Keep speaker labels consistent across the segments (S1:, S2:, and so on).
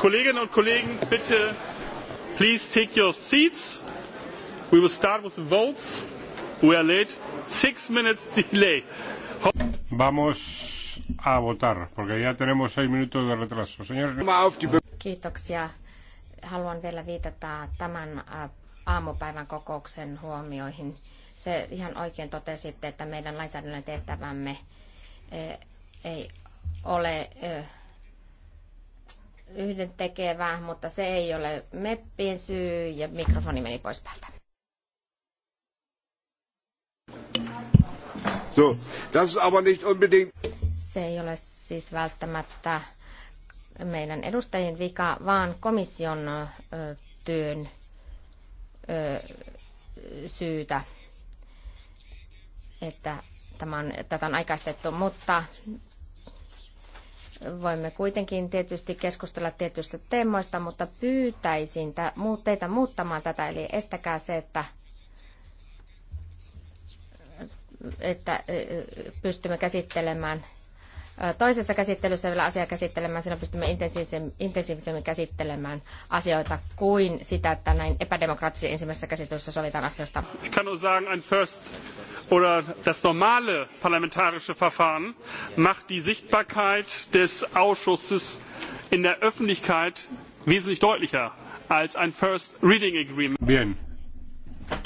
S1: Kolleginnen und Kollegen, bitte, please take your seats. We will start with the votes. We are late. Six
S2: minutes delay. Vamos a votar, porque ya tenemos seis minutos de retraso. Señores... Kiitoksia.
S3: Haluan vielä viitata tämän äh, aamupäivän kokouksen huomioihin. Se ihan oikein totesitte, että meidän lainsäädännön tehtävämme äh, ei ole äh, yhden tekevää, mutta se ei ole meppien syy ja mikrofoni meni pois päältä.
S2: So, das ist aber nicht unbedingt...
S3: Se ei ole siis välttämättä meidän edustajien vika, vaan komission ö, työn ö, syytä, että tämä on, tätä on aikaistettu, mutta Voimme kuitenkin tietysti keskustella tietyistä teemoista, mutta pyytäisin teitä muuttamaan tätä, eli estäkää se, että että pystymme käsittelemään toisessa käsittelyssä vielä asiaa käsittelemään, siinä pystymme intensiivisemmin käsittelemään asioita kuin sitä, että näin epädemokraattisesti ensimmäisessä käsittelyssä sovitaan asioista.
S1: Ich kann nur sagen, ein first oder das normale parlamentarische Verfahren macht die Sichtbarkeit des Ausschusses in der Öffentlichkeit wesentlich deutlicher als ein first reading
S2: agreement. Bien.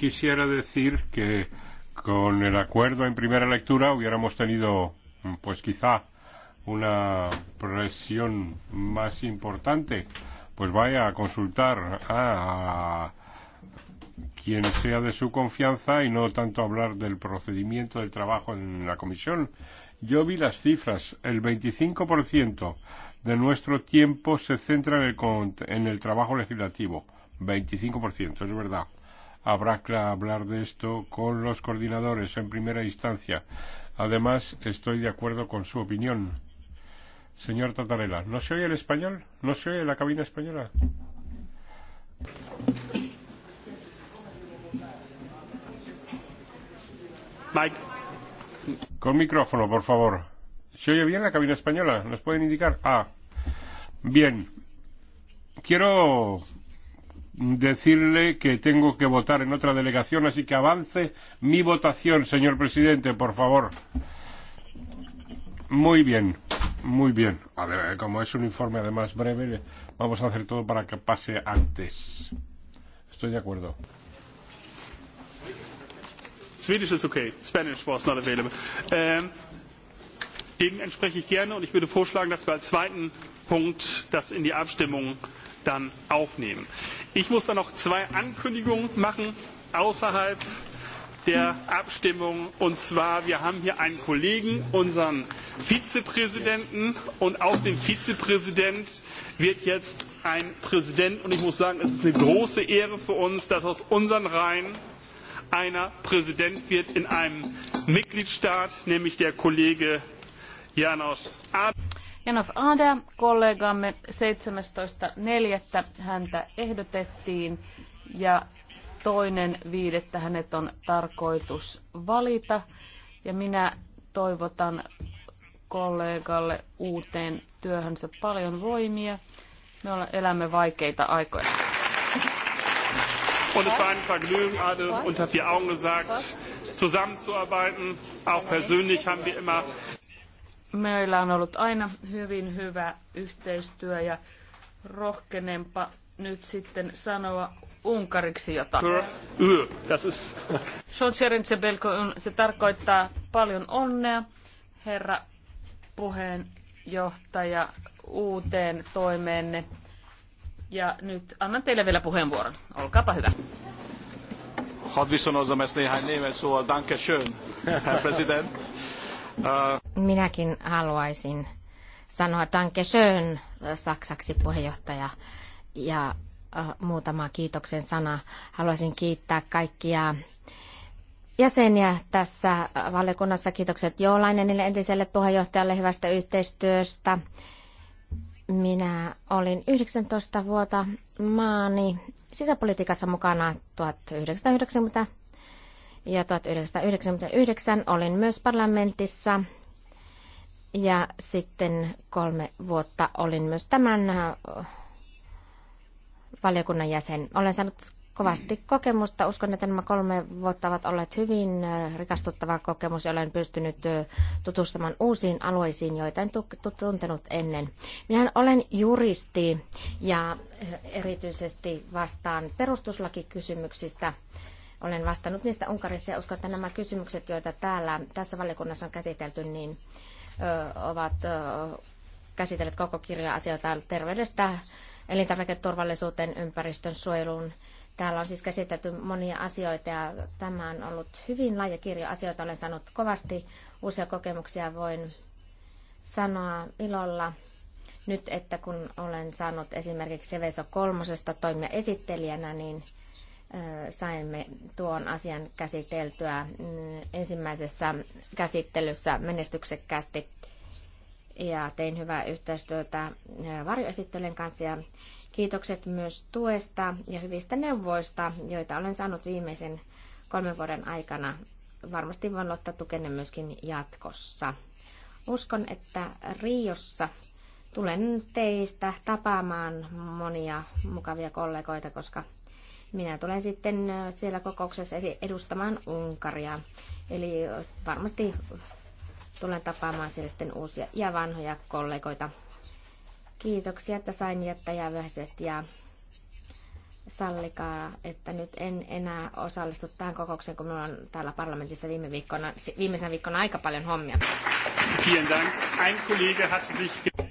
S2: Quisiera decir que con el acuerdo en primera lectura hubiéramos tenido pues quizá una presión más importante, pues vaya a consultar a quien sea de su confianza y no tanto hablar del procedimiento del trabajo en la comisión. Yo vi las cifras, el 25% de nuestro tiempo se centra en el, en el trabajo legislativo, 25%, es verdad. Habrá que hablar de esto con los coordinadores en primera instancia. Además, estoy de acuerdo con su opinión Señor Tatarela, ¿no se oye el español? ¿No se oye la cabina española? Mike. Con micrófono, por favor. ¿Se oye bien la cabina española? ¿Nos pueden indicar? Ah, bien. Quiero decirle que tengo que votar en otra delegación, así que avance mi votación, señor presidente, por favor. Muy bien. Muy bien. A ver, eh, como es un informe además breve, vamos a hacer todo para que pase antes. Estoy de acuerdo.
S1: Swedish is okay. Spanish was not available. Um, ähm, dem entspreche ich gerne und ich würde vorschlagen, dass wir als zweiten Punkt das in die Abstimmung dann aufnehmen. Ich muss dann noch zwei Ankündigungen machen außerhalb der Abstimmung. Und zwar, wir haben hier einen Kollegen, unseren Vizepräsidenten. Und aus dem Vizepräsident wird jetzt ein Präsident. Und ich muss sagen, es ist eine große Ehre für uns, dass aus unseren Reihen einer Präsident wird in einem Mitgliedstaat, nämlich der Kollege Janos Ader.
S4: Janov Ader, kollegamme 17.4. häntä ehdotettiin ja toinen viidettä hänet on tarkoitus valita. Ja minä toivotan kollegalle uuteen työhönsä paljon voimia. Me elämme vaikeita aikoja.
S1: Und es war ein Vergnügen, alle unter vier Augen gesagt, zusammenzuarbeiten. Auch persönlich haben wir immer.
S4: Meillä on ollut aina hyvin hyvä yhteistyö ja rohkenempa nyt sitten sanoa unkariksi jotain. Se tarkoittaa paljon onnea, herra puheenjohtaja, uuteen toimeenne. Ja nyt annan teille vielä puheenvuoron. Olkaapa
S2: hyvä. Danke schön, president.
S3: Minäkin haluaisin sanoa danke schön saksaksi puheenjohtaja. Ja Ah, muutama kiitoksen sana. Haluaisin kiittää kaikkia jäseniä tässä valiokunnassa. Kiitokset Joolainenille entiselle puheenjohtajalle hyvästä yhteistyöstä. Minä olin 19 vuotta maani sisäpolitiikassa mukana 1990 ja 1999 olin myös parlamentissa ja sitten kolme vuotta olin myös tämän valiokunnan jäsen. Olen saanut kovasti kokemusta. Uskon, että nämä kolme vuotta ovat olleet hyvin äh, rikastuttava kokemus ja olen pystynyt äh, tutustumaan uusiin alueisiin, joita en tuntenut ennen. Minä olen juristi ja äh, erityisesti vastaan perustuslakikysymyksistä. Olen vastannut niistä Unkarissa ja uskon, että nämä kysymykset, joita täällä tässä valiokunnassa on käsitelty, niin ö, ovat ö, käsitelleet koko kirja asioita terveydestä elintarviketurvallisuuteen, ympäristön suojeluun. Täällä on siis käsitelty monia asioita ja tämä on ollut hyvin laaja kirjo asioita. Olen saanut kovasti uusia kokemuksia. Voin sanoa ilolla nyt, että kun olen saanut esimerkiksi Seveso kolmosesta toimia esittelijänä, niin saimme tuon asian käsiteltyä mm, ensimmäisessä käsittelyssä menestyksekkäästi ja tein hyvää yhteistyötä varjoesittelijän kanssa ja kiitokset myös tuesta ja hyvistä neuvoista, joita olen saanut viimeisen kolmen vuoden aikana. Varmasti voin ottaa tukenne myöskin jatkossa. Uskon, että Riossa tulen teistä tapaamaan monia mukavia kollegoita, koska minä tulen sitten siellä kokouksessa edustamaan Unkaria. Eli varmasti Tulen tapaamaan siellä sitten uusia ja vanhoja kollegoita. Kiitoksia, että sain jättää jääväiset ja sallikaa, että nyt en enää osallistu tähän kokoukseen, kun minulla on täällä parlamentissa viime viikkona, viimeisen viikkona aika paljon hommia.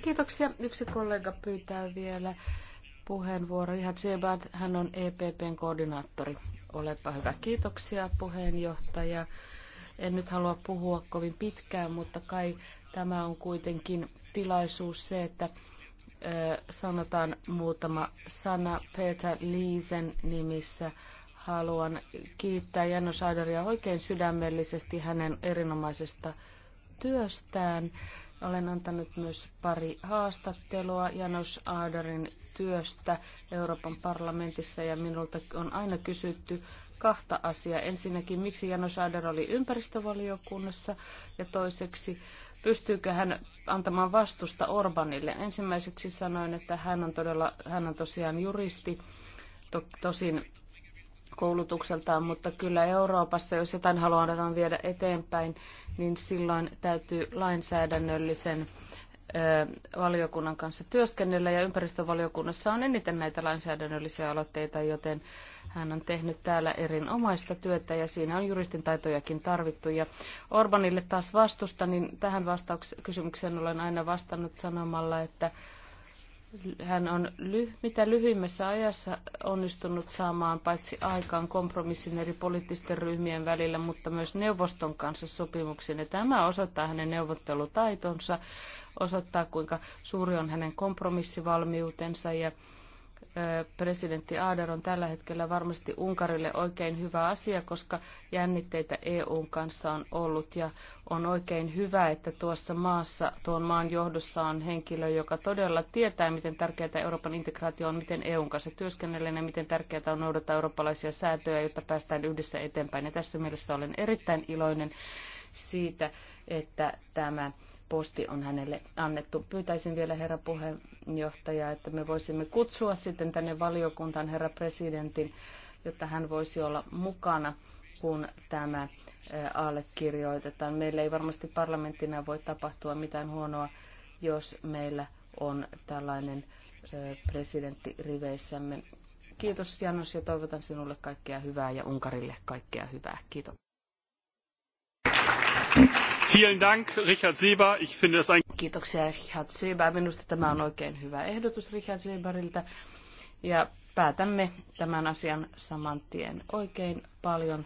S3: Kiitoksia. Yksi
S4: kollega pyytää vielä puheenvuoro. Ihan Sebad, hän on EPPn koordinaattori. Olepa hyvä. Kiitoksia puheenjohtaja. En nyt halua puhua kovin pitkään, mutta kai tämä on kuitenkin tilaisuus se, että sanotaan muutama sana Peter Liisen nimissä. Haluan kiittää Janno Saideria oikein sydämellisesti hänen erinomaisesta työstään. Olen antanut myös pari haastattelua Janos Aadarin työstä Euroopan parlamentissa ja minulta on aina kysytty, kahta asiaa. Ensinnäkin, miksi Jano Schader oli ympäristövaliokunnassa ja toiseksi, pystyykö hän antamaan vastusta Orbanille. Ensimmäiseksi sanoin, että hän on, todella, hän on tosiaan juristi, to, tosin koulutukseltaan, mutta kyllä Euroopassa, jos jotain halutaan viedä eteenpäin, niin silloin täytyy lainsäädännöllisen valiokunnan kanssa työskennellä ja ympäristövaliokunnassa on eniten näitä lainsäädännöllisiä aloitteita, joten hän on tehnyt täällä erinomaista työtä ja siinä on juristin taitojakin tarvittu. Ja Orbanille taas vastusta, niin tähän kysymykseen olen aina vastannut sanomalla, että hän on ly- mitä lyhyimmässä ajassa onnistunut saamaan paitsi aikaan kompromissin eri poliittisten ryhmien välillä, mutta myös neuvoston kanssa sopimuksen. Ja tämä osoittaa hänen neuvottelutaitonsa, osoittaa, kuinka suuri on hänen kompromissivalmiutensa ja presidentti Aader on tällä hetkellä varmasti Unkarille oikein hyvä asia, koska jännitteitä EUn kanssa on ollut ja on oikein hyvä, että tuossa maassa, tuon maan johdossa on henkilö, joka todella tietää, miten tärkeää Euroopan integraatio on, miten EUn kanssa työskennellään ja miten tärkeää on noudattaa eurooppalaisia sääntöjä, jotta päästään yhdessä eteenpäin. Ja tässä mielessä olen erittäin iloinen siitä, että tämä posti on hänelle annettu. Pyytäisin vielä herra puheenjohtaja, että me voisimme kutsua sitten tänne valiokuntaan herra presidentin, jotta hän voisi olla mukana kun tämä allekirjoitetaan. Meillä ei varmasti parlamenttina voi tapahtua mitään huonoa, jos meillä on tällainen presidentti riveissämme. Kiitos Janos ja toivotan sinulle kaikkea hyvää ja Unkarille kaikkea hyvää. Kiitos.
S1: Vielen Dank, Richard Seber. Ich finde ein... Kiitoksia
S4: Richard Seber. Minusta tämä on oikein hyvä ehdotus Richard Seberiltä. Ja päätämme tämän asian saman tien. Oikein paljon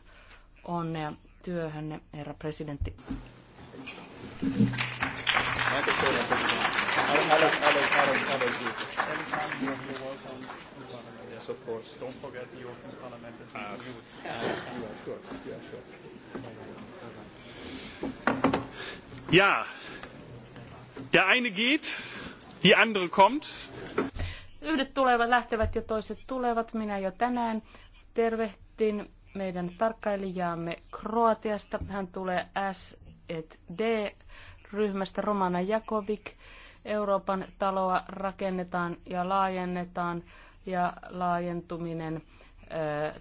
S4: onnea työhönne, herra presidentti.
S1: of course. Don't forget the European Parliament. Ah, ah, sure. sure. Ja, der eine geht, die andere kommt.
S4: Yhdet tulevat, lähtevät ja toiset tulevat. Minä jo tänään tervehdin meidän tarkkailijaamme Kroatiasta. Hän tulee S&D-ryhmästä Romana Jakovic. Euroopan taloa rakennetaan ja laajennetaan ja laajentuminen.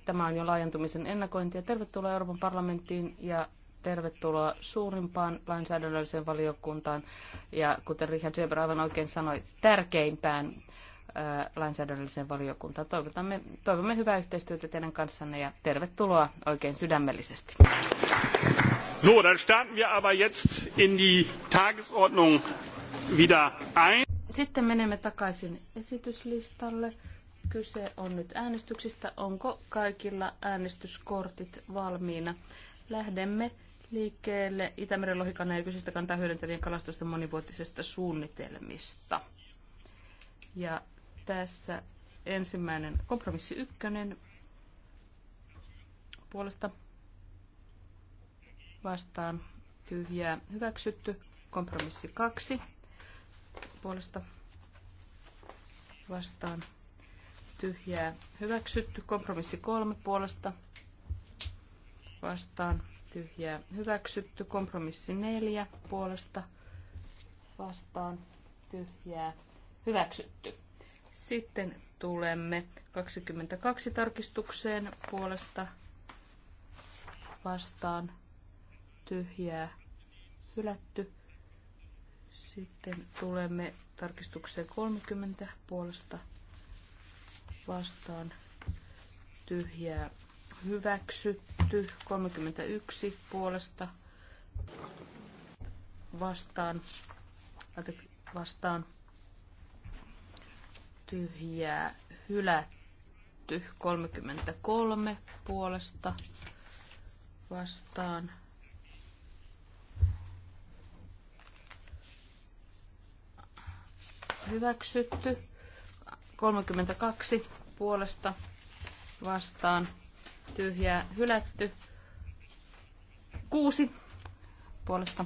S4: Tämä on jo laajentumisen ennakointi ja tervetuloa Euroopan parlamenttiin ja tervetuloa suurimpaan lainsäädännölliseen valiokuntaan ja kuten Richard Zeber aivan oikein sanoi, tärkeimpään lainsäädännölliseen valiokuntaan. Toivotamme, toivomme hyvää yhteistyötä teidän kanssanne ja tervetuloa oikein sydämellisesti.
S1: So, dann starten wir aber jetzt in die Tagesordnung wieder ein.
S4: Sitten menemme takaisin esityslistalle. Kyse on nyt äänestyksistä. Onko kaikilla äänestyskortit valmiina? Lähdemme liikkeelle Itämeren lohikannan ja kysystä kantaa hyödyntävien kalastusten monivuotisesta suunnitelmista. Ja tässä ensimmäinen kompromissi ykkönen puolesta vastaan tyhjää hyväksytty. Kompromissi kaksi puolesta vastaan tyhjää hyväksytty. Kompromissi kolme puolesta vastaan tyhjää hyväksytty. Kompromissi neljä puolesta vastaan tyhjää hyväksytty. Sitten tulemme 22 tarkistukseen puolesta vastaan tyhjää hylätty. Sitten tulemme tarkistukseen 30 puolesta vastaan tyhjää hyväksytty. 31 puolesta vastaan, vastaan tyhjää hylätty. 33 puolesta vastaan hyväksytty. 32 puolesta vastaan tyhjää hylätty. Kuusi puolesta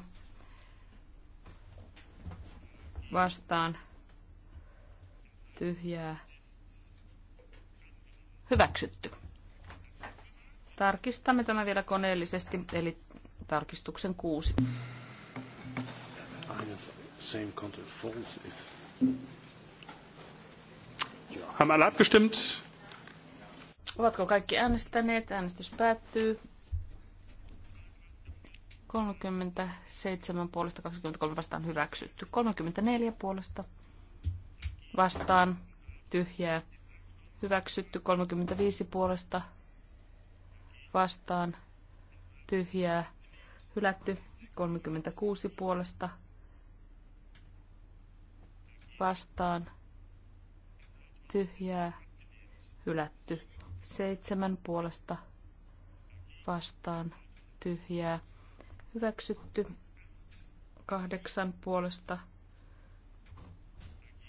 S4: vastaan tyhjää hyväksytty. Tarkistamme tämä vielä koneellisesti, eli tarkistuksen kuusi.
S1: Haben alle abgestimmt?
S4: Ovatko kaikki äänestäneet? Äänestys päättyy. 37 puolesta 23 vastaan hyväksytty. 34 puolesta vastaan tyhjää hyväksytty. 35 puolesta vastaan tyhjää hylätty. 36 puolesta vastaan tyhjää hylätty. Seitsemän puolesta vastaan tyhjää hyväksytty. Kahdeksan puolesta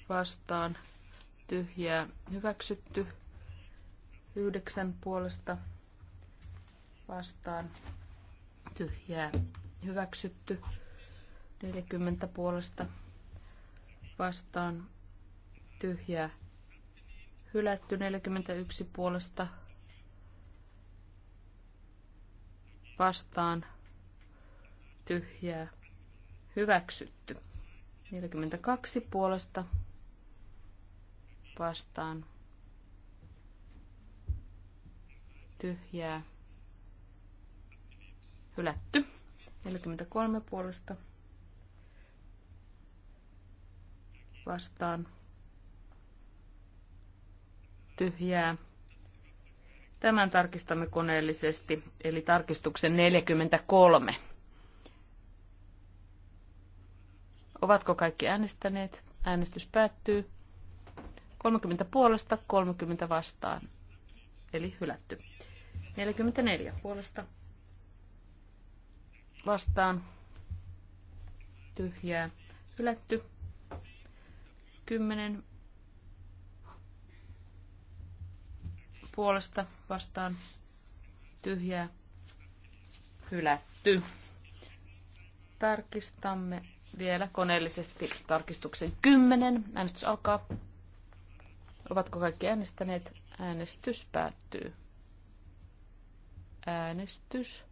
S4: vastaan tyhjää hyväksytty. Yhdeksän puolesta vastaan tyhjää hyväksytty. 40 puolesta vastaan tyhjää hylätty 41 puolesta vastaan tyhjää hyväksytty. 42 puolesta vastaan tyhjää hylätty. 43 puolesta vastaan tyhjää. Tämän tarkistamme koneellisesti, eli tarkistuksen 43. Ovatko kaikki äänestäneet? Äänestys päättyy. 30 puolesta, 30 vastaan. Eli hylätty. 44 puolesta vastaan. Tyhjää. Hylätty. 10 puolesta vastaan tyhjää hylätty. Tarkistamme vielä koneellisesti tarkistuksen 10. Äänestys alkaa. Ovatko kaikki äänestäneet? Äänestys päättyy. Äänestys.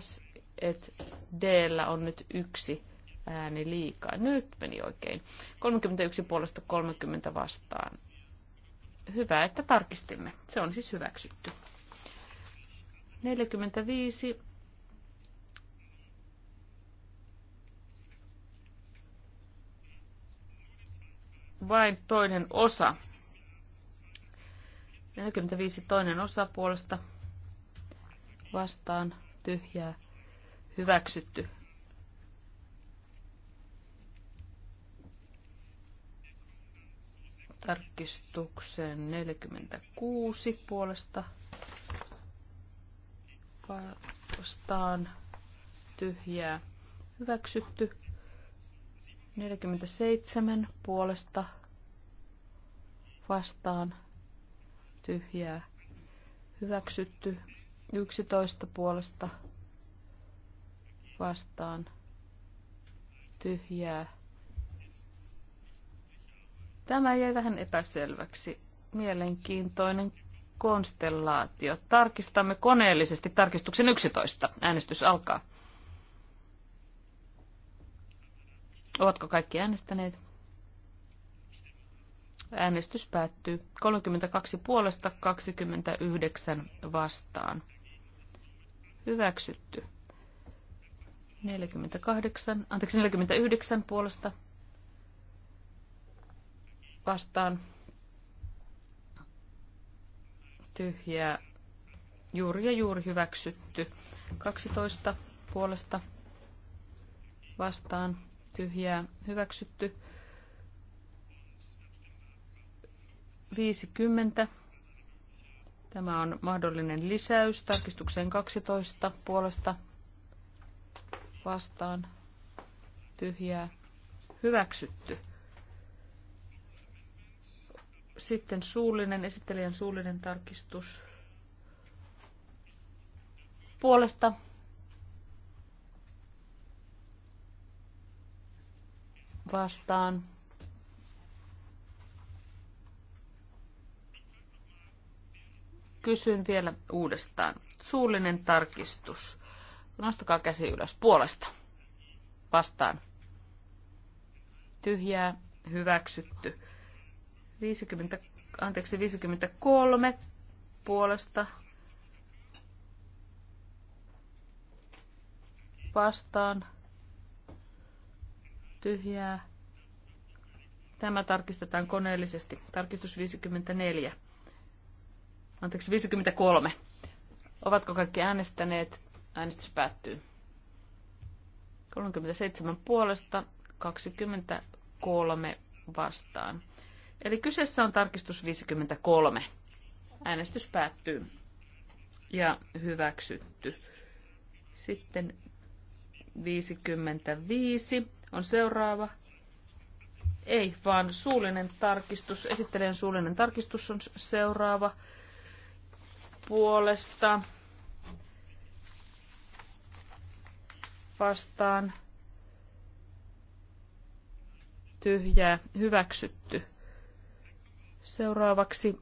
S4: S et D on nyt yksi ääni liikaa. Nyt meni oikein. 31 puolesta 30 vastaan hyvä, että tarkistimme. Se on siis hyväksytty. 45. Vain toinen osa. 45 toinen osa puolesta vastaan tyhjää hyväksytty. tarkistukseen 46 puolesta vastaan tyhjää hyväksytty. 47 puolesta vastaan tyhjää hyväksytty. 11 puolesta vastaan tyhjää Tämä jäi vähän epäselväksi. Mielenkiintoinen konstellaatio. Tarkistamme koneellisesti tarkistuksen 11. Äänestys alkaa. Ovatko kaikki äänestäneet? Äänestys päättyy 32 puolesta 29 vastaan. Hyväksytty. 48, anteeksi 49 puolesta vastaan tyhjää juuri ja juuri hyväksytty. 12 puolesta vastaan tyhjää hyväksytty. 50. Tämä on mahdollinen lisäys tarkistukseen 12 puolesta vastaan tyhjää hyväksytty. Sitten suullinen, esittelijän suullinen tarkistus puolesta. Vastaan. Kysyn vielä uudestaan. Suullinen tarkistus. Nostakaa käsi ylös puolesta. Vastaan. Tyhjää. Hyväksytty. 50, anteeksi, 53 puolesta vastaan tyhjää. Tämä tarkistetaan koneellisesti. Tarkistus 54. Anteeksi, 53. Ovatko kaikki äänestäneet? Äänestys päättyy. 37 puolesta, 23 vastaan. Eli kyseessä on tarkistus 53. Äänestys päättyy ja hyväksytty. Sitten 55 on seuraava. Ei, vaan suullinen tarkistus. Esittelen suullinen tarkistus on seuraava puolesta. Vastaan. Tyhjää. Hyväksytty. Seuraavaksi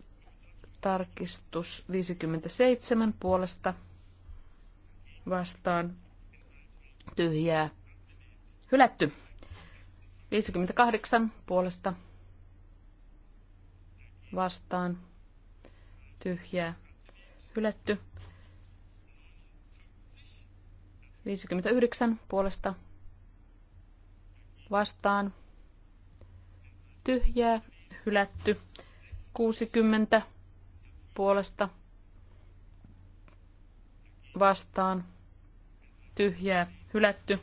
S4: tarkistus 57 puolesta vastaan tyhjää hylätty. 58 puolesta vastaan tyhjää hylätty. 59 puolesta vastaan tyhjää hylätty. 60 puolesta vastaan tyhjää hylätty.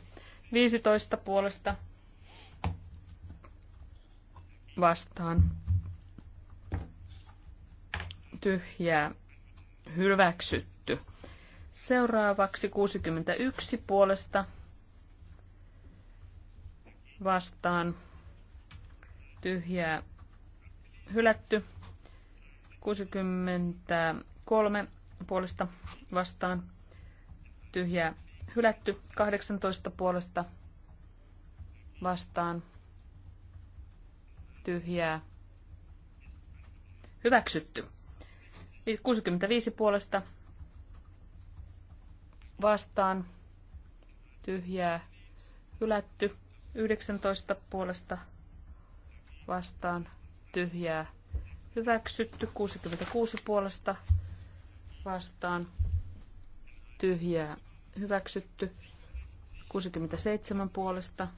S4: 15 puolesta vastaan tyhjää hyväksytty. Seuraavaksi 61 puolesta vastaan tyhjää hylätty. 63 puolesta vastaan tyhjää hylätty. 18 puolesta vastaan tyhjää hyväksytty. 65 puolesta vastaan tyhjää hylätty. 19 puolesta vastaan tyhjää hyväksytty. 66 puolesta vastaan tyhjää hyväksytty. 67 puolesta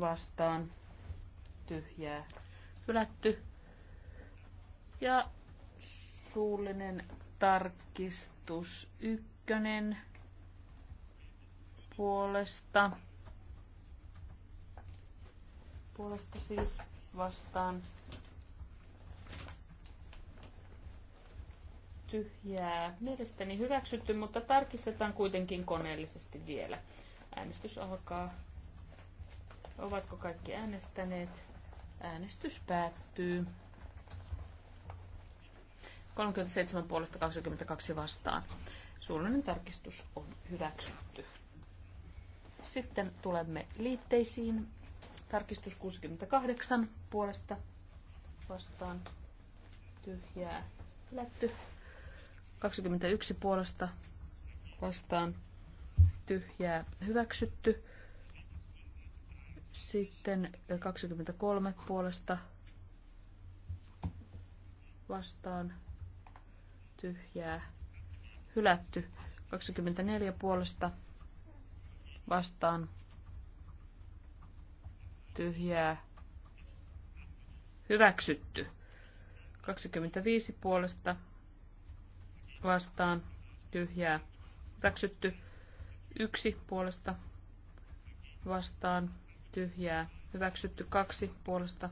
S4: vastaan tyhjää hylätty. Ja suullinen tarkistus ykkönen puolesta. Puolesta siis vastaan tyhjää. Mielestäni hyväksytty, mutta tarkistetaan kuitenkin koneellisesti vielä. Äänestys alkaa. Ovatko kaikki äänestäneet? Äänestys päättyy. 37 puolesta 22 vastaan. Suullinen tarkistus on hyväksytty. Sitten tulemme liitteisiin. Tarkistus 68 puolesta vastaan tyhjää hylätty. 21 puolesta vastaan tyhjää hyväksytty. Sitten 23 puolesta vastaan tyhjää hylätty. 24 puolesta vastaan tyhjää hyväksytty. 25 puolesta vastaan tyhjää hyväksytty. Yksi puolesta vastaan tyhjää hyväksytty. Kaksi puolesta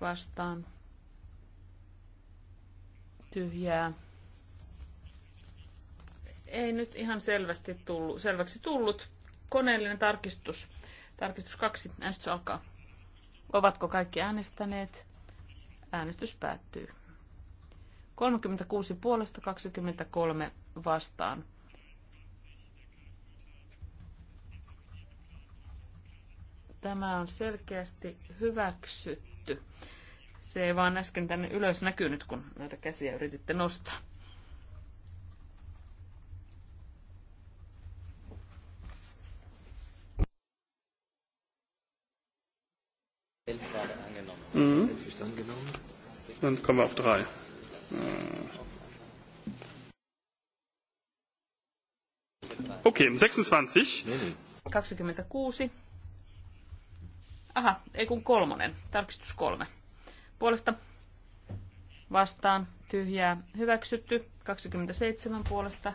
S4: vastaan tyhjää ei nyt ihan selvästi tullut, selväksi tullut koneellinen tarkistus. Tarkistus kaksi. Äänestys alkaa. Ovatko kaikki äänestäneet? Äänestys päättyy. 36 puolesta 23 vastaan. Tämä on selkeästi hyväksytty. Se ei vaan äsken tänne ylös näkynyt, kun näitä käsiä yrititte nostaa.
S2: Mhm.
S1: Dann kommen wir auf drei. Okei, äh. okay, 26.
S4: 26. Aha, ei kun kolmonen. Tarkistus kolme. Puolesta vastaan tyhjää hyväksytty. 27 puolesta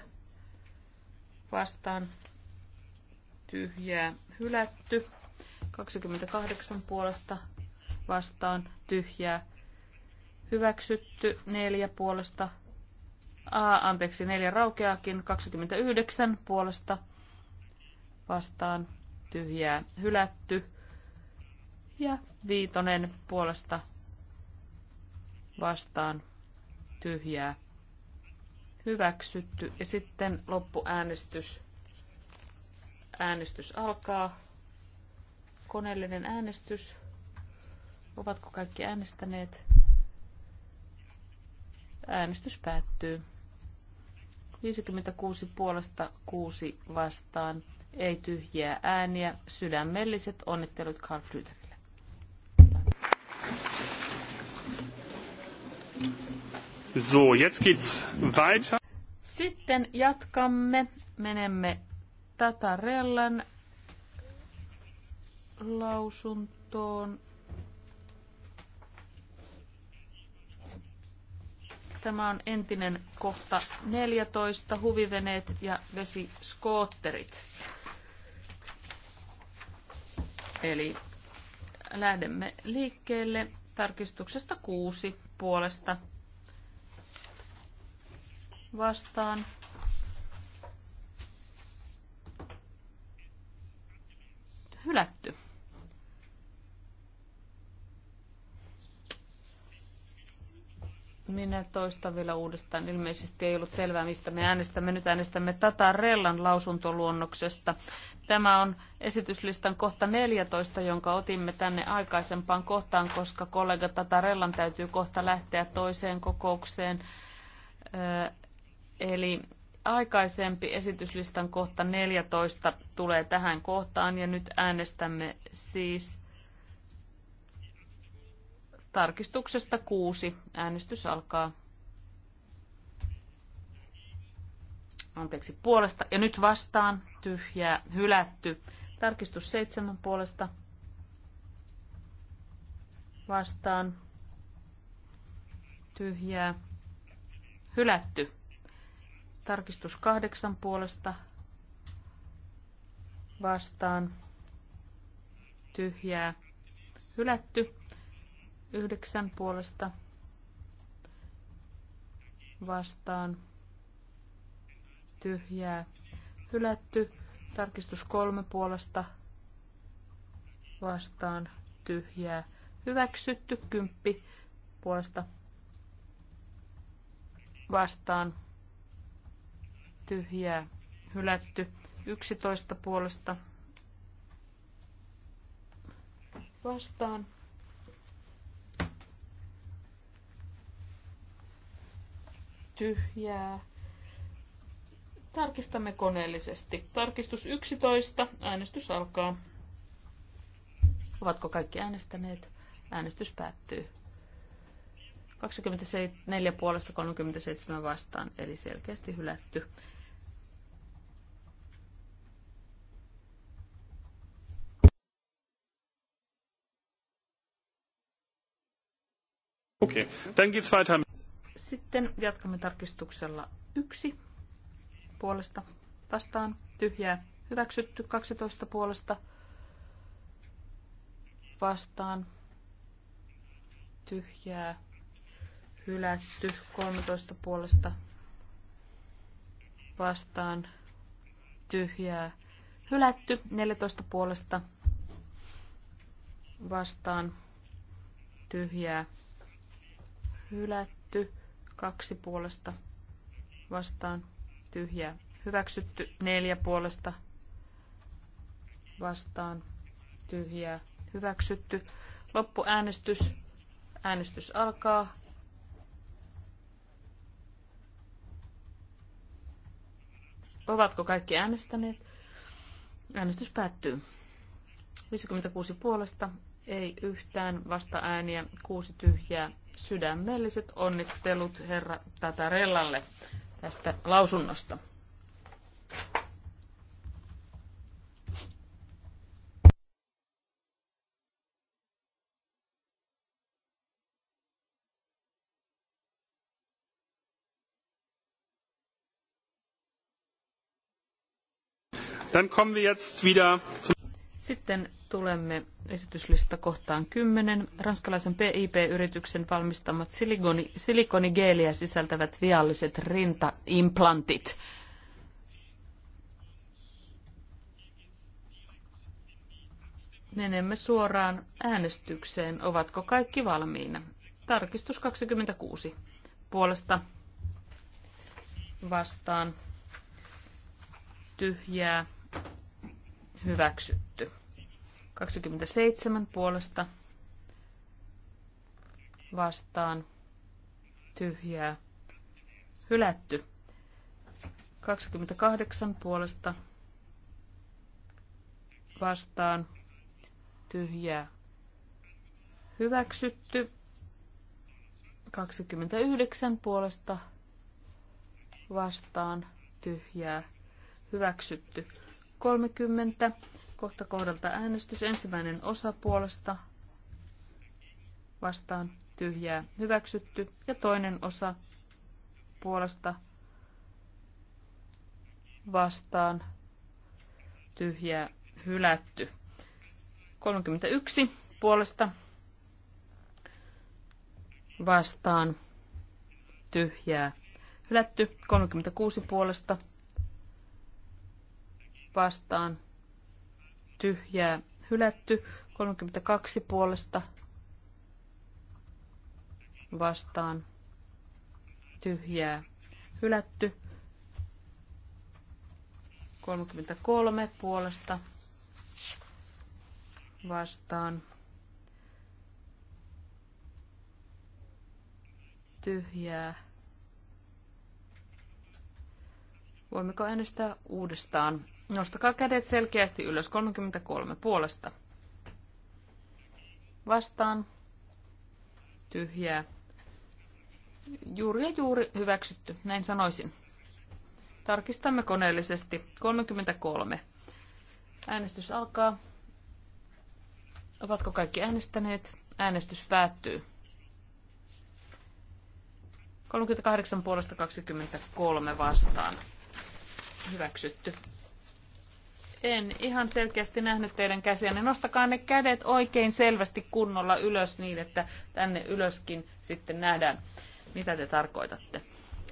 S4: vastaan tyhjää hylätty. 28 puolesta vastaan tyhjää hyväksytty, neljä puolesta, a, anteeksi, neljä raukeakin, 29 puolesta vastaan tyhjää hylätty ja viitonen puolesta vastaan tyhjää hyväksytty. Ja sitten loppuäänestys. Äänestys alkaa. Koneellinen äänestys. Ovatko kaikki äänestäneet? Äänestys päättyy. 56 puolesta 6 vastaan. Ei tyhjiä ääniä. Sydämelliset onnittelut Carl Flyterille.
S1: So, jetzt geht's weiter.
S4: Sitten jatkamme. Menemme Tatarellan lausuntoon. Tämä on entinen kohta 14, huviveneet ja vesiskootterit. Eli lähdemme liikkeelle tarkistuksesta kuusi puolesta vastaan. Hylätty. Minä toistan vielä uudestaan. Ilmeisesti ei ollut selvää, mistä me äänestämme. Nyt äänestämme Rellan lausuntoluonnoksesta. Tämä on esityslistan kohta 14, jonka otimme tänne aikaisempaan kohtaan, koska kollega rellan täytyy kohta lähteä toiseen kokoukseen. Eli aikaisempi esityslistan kohta 14 tulee tähän kohtaan ja nyt äänestämme siis Tarkistuksesta kuusi. Äänestys alkaa. Anteeksi, puolesta. Ja nyt vastaan. Tyhjää. Hylätty. Tarkistus seitsemän puolesta. Vastaan. Tyhjää. Hylätty. Tarkistus kahdeksan puolesta. Vastaan. Tyhjää. Hylätty. Yhdeksän puolesta vastaan tyhjää hylätty. Tarkistus kolme puolesta vastaan tyhjää hyväksytty. Kymppi puolesta vastaan tyhjää hylätty. Yksitoista puolesta vastaan tyhjää. Tarkistamme koneellisesti. Tarkistus 11. Äänestys alkaa. Ovatko kaikki äänestäneet? Äänestys päättyy. 24 puolesta 37 vastaan, eli selkeästi hylätty.
S1: Okay, dann geht's weiter.
S4: Sitten jatkamme tarkistuksella yksi puolesta vastaan tyhjää hyväksytty 12 puolesta vastaan tyhjää hylätty 13 puolesta vastaan tyhjää hylätty 14 puolesta vastaan tyhjää hylätty kaksi puolesta vastaan tyhjää. Hyväksytty neljä puolesta vastaan tyhjää. Hyväksytty. Loppuäänestys. Äänestys alkaa. Ovatko kaikki äänestäneet? Äänestys päättyy. 56 puolesta, ei yhtään vasta ääniä, kuusi tyhjää, Sydämelliset onnittelut herra Tatarellalle tästä lausunnosta.
S1: Dann kommen wir jetzt wieder zum
S4: sitten tulemme esityslista kohtaan 10. Ranskalaisen PIP-yrityksen valmistamat silikoni, silikonigeeliä sisältävät vialliset rintaimplantit. Menemme suoraan äänestykseen. Ovatko kaikki valmiina? Tarkistus 26. Puolesta vastaan tyhjää hyväksytty. 27 puolesta vastaan tyhjää hylätty. 28 puolesta vastaan tyhjää hyväksytty. 29 puolesta vastaan tyhjää hyväksytty. 30. Kohta kohdalta äänestys. Ensimmäinen osa puolesta vastaan tyhjää hyväksytty ja toinen osa puolesta vastaan tyhjää hylätty. 31 puolesta vastaan tyhjää hylätty. 36 puolesta vastaan tyhjää hylätty. 32 puolesta vastaan tyhjää hylätty. 33 puolesta vastaan tyhjää. Voimmeko äänestää uudestaan? Nostakaa kädet selkeästi ylös. 33 puolesta. Vastaan. Tyhjää. Juuri ja juuri hyväksytty, näin sanoisin. Tarkistamme koneellisesti. 33. Äänestys alkaa. Ovatko kaikki äänestäneet? Äänestys päättyy. 38 puolesta 23 vastaan. Hyväksytty. En ihan selkeästi nähnyt teidän käsiänne. Nostakaa ne kädet oikein selvästi kunnolla ylös niin, että tänne ylöskin sitten nähdään, mitä te tarkoitatte.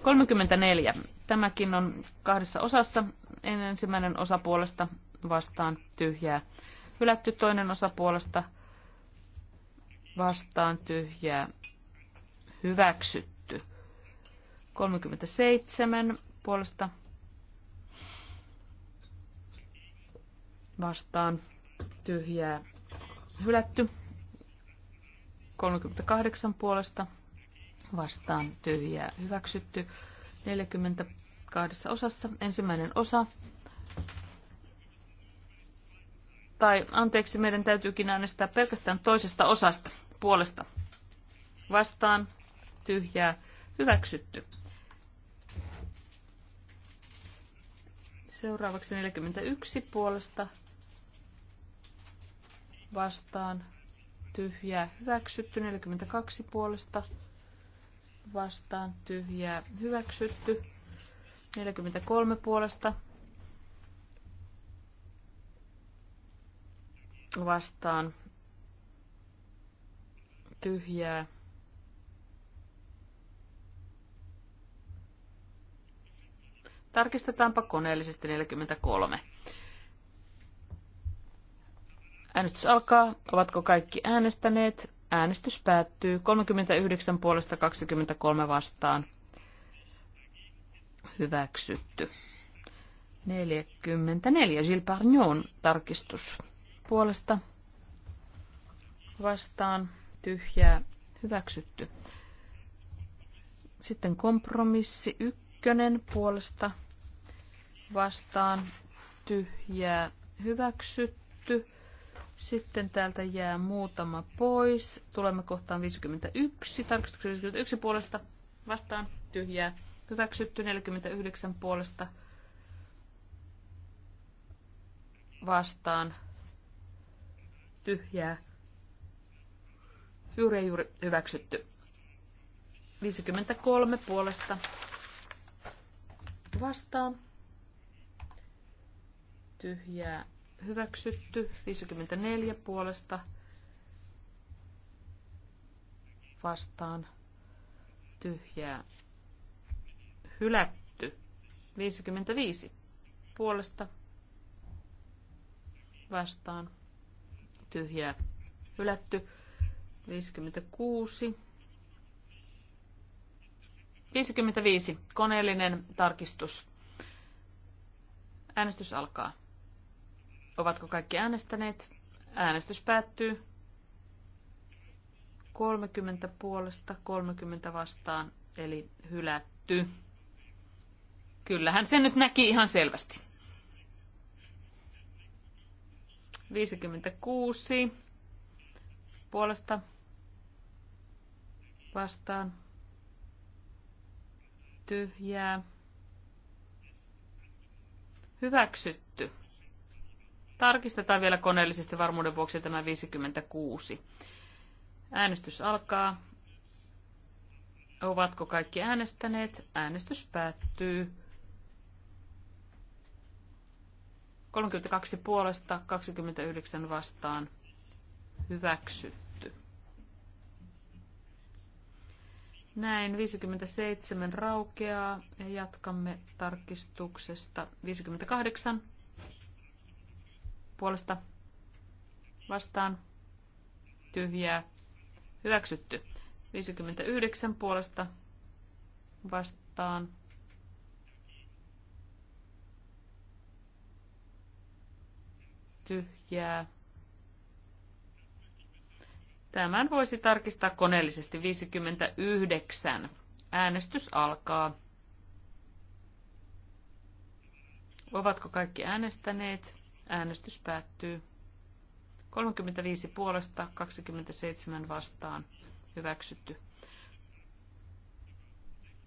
S4: 34. Tämäkin on kahdessa osassa. Ensimmäinen osa puolesta vastaan tyhjää. Hylätty toinen osa puolesta vastaan tyhjää. Hyväksytty. 37 puolesta vastaan tyhjää hylätty. 38 puolesta vastaan tyhjää hyväksytty. 42 osassa ensimmäinen osa. Tai anteeksi, meidän täytyykin äänestää pelkästään toisesta osasta puolesta vastaan tyhjää hyväksytty. Seuraavaksi 41 puolesta vastaan tyhjää hyväksytty. 42 puolesta vastaan tyhjää hyväksytty. 43 puolesta vastaan tyhjää. Tarkistetaanpa koneellisesti 43. Äänestys alkaa. Ovatko kaikki äänestäneet? Äänestys päättyy 39 puolesta 23 vastaan. Hyväksytty. 44. Gilles Pargnon tarkistus puolesta vastaan tyhjää hyväksytty. Sitten kompromissi ykkönen puolesta vastaan tyhjää hyväksytty. Sitten täältä jää muutama pois. Tulemme kohtaan 51. Tarkistuksen 51 puolesta vastaan tyhjää. Hyväksytty 49 puolesta vastaan tyhjää. Juuri juuri hyväksytty. 53 puolesta vastaan tyhjää hyväksytty. 54 puolesta vastaan tyhjää hylätty. 55 puolesta vastaan tyhjää hylätty. 56 55. Koneellinen tarkistus. Äänestys alkaa. Ovatko kaikki äänestäneet? Äänestys päättyy. 30 puolesta, 30 vastaan, eli hylätty. Kyllähän sen nyt näki ihan selvästi. 56 puolesta vastaan tyhjää hyväksytty. Tarkistetaan vielä koneellisesti varmuuden vuoksi tämä 56. Äänestys alkaa. Ovatko kaikki äänestäneet? Äänestys päättyy. 32 puolesta, 29 vastaan. Hyväksytty. Näin 57 raukeaa ja jatkamme tarkistuksesta 58 puolesta vastaan tyhjää hyväksytty. 59 puolesta vastaan tyhjää. Tämän voisi tarkistaa koneellisesti 59. Äänestys alkaa. Ovatko kaikki äänestäneet? Äänestys päättyy. 35 puolesta, 27 vastaan. Hyväksytty.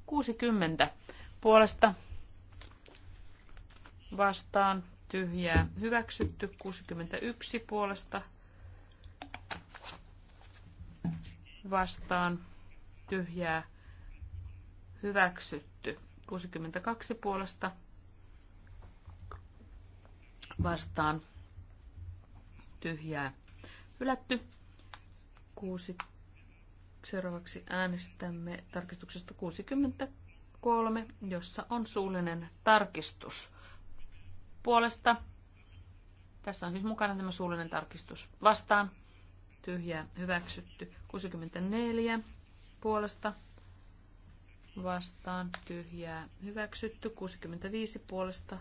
S4: 60 puolesta vastaan tyhjää hyväksytty. 61 puolesta vastaan tyhjää hyväksytty. 62 puolesta vastaan tyhjää hylätty. Kuusi. Seuraavaksi äänestämme tarkistuksesta 63, jossa on suullinen tarkistus puolesta. Tässä on siis mukana tämä suullinen tarkistus vastaan. Tyhjää hyväksytty. 64 puolesta vastaan tyhjää hyväksytty. 65 puolesta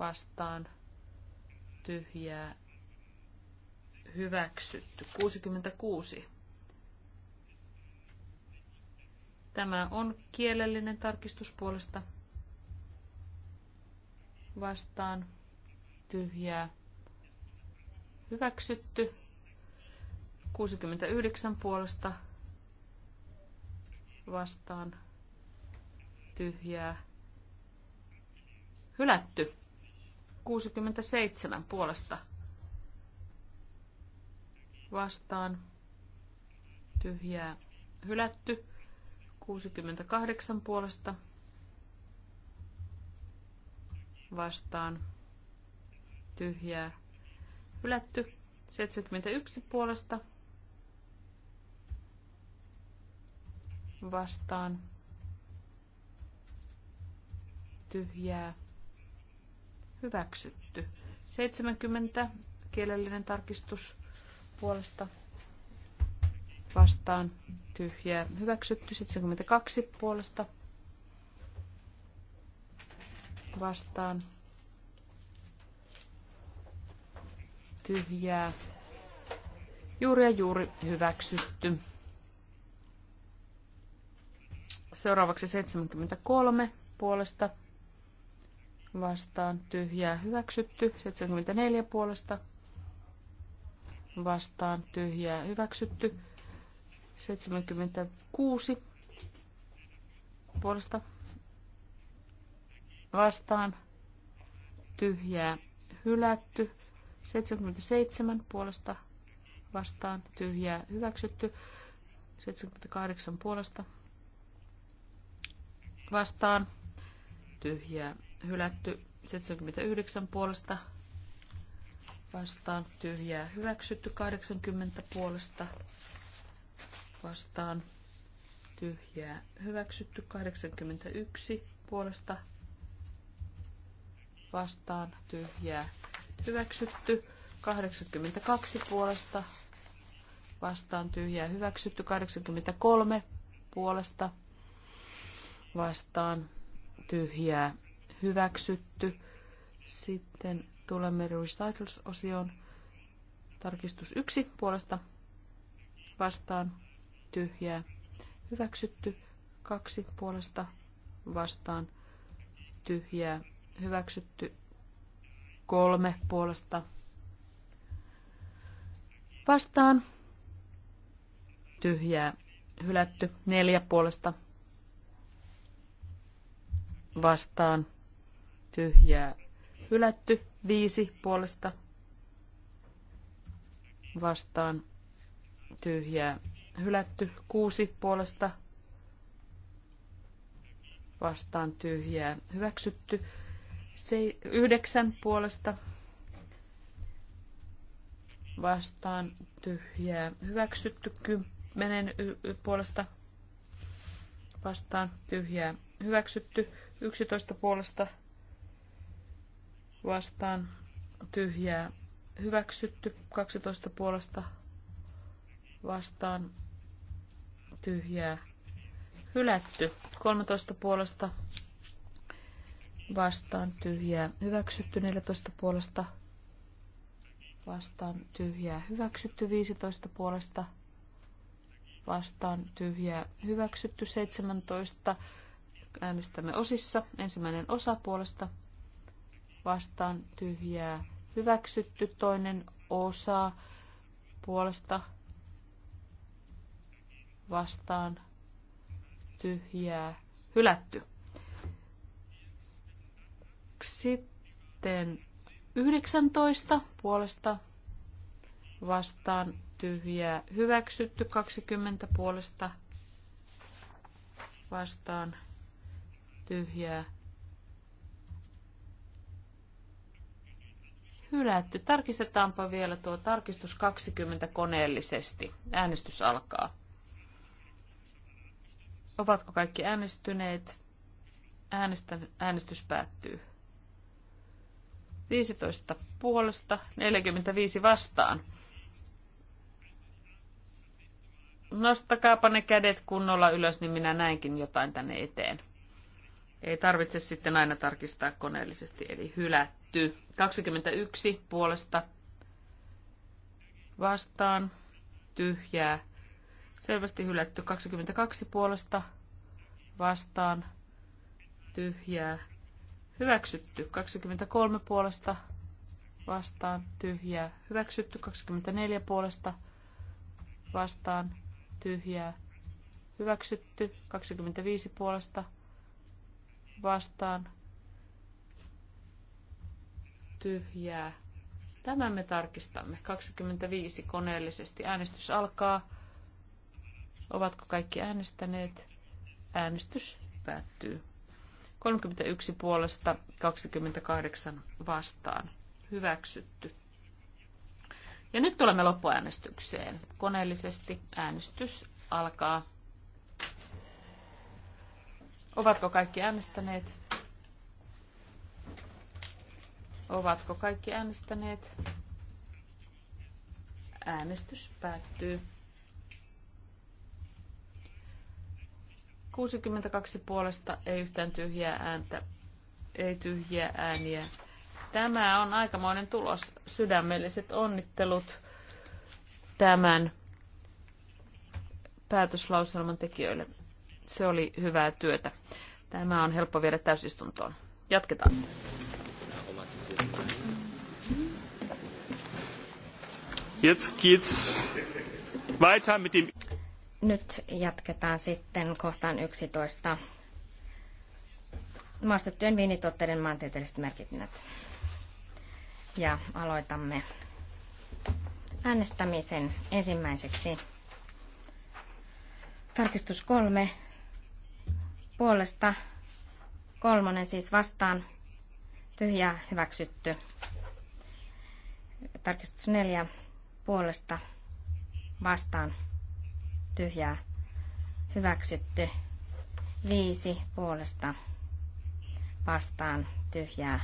S4: vastaan tyhjää hyväksytty. 66. Tämä on kielellinen tarkistus puolesta vastaan tyhjää hyväksytty. 69 puolesta vastaan tyhjää hylätty. 67 puolesta vastaan tyhjää hylätty. 68 puolesta vastaan tyhjää hylätty. 71 puolesta vastaan tyhjää Hyväksytty. 70. Kielellinen tarkistus puolesta vastaan tyhjää. Hyväksytty. 72 puolesta vastaan tyhjää. Juuri ja juuri hyväksytty. Seuraavaksi 73 puolesta vastaan tyhjää hyväksytty. 74 puolesta vastaan tyhjää hyväksytty. 76 puolesta vastaan tyhjää hylätty. 77 puolesta vastaan tyhjää hyväksytty. 78 puolesta vastaan tyhjää hylätty 79 puolesta vastaan tyhjää hyväksytty 80 puolesta vastaan tyhjää hyväksytty 81 puolesta vastaan tyhjää hyväksytty 82 puolesta vastaan tyhjää hyväksytty 83 puolesta vastaan tyhjää hyväksytty. Sitten tulemme Recitals-osioon. Tarkistus yksi puolesta vastaan tyhjää hyväksytty. kaksi puolesta vastaan tyhjää hyväksytty. kolme puolesta vastaan tyhjää hylätty. neljä puolesta vastaan tyhjää hylätty. Viisi puolesta vastaan tyhjää hylätty. Kuusi puolesta vastaan tyhjää hyväksytty. Se, yhdeksän puolesta vastaan tyhjää hyväksytty. Kymmenen puolesta vastaan tyhjää hyväksytty. Yksitoista puolesta vastaan tyhjää hyväksytty. 12 puolesta vastaan tyhjää hylätty. 13 puolesta vastaan tyhjää hyväksytty. 14 puolesta vastaan tyhjää hyväksytty. 15 puolesta vastaan tyhjää hyväksytty. 17 äänestämme osissa. Ensimmäinen osa puolesta vastaan tyhjää hyväksytty, toinen osa puolesta vastaan tyhjää hylätty. Sitten 19 puolesta vastaan tyhjää hyväksytty, 20 puolesta vastaan tyhjää hylätty. Tarkistetaanpa vielä tuo tarkistus 20 koneellisesti. Äänestys alkaa. Ovatko kaikki äänestyneet? Äänestä, äänestys päättyy. 15 puolesta, 45 vastaan. Nostakaapa ne kädet kunnolla ylös, niin minä näinkin jotain tänne eteen. Ei tarvitse sitten aina tarkistaa koneellisesti, eli hylätty hylätty. 21 puolesta vastaan tyhjää. Selvästi hylätty. 22 puolesta vastaan tyhjää. Hyväksytty. 23 puolesta vastaan tyhjää. Hyväksytty. 24 puolesta vastaan tyhjää. Hyväksytty. 25 puolesta vastaan Tyhjää tyhjää. Tämän me tarkistamme. 25 koneellisesti. Äänestys alkaa. Ovatko kaikki äänestäneet? Äänestys päättyy. 31 puolesta 28 vastaan. Hyväksytty. Ja nyt tulemme loppuäänestykseen. Koneellisesti äänestys alkaa. Ovatko kaikki äänestäneet? Ovatko kaikki äänestäneet? Äänestys päättyy. 62 puolesta, ei yhtään tyhjää ääntä, ei tyhjiä ääniä. Tämä on aikamoinen tulos. Sydämelliset onnittelut tämän päätöslauselman tekijöille. Se oli hyvää työtä. Tämä on helppo viedä täysistuntoon. Jatketaan.
S1: Jetzt geht's weiter mit dem...
S3: Nyt jatketaan sitten kohtaan 11. Maastettujen viinituotteiden maantieteelliset merkinnät. Ja aloitamme äänestämisen ensimmäiseksi. Tarkistus kolme puolesta, kolmonen siis vastaan, tyhjää hyväksytty. Tarkistus neljä puolesta vastaan tyhjää hyväksytty. Viisi puolesta vastaan tyhjää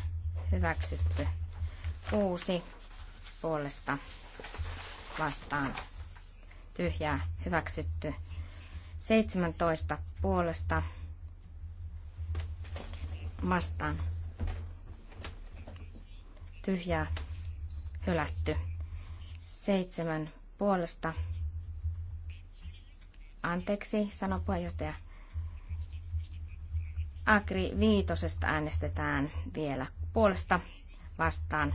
S3: hyväksytty. Kuusi puolesta vastaan tyhjää hyväksytty. 17 puolesta vastaan tyhjää hylätty. Seitsemän puolesta. Anteeksi, sanoi puheenjohtaja. Agri viitosesta äänestetään vielä puolesta vastaan.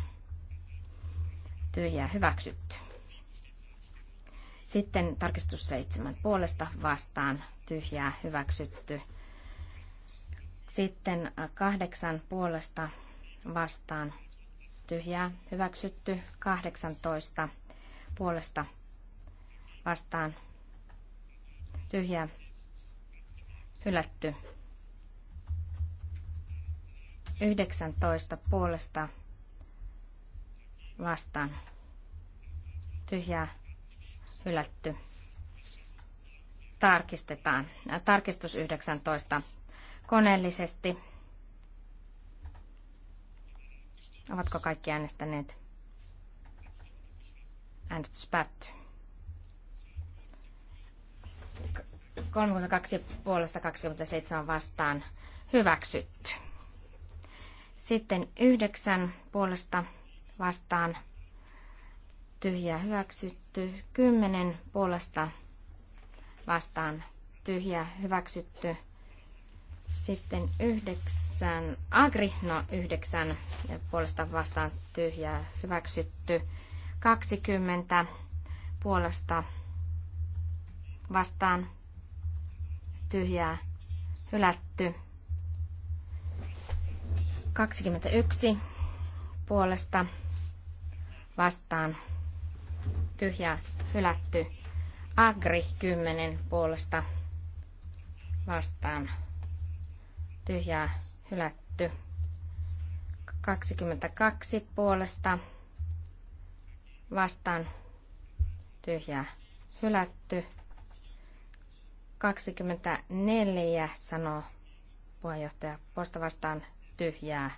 S3: Tyhjää hyväksytty. Sitten tarkistus seitsemän puolesta vastaan. Tyhjää hyväksytty. Sitten kahdeksan puolesta vastaan tyhjää hyväksytty 18 puolesta vastaan tyhjä hylätty. 19 puolesta vastaan tyhjä hylätty. Tarkistetaan. Tarkistus 19 koneellisesti. Ovatko kaikki äänestäneet? Äänestys päättyy. puolesta 27 vastaan hyväksytty. Sitten 9 puolesta vastaan tyhjää hyväksytty. 10 puolesta vastaan tyhjä hyväksytty. Sitten 9, agri, no 9 puolesta vastaan tyhjää hyväksytty. 20 puolesta vastaan tyhjää hylätty. 21 puolesta vastaan tyhjää hylätty. Agri 10 puolesta vastaan tyhjää hylätty. 22 puolesta vastaan vastaan tyhjää hylätty. 24 sanoo puheenjohtaja posta vastaan tyhjää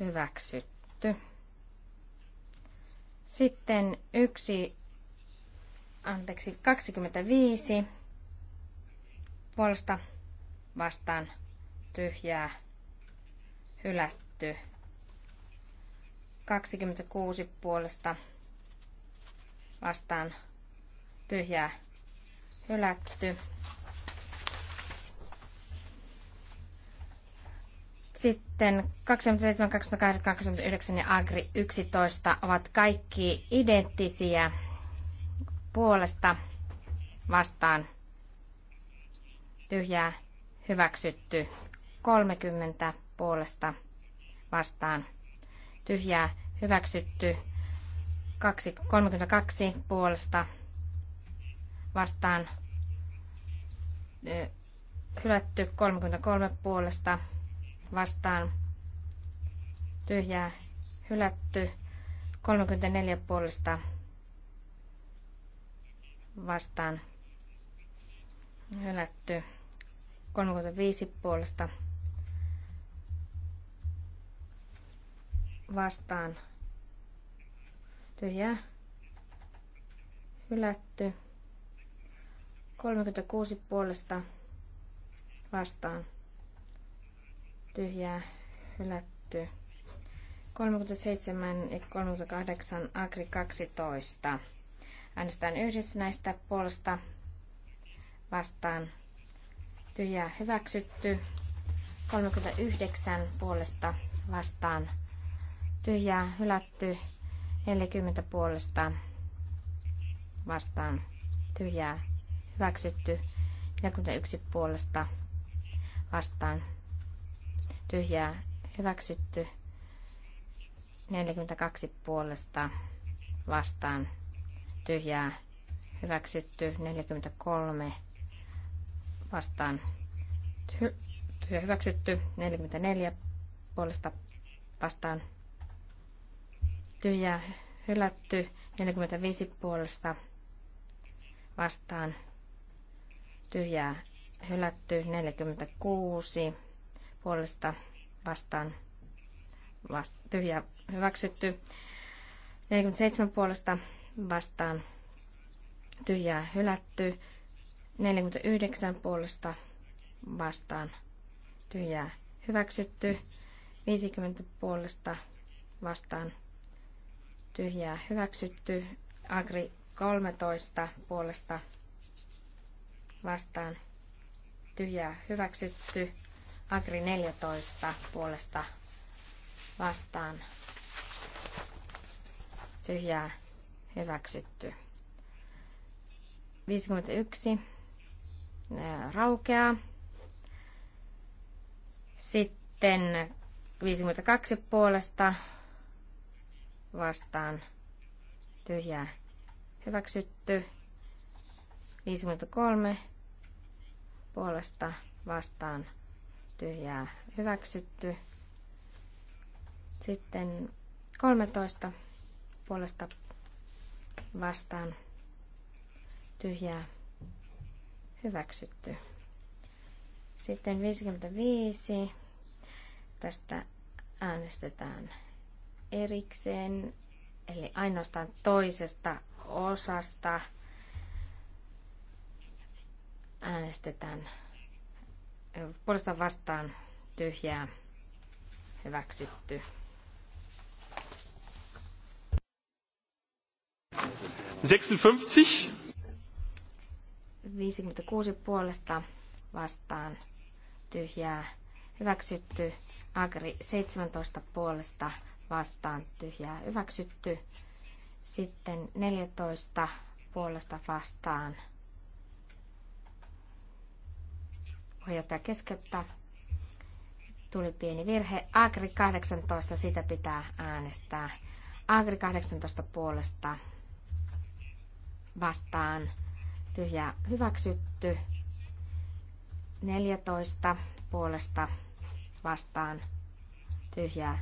S3: hyväksytty. Sitten yksi, anteeksi, 25 puolesta vastaan tyhjää hylätty. 26 puolesta vastaan tyhjää hylätty. Sitten 27, 28, 29 ja Agri 11 ovat kaikki identtisiä puolesta vastaan tyhjää hyväksytty 30 puolesta vastaan tyhjää hyväksytty. 2, 32 puolesta vastaan hylätty 33 puolesta vastaan tyhjää hylätty 34 puolesta vastaan hylätty 35 puolesta vastaan tyhjää hylätty. 36 puolesta vastaan tyhjää hylätty. 37 ja 38 Agri 12. Äänestään yhdessä näistä puolesta vastaan tyhjää hyväksytty. 39 puolesta vastaan tyhjää hylätty 40 puolesta vastaan tyhjää hyväksytty 41 puolesta vastaan tyhjää hyväksytty 42 puolesta vastaan tyhjää hyväksytty 43 vastaan tyhjää hyväksytty 44 puolesta vastaan tyhjää hylätty, 45 puolesta vastaan tyhjää hylätty, 46 puolesta vastaan vast, tyhjää hyväksytty, 47 puolesta vastaan tyhjää hylätty, 49 puolesta vastaan tyhjää hyväksytty, 50 puolesta vastaan tyhjää hyväksytty. Agri 13 puolesta vastaan tyhjää hyväksytty. Agri 14 puolesta vastaan tyhjää hyväksytty. 51 raukeaa. Sitten 52 puolesta vastaan tyhjää hyväksytty. 53 puolesta vastaan tyhjää hyväksytty. Sitten 13 puolesta vastaan tyhjää hyväksytty. Sitten 55. Tästä äänestetään erikseen, eli ainoastaan toisesta osasta äänestetään puolesta vastaan tyhjää hyväksytty. Viisikymmentäkuusi puolesta vastaan tyhjää hyväksytty. Agri 17 puolesta vastaan tyhjää hyväksytty. Sitten 14 puolesta vastaan puheenjohtaja keskeyttää. Tuli pieni virhe. Agri 18, sitä pitää äänestää. Agri 18 puolesta vastaan tyhjä hyväksytty. 14 puolesta vastaan tyhjää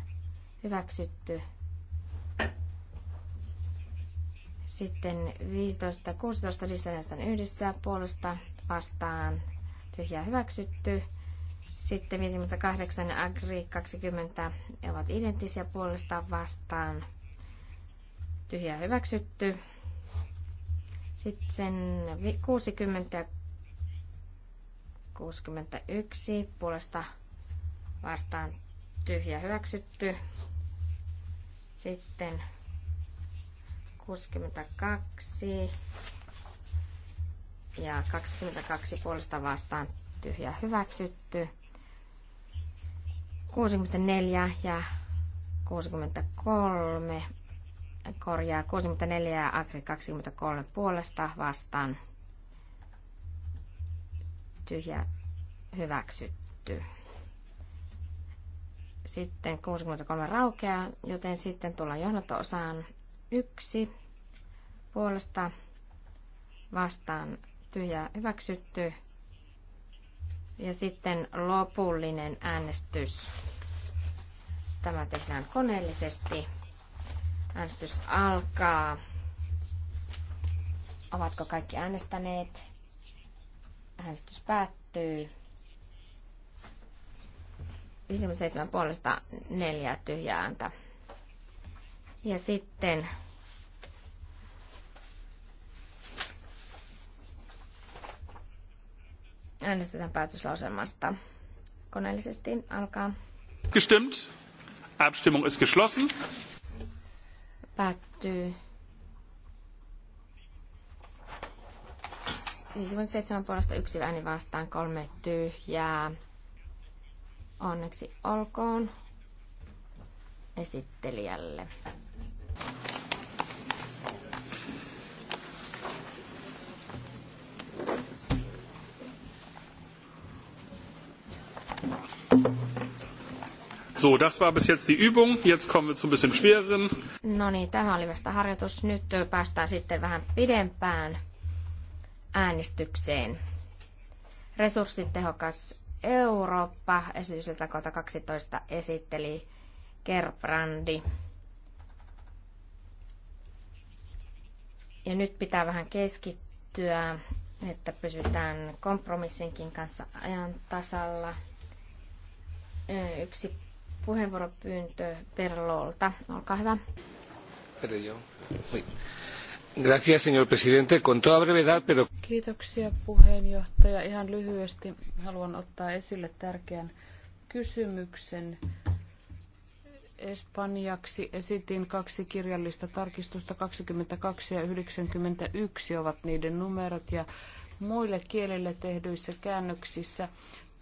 S3: hyväksytty. Sitten 15, 16 lisäjästän yhdessä puolesta vastaan tyhjää hyväksytty. Sitten 58 ja Agri 20 ovat identtisiä puolesta vastaan tyhjää hyväksytty. Sitten 60 ja 61 puolesta vastaan hyväksytty ja hyväksytty. Sitten 62 ja 22 puolesta vastaan tyhjä hyväksytty. 64 ja 63 korjaa 64 ja Agri 23 puolesta vastaan tyhjä hyväksytty. Sitten 63 raukeaa, joten sitten tullaan johdanto-osaan yksi puolesta vastaan tyhjä hyväksytty. Ja sitten lopullinen äänestys. Tämä tehdään koneellisesti. Äänestys alkaa. Ovatko kaikki äänestäneet? Äänestys päättyy. 57 puolesta neljä tyhjää ääntä. Ja sitten äänestetään päätöslauselmasta. Koneellisesti alkaa.
S1: Gestimmt. Abstimmung ist geschlossen.
S3: Päättyy. 57 puolesta yksi ääni vastaan, kolme tyhjää. Onneksi olkoon esittelijälle.
S1: So, das war bis jetzt die Übung. Jetzt kommen wir zu ein bisschen schwereren.
S3: No niin, tämä oli vasta harjoitus. Nyt päästään sitten vähän pidempään äänestykseen. Resurssitehokas Eurooppa, esitysiltä kohta 12 esitteli Kerbrandi. Ja nyt pitää vähän keskittyä, että pysytään kompromissinkin kanssa ajan tasalla. Yksi puheenvuoropyyntö Perlolta. Olkaa hyvä.
S2: Oui señor presidente. Con toda brevedad, pero...
S4: Kiitoksia puheenjohtaja. Ihan lyhyesti haluan ottaa esille tärkeän kysymyksen. Espanjaksi esitin kaksi kirjallista tarkistusta, 22 ja 91 ovat niiden numerot, ja muille kielille tehdyissä käännöksissä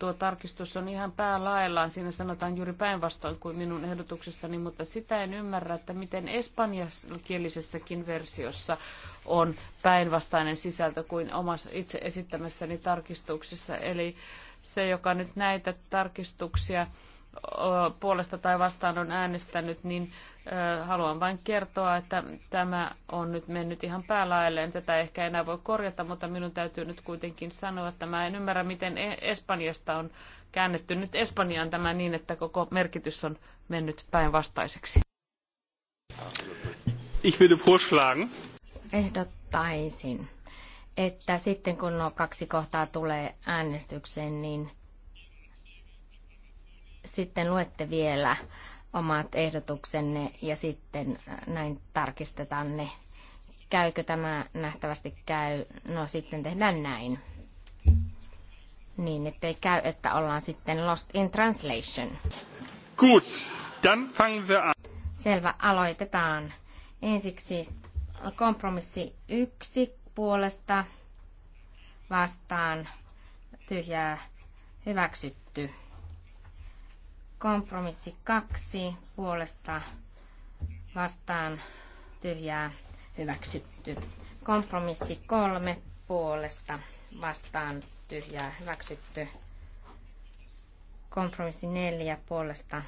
S4: tuo tarkistus on ihan päälaillaan. Siinä sanotaan juuri päinvastoin kuin minun ehdotuksessani, mutta sitä en ymmärrä, että miten espanjankielisessäkin versiossa on päinvastainen sisältö kuin omassa itse esittämässäni tarkistuksessa. Eli se, joka nyt näitä tarkistuksia puolesta tai vastaan on äänestänyt, niin haluan vain kertoa, että tämä on nyt mennyt ihan päälaelleen. Tätä ehkä enää voi korjata, mutta minun täytyy nyt kuitenkin sanoa, että mä en ymmärrä, miten e- Espanjasta on käännetty nyt Espanjaan tämä niin, että koko merkitys on mennyt päinvastaiseksi.
S1: Ich würde vorschlagen.
S3: Ehdottaisin, että sitten kun nuo kaksi kohtaa tulee äänestykseen, niin sitten luette vielä omat ehdotuksenne ja sitten äh, näin tarkistetaan ne. Käykö tämä nähtävästi käy? No sitten tehdään näin. Niin, ettei käy, että ollaan sitten lost in translation. Gut,
S1: dann fangen wir an.
S3: Selvä, aloitetaan. Ensiksi kompromissi yksi puolesta vastaan tyhjää hyväksytty. Kompromissi kaksi puolesta vastaan tyhjää hyväksytty. Kompromissi kolme puolesta vastaan tyhjää hyväksytty. Kompromissi neljä puolesta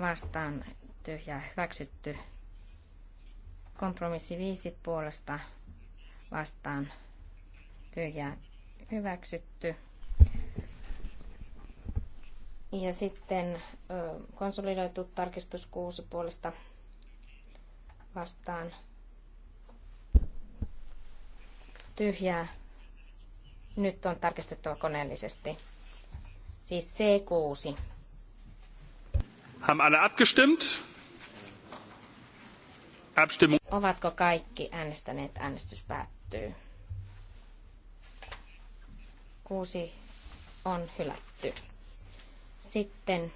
S3: vastaan tyhjää hyväksytty. Kompromissi viisi puolesta vastaan tyhjää hyväksytty. Ja sitten konsolidoitu tarkistus kuusi puolesta vastaan tyhjää. Nyt on tarkistettava koneellisesti. Siis C6.
S1: Haben alle abgestimmt? Abstimmung.
S3: Ovatko kaikki äänestäneet? Äänestys
S1: päättyy.
S3: Kuusi on hylätty. Sitten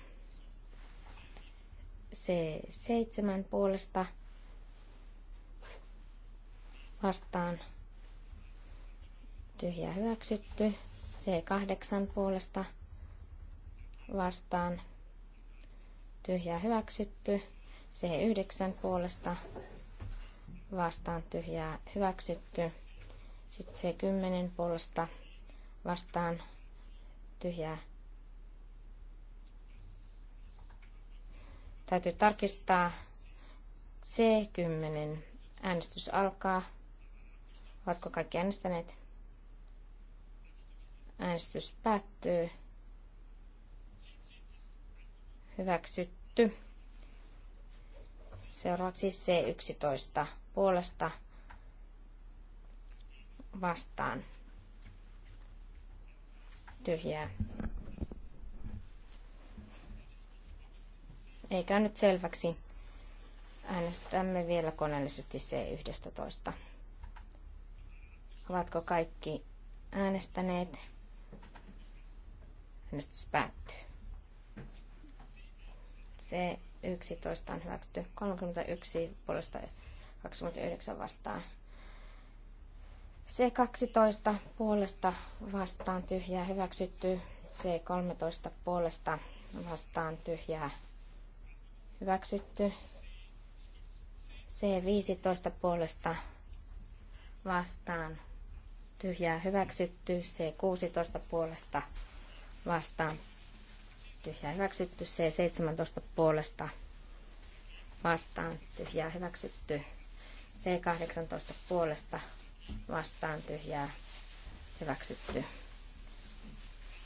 S3: C7 puolesta vastaan tyhjä hyväksytty. C8 puolesta vastaan tyhjä hyväksytty. C9 puolesta vastaan tyhjä hyväksytty. Sitten C10 puolesta vastaan tyhjää Täytyy tarkistaa C10. Äänestys alkaa. Ovatko kaikki äänestäneet? Äänestys päättyy. Hyväksytty. Seuraavaksi C11 puolesta vastaan. Tyhjää. Ei käynyt selväksi. Äänestämme vielä koneellisesti C11. Ovatko kaikki äänestäneet? Äänestys päättyy. C11 on hyväksytty 31 puolesta 29 vastaan. C12 puolesta vastaan tyhjää hyväksytty. C13 puolesta vastaan tyhjää Hyväksytty. C15 puolesta vastaan. Tyhjää hyväksytty. C16 puolesta vastaan. Tyhjää hyväksytty. C17 puolesta vastaan. Tyhjää hyväksytty. C18 puolesta vastaan. Tyhjää hyväksytty.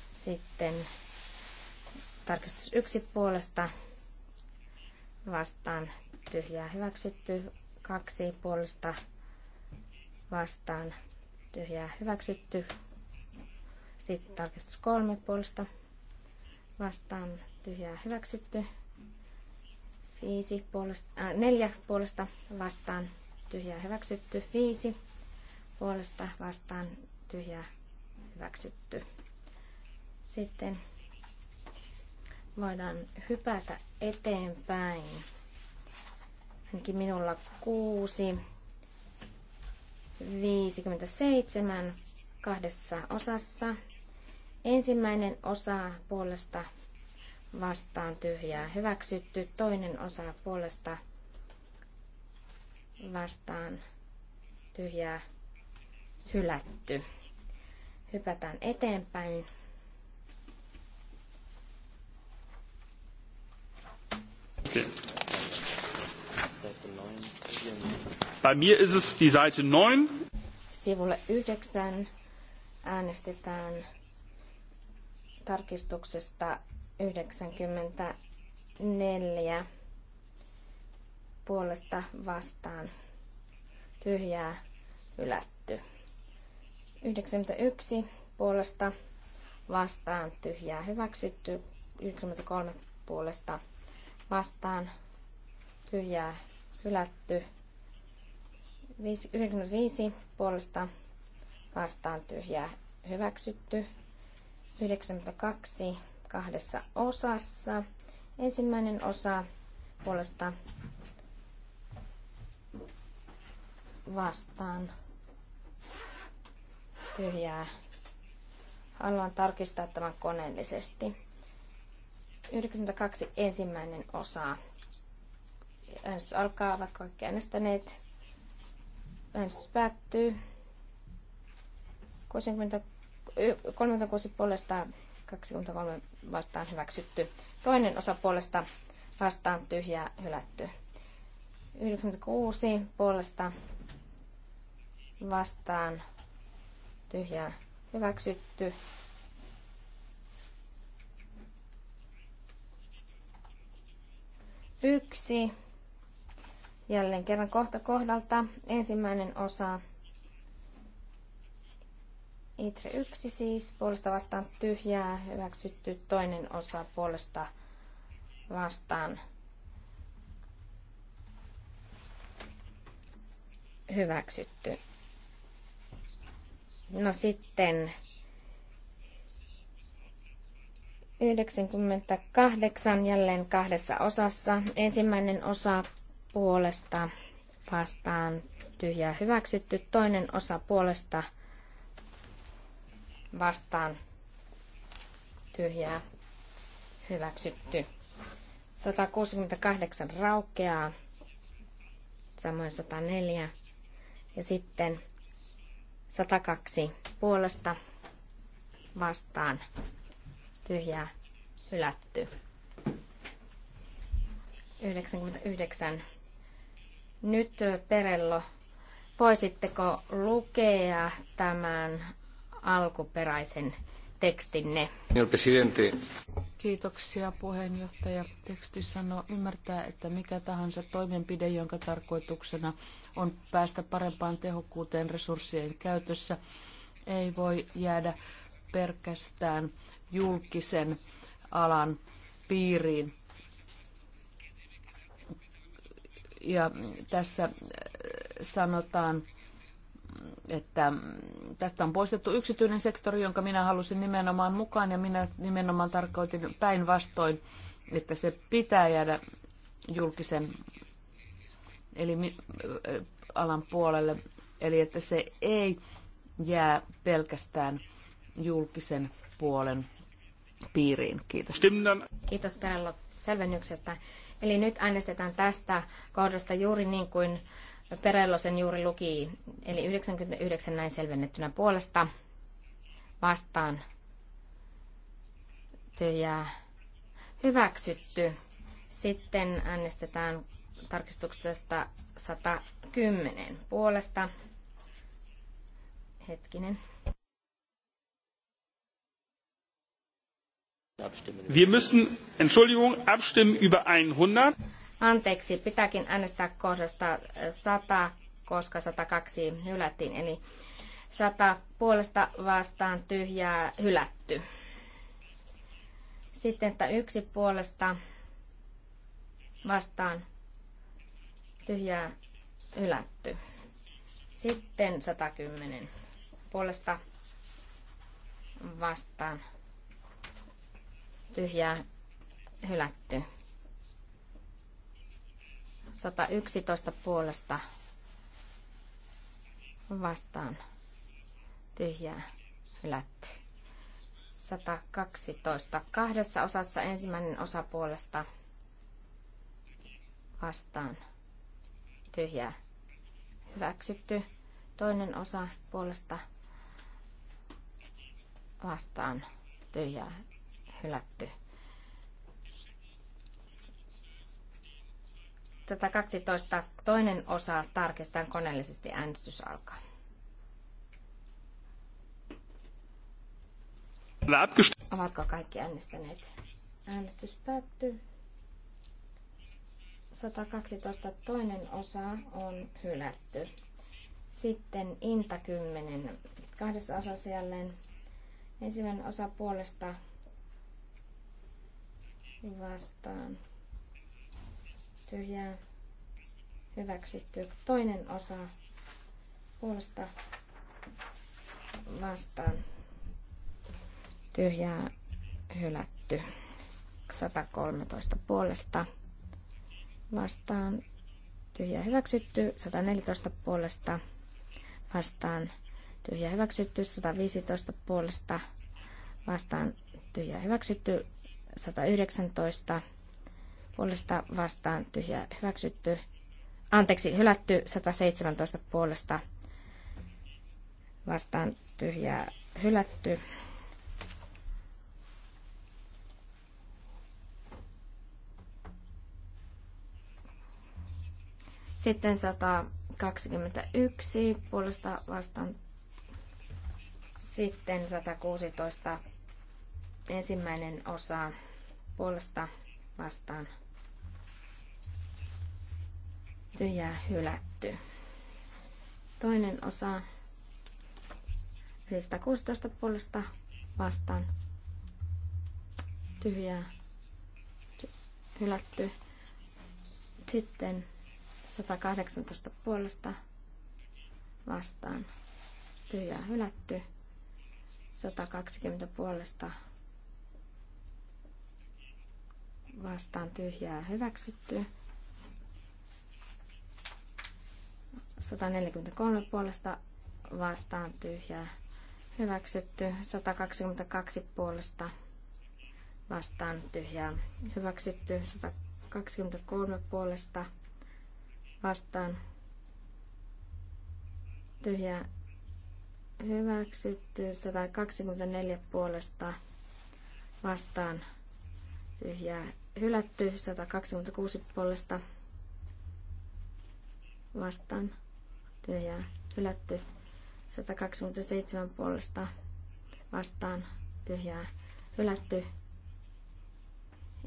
S3: Sitten tarkistus yksi puolesta vastaan tyhjää hyväksytty. Kaksi puolesta vastaan tyhjää hyväksytty. Sitten tarkistus kolme puolesta vastaan tyhjää hyväksytty. Viisi puolesta, äh, neljä puolesta vastaan tyhjää hyväksytty. Viisi puolesta vastaan tyhjää hyväksytty. Sitten voidaan hypätä eteenpäin. Ainakin minulla kuusi, 57 kahdessa osassa. Ensimmäinen osa puolesta vastaan tyhjää hyväksytty, toinen osa puolesta vastaan tyhjää hylätty. Hypätään eteenpäin.
S1: Okay. Bei mir ist es die Seite 9.
S3: Sivulle 9 äänestetään tarkistuksesta 94 puolesta vastaan tyhjää hylätty. 91 puolesta vastaan tyhjää hyväksytty. 93 puolesta vastaan tyhjää hylätty. 95 puolesta vastaan tyhjää hyväksytty. 92 kahdessa osassa. Ensimmäinen osa puolesta vastaan tyhjää. Haluan tarkistaa tämän koneellisesti. 92 ensimmäinen osa. Äänestys alkaa, ovat kaikki äänestäneet. Äänestys päättyy. 60, 36 puolesta 23 vastaan hyväksytty. Toinen osa puolesta vastaan tyhjää hylätty. 96 puolesta vastaan tyhjää hyväksytty. yksi. Jälleen kerran kohta kohdalta. Ensimmäinen osa. Itre 1 siis, puolesta vastaan tyhjää, hyväksytty toinen osa puolesta vastaan hyväksytty. No sitten 98 jälleen kahdessa osassa. Ensimmäinen osa puolesta vastaan tyhjää hyväksytty. Toinen osa puolesta vastaan tyhjää hyväksytty. 168 raukeaa, samoin 104 ja sitten 102 puolesta vastaan tyhjää hylätty. 99. Nyt Perello, voisitteko lukea tämän alkuperäisen tekstinne?
S2: Presidente.
S4: Kiitoksia puheenjohtaja. Teksti sanoo ymmärtää, että mikä tahansa toimenpide, jonka tarkoituksena on päästä parempaan tehokkuuteen resurssien käytössä, ei voi jäädä pelkästään julkisen alan piiriin. Ja tässä äh, sanotaan, että tästä on poistettu yksityinen sektori, jonka minä halusin nimenomaan mukaan, ja minä nimenomaan tarkoitin päinvastoin, että se pitää jäädä julkisen eli äh, alan puolelle, eli että se ei jää pelkästään julkisen puolen piiriin. Kiitos.
S3: Kiitos Perello selvennyksestä. Eli nyt äänestetään tästä kohdasta juuri niin kuin Perello sen juuri luki, eli 99 näin selvennettynä puolesta vastaan tyhjää hyväksytty. Sitten äänestetään tarkistuksesta 110 puolesta. Hetkinen.
S1: Wir müssen, Entschuldigung, abstimmen über 100.
S3: Anteeksi, pitääkin äänestää kohdasta 100, äh, koska 102 hylättiin, eli 100 puolesta vastaan tyhjää hylätty. Sitten 101 puolesta vastaan tyhjää hylätty. Sitten 110 puolesta vastaan tyhjää hylätty. 111 puolesta vastaan tyhjää hylätty. 112. Kahdessa osassa ensimmäinen osa puolesta vastaan tyhjää hyväksytty. Toinen osa puolesta vastaan tyhjää hylätty. Tätä 12 toinen osa tarkistetaan koneellisesti äänestys alkaa. Ovatko kaikki äänestäneet? Äänestys päättyy. 112 toinen osa on hylätty. Sitten Inta 10. Kahdessa osassa jälleen ensimmäinen osa puolesta vastaan tyhjää hyväksytty. Toinen osa puolesta vastaan tyhjää hylätty. 113 puolesta vastaan tyhjää hyväksytty. 114 puolesta vastaan tyhjää hyväksytty. 115 puolesta vastaan tyhjää hyväksytty. 119 puolesta vastaan tyhjä hyväksytty. Anteeksi, hylätty 117 puolesta vastaan tyhjä hylätty. Sitten 121 puolesta vastaan. Sitten 116 Ensimmäinen osa puolesta vastaan tyhjää hylätty. Toinen osa, eli 116 puolesta vastaan tyhjää hylätty. Sitten 118 puolesta vastaan tyhjää hylätty. 120 puolesta vastaan vastaan tyhjää hyväksyttyä. 143 puolesta vastaan tyhjää hyväksytty. 122 puolesta vastaan tyhjää hyväksytty. 123 puolesta vastaan tyhjää hyväksytty. 124 puolesta vastaan tyhjää hylätty 126 puolesta vastaan tyhjää hylätty 127 puolesta vastaan tyhjää hylätty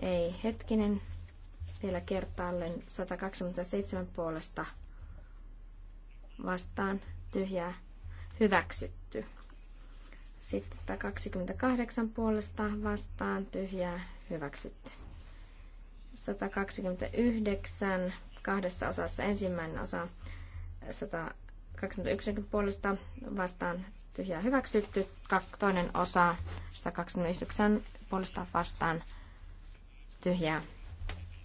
S3: ei hetkinen vielä kertaalleen 127 puolesta vastaan tyhjää hyväksytty. Sitten 128 puolesta vastaan tyhjää hyväksytty. 129 kahdessa osassa. Ensimmäinen osa 129 puolesta vastaan tyhjää hyväksytty. Toinen osa 129 puolesta vastaan tyhjää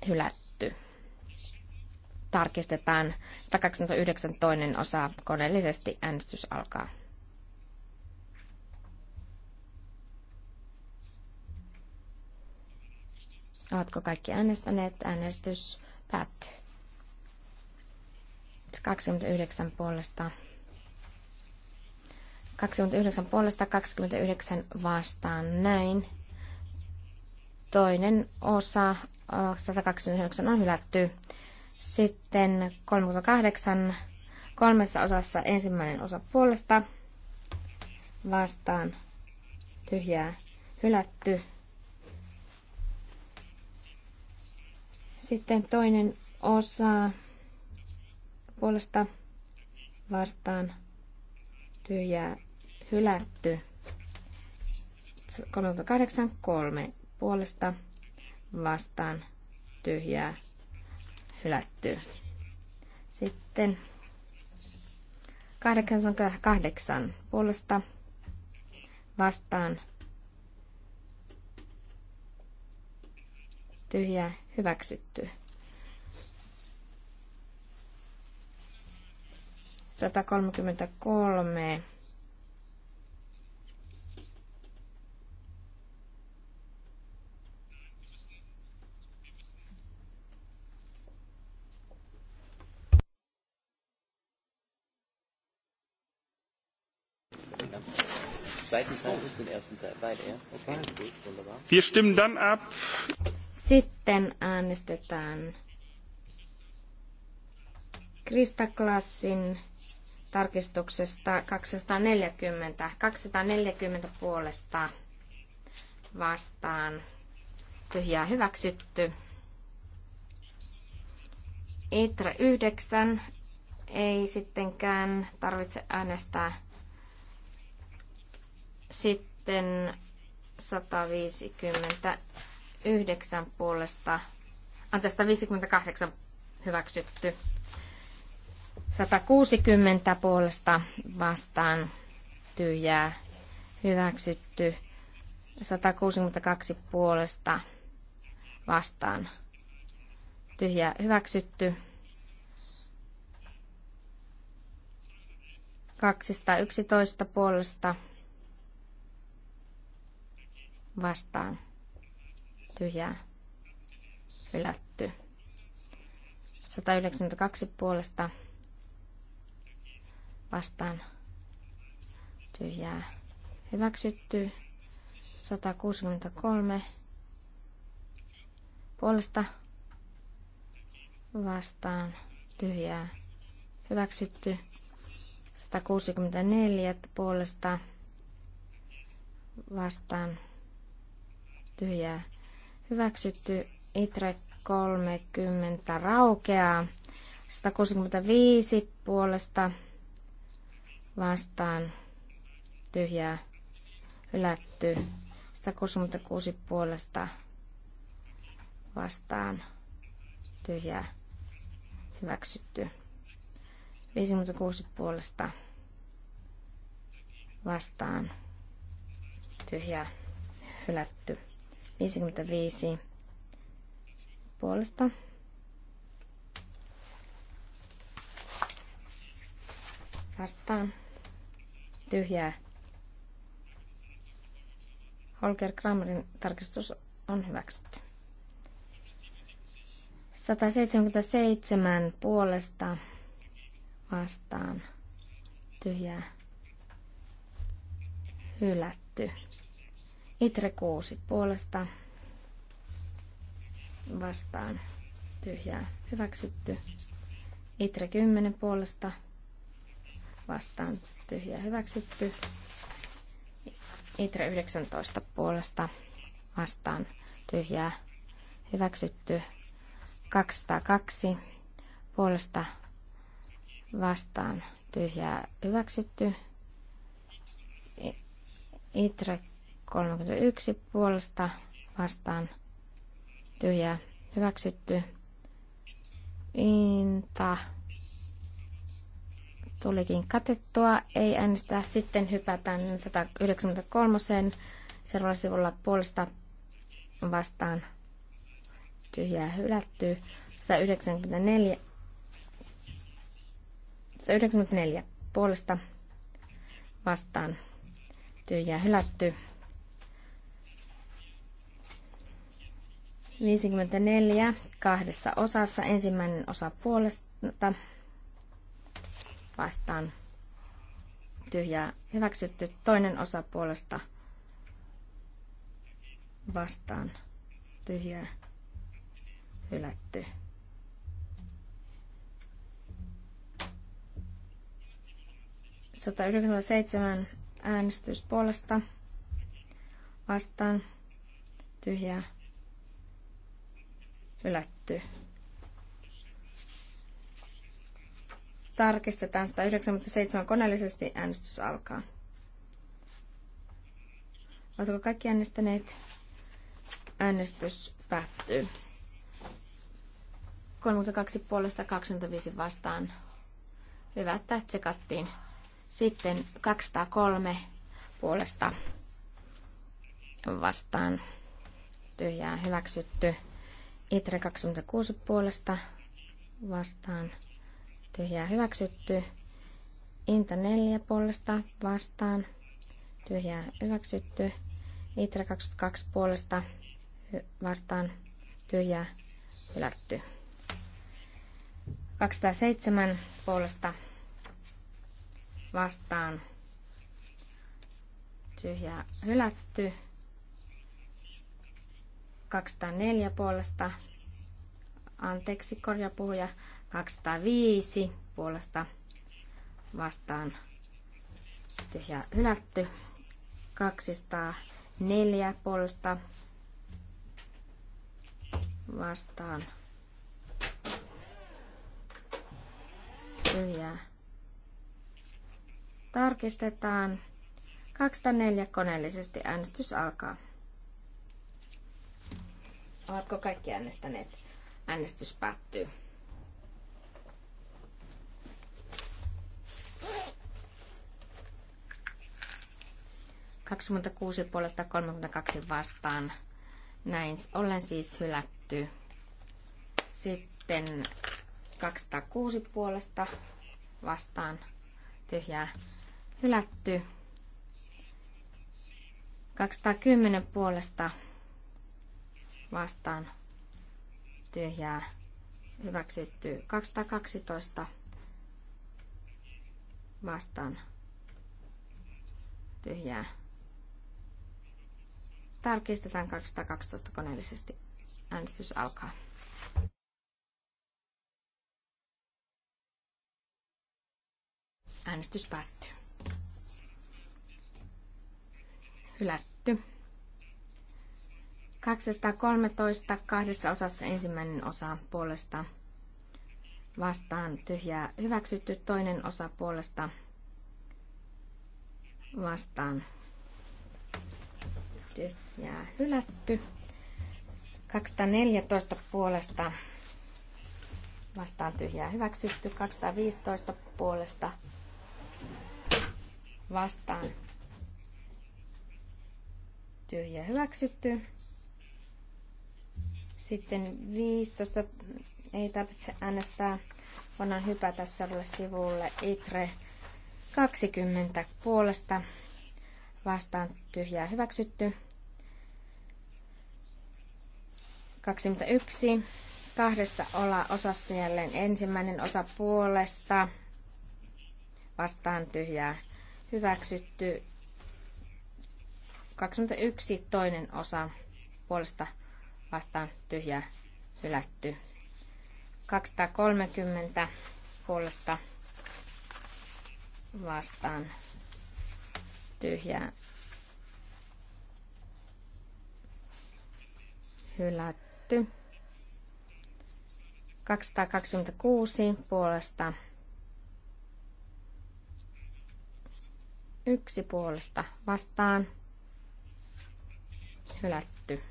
S3: hylätty. Tarkistetaan 129 toinen osa koneellisesti. Äänestys alkaa. Oletko kaikki äänestäneet? Äänestys päättyy. 29 siis puolesta. 29 puolesta, 29 vastaan näin. Toinen osa 129 on hylätty. Sitten 38 kolmessa osassa ensimmäinen osa puolesta vastaan tyhjää hylätty. Sitten toinen osa puolesta vastaan tyhjää hylätty. 38.3. Puolesta vastaan tyhjää hylätty. Sitten 88. Puolesta vastaan tyhjää hyväksytty. 133.
S2: Wir stimmen dann
S1: ab.
S3: Sitten äänestetään Krista Klassin tarkistuksesta 240. 240 puolesta vastaan. Tyhjää hyväksytty. Itra 9 ei sittenkään tarvitse äänestää. Sitten 150 yhdeksän puolesta, anteeksi 158 hyväksytty. 160 puolesta vastaan tyhjää hyväksytty. 162 puolesta vastaan tyhjää hyväksytty. 211 puolesta vastaan tyhjää hylätty. 192 puolesta vastaan tyhjää hyväksytty. 163 puolesta vastaan tyhjää hyväksytty. 164 puolesta vastaan tyhjää Hyväksytty ITRE 30 raukeaa. 165 puolesta vastaan tyhjää hylätty. 166 puolesta vastaan tyhjää hyväksytty. 56 puolesta vastaan tyhjää hylätty. 55 puolesta. Vastaan. Tyhjää. Holger Kramerin tarkistus on hyväksytty. 177 puolesta vastaan tyhjää hylätty. Itre 6 puolesta vastaan tyhjää hyväksytty. Itre 10 puolesta vastaan tyhjää hyväksytty. Itre 19 puolesta vastaan tyhjää hyväksytty. 202 puolesta vastaan tyhjää hyväksytty. Itre 31 puolesta vastaan tyhjää hyväksytty. Inta tulikin katettua, ei äänestää. Sitten hypätään 193. Seuraavalla sivulla puolesta vastaan tyhjää hylätty. 194, 194 puolesta vastaan tyhjää hylätty. 54 kahdessa osassa. Ensimmäinen osa puolesta vastaan tyhjää hyväksytty. Toinen osa puolesta vastaan tyhjää hylätty. Sota 97 äänestys puolesta vastaan tyhjää Hylätty. Tarkistetaan 197 koneellisesti. Äänestys alkaa. Oletko kaikki äänestäneet? Äänestys päättyy. 32 puolesta 25 vastaan. Hyvä, että tsekattiin. Sitten 203 puolesta vastaan. Tyhjää hyväksytty. Itre 26 puolesta vastaan tyhjää hyväksytty. Inta 4 puolesta vastaan tyhjää hyväksytty. Itre 22 puolesta vastaan tyhjää hylätty. 207 puolesta vastaan tyhjää hylätty. 204 puolesta, anteeksi korjapuhuja, 205 puolesta vastaan tyhjä hylätty, 204 puolesta vastaan tyhjää. Tarkistetaan. 204 koneellisesti äänestys alkaa. Oletko kaikki äänestäneet? Äänestys päättyy. Kaksikymmentäkuusi puolesta 32 vastaan. Näin ollen siis hylätty. Sitten 206 puolesta vastaan tyhjää hylätty. 210 puolesta vastaan tyhjää hyväksytty 212 vastaan tyhjää. Tarkistetaan 212 koneellisesti. Äänestys alkaa. Äänestys päättyy. Hylätty. 213 kahdessa osassa ensimmäinen osa puolesta vastaan tyhjää hyväksytty, toinen osa puolesta vastaan tyhjää hylätty. 214 puolesta vastaan tyhjää hyväksytty, 215 puolesta vastaan tyhjää hyväksytty. Sitten 15 ei tarvitse äänestää. voidaan hypätä sellaiselle sivulle ITRE 20 puolesta vastaan tyhjää hyväksytty. 21 kahdessa olla osassa jälleen ensimmäinen osa puolesta vastaan tyhjää hyväksytty. 21 toinen osa puolesta vastaan tyhjä hylätty. 230 puolesta vastaan tyhjä hylätty. 226 puolesta yksi puolesta vastaan hylätty.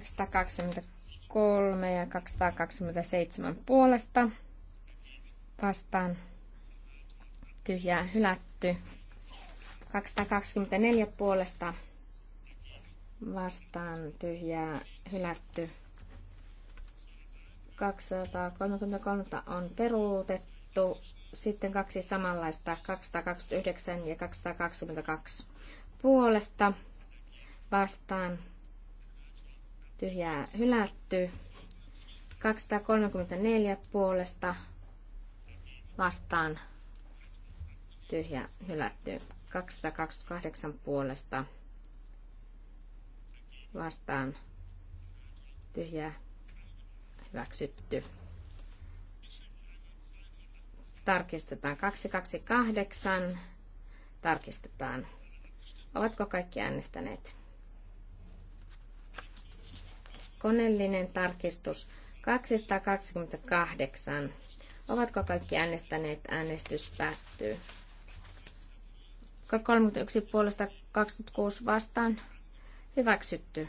S3: 223 ja 227 puolesta vastaan tyhjää hylätty. 224 puolesta vastaan tyhjää hylätty. 233 on peruutettu. Sitten kaksi samanlaista, 229 ja 222 puolesta vastaan tyhjää hylätty. 234 puolesta vastaan tyhjä hylätty. 228 puolesta vastaan tyhjä hyväksytty. Tarkistetaan 228. Tarkistetaan. Ovatko kaikki äänestäneet? Koneellinen tarkistus 228. Ovatko kaikki äänestäneet? Äänestys päättyy. 31 puolesta 26 vastaan. Hyväksytty.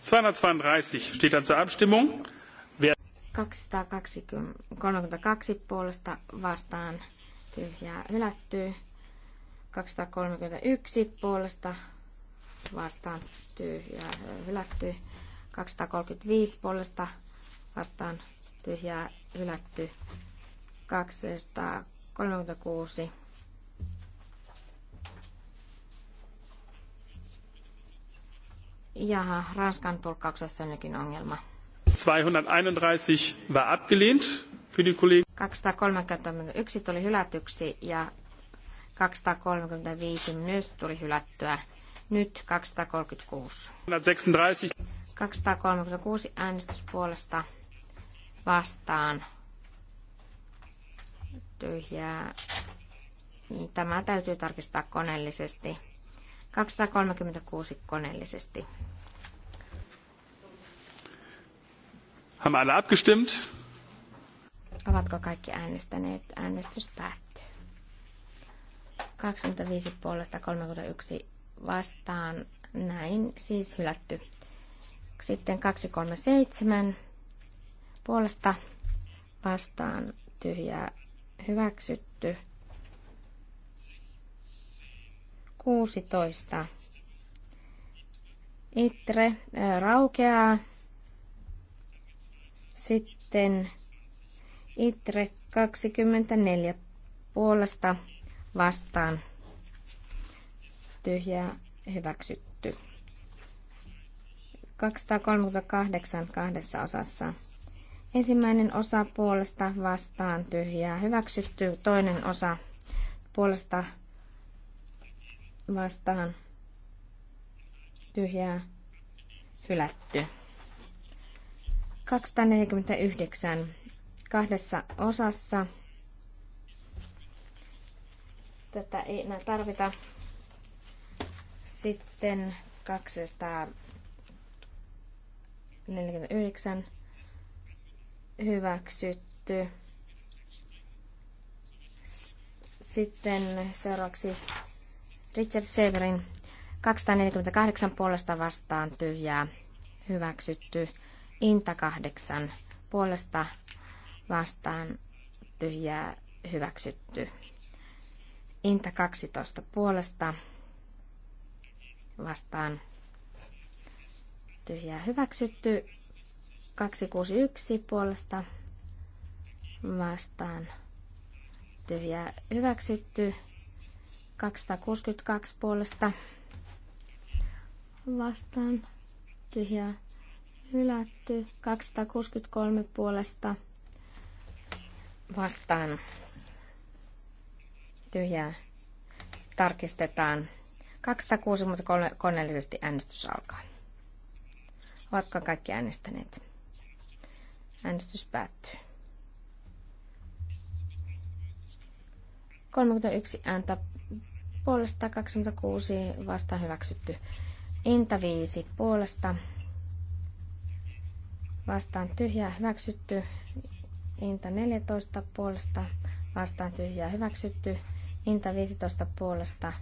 S1: zweihundertzweiunddreißig steht dann zur abstimmung.
S3: 232 puolesta vastaan tyhjää hylättyy. 231 puolesta vastaan tyhjää hylätty. 235 puolesta vastaan tyhjää hylätty. 236 Jaha, Ranskan tulkkauksessa onkin ongelma.
S1: 231 war abgelehnt für die Kollegen.
S3: 231 tuli hylätyksi ja 235 myös tuli hylättyä. Nyt 236.
S1: 236.
S3: 236 äänestyspuolesta vastaan tyhjää. Tämä täytyy tarkistaa koneellisesti. 236 koneellisesti.
S1: Haben alle abgestimmt?
S3: Ovatko kaikki äänestäneet? Äänestys päättyy. 25 puolesta 31 vastaan. Näin siis hylätty. Sitten 237 puolesta vastaan tyhjää hyväksytty. 16. Itre raukeaa. Sitten ITRE 24 puolesta vastaan tyhjää hyväksytty. 238 kahdessa osassa. Ensimmäinen osa puolesta vastaan tyhjää hyväksytty, toinen osa puolesta vastaan tyhjää hylätty. 249 kahdessa osassa. Tätä ei enää tarvita. Sitten 249 hyväksytty. Sitten seuraavaksi Richard Severin 248 puolesta vastaan tyhjää hyväksytty. Inta kahdeksan puolesta vastaan tyhjää hyväksytty. Inta 12 puolesta vastaan tyhjää hyväksytty. 261 puolesta vastaan tyhjää hyväksytty. 262 puolesta vastaan tyhjää Hylätty 263 puolesta vastaan. Tyhjää. Tarkistetaan. 263 koneellisesti äänestys alkaa. Ovatko kaikki äänestäneet? Äänestys päättyy. 31 ääntä puolesta, 26 vasta hyväksytty. Inta 5 puolesta vastaan tyhjää hyväksytty. Inta 14 puolesta vastaan tyhjää hyväksytty. Inta 15 puolesta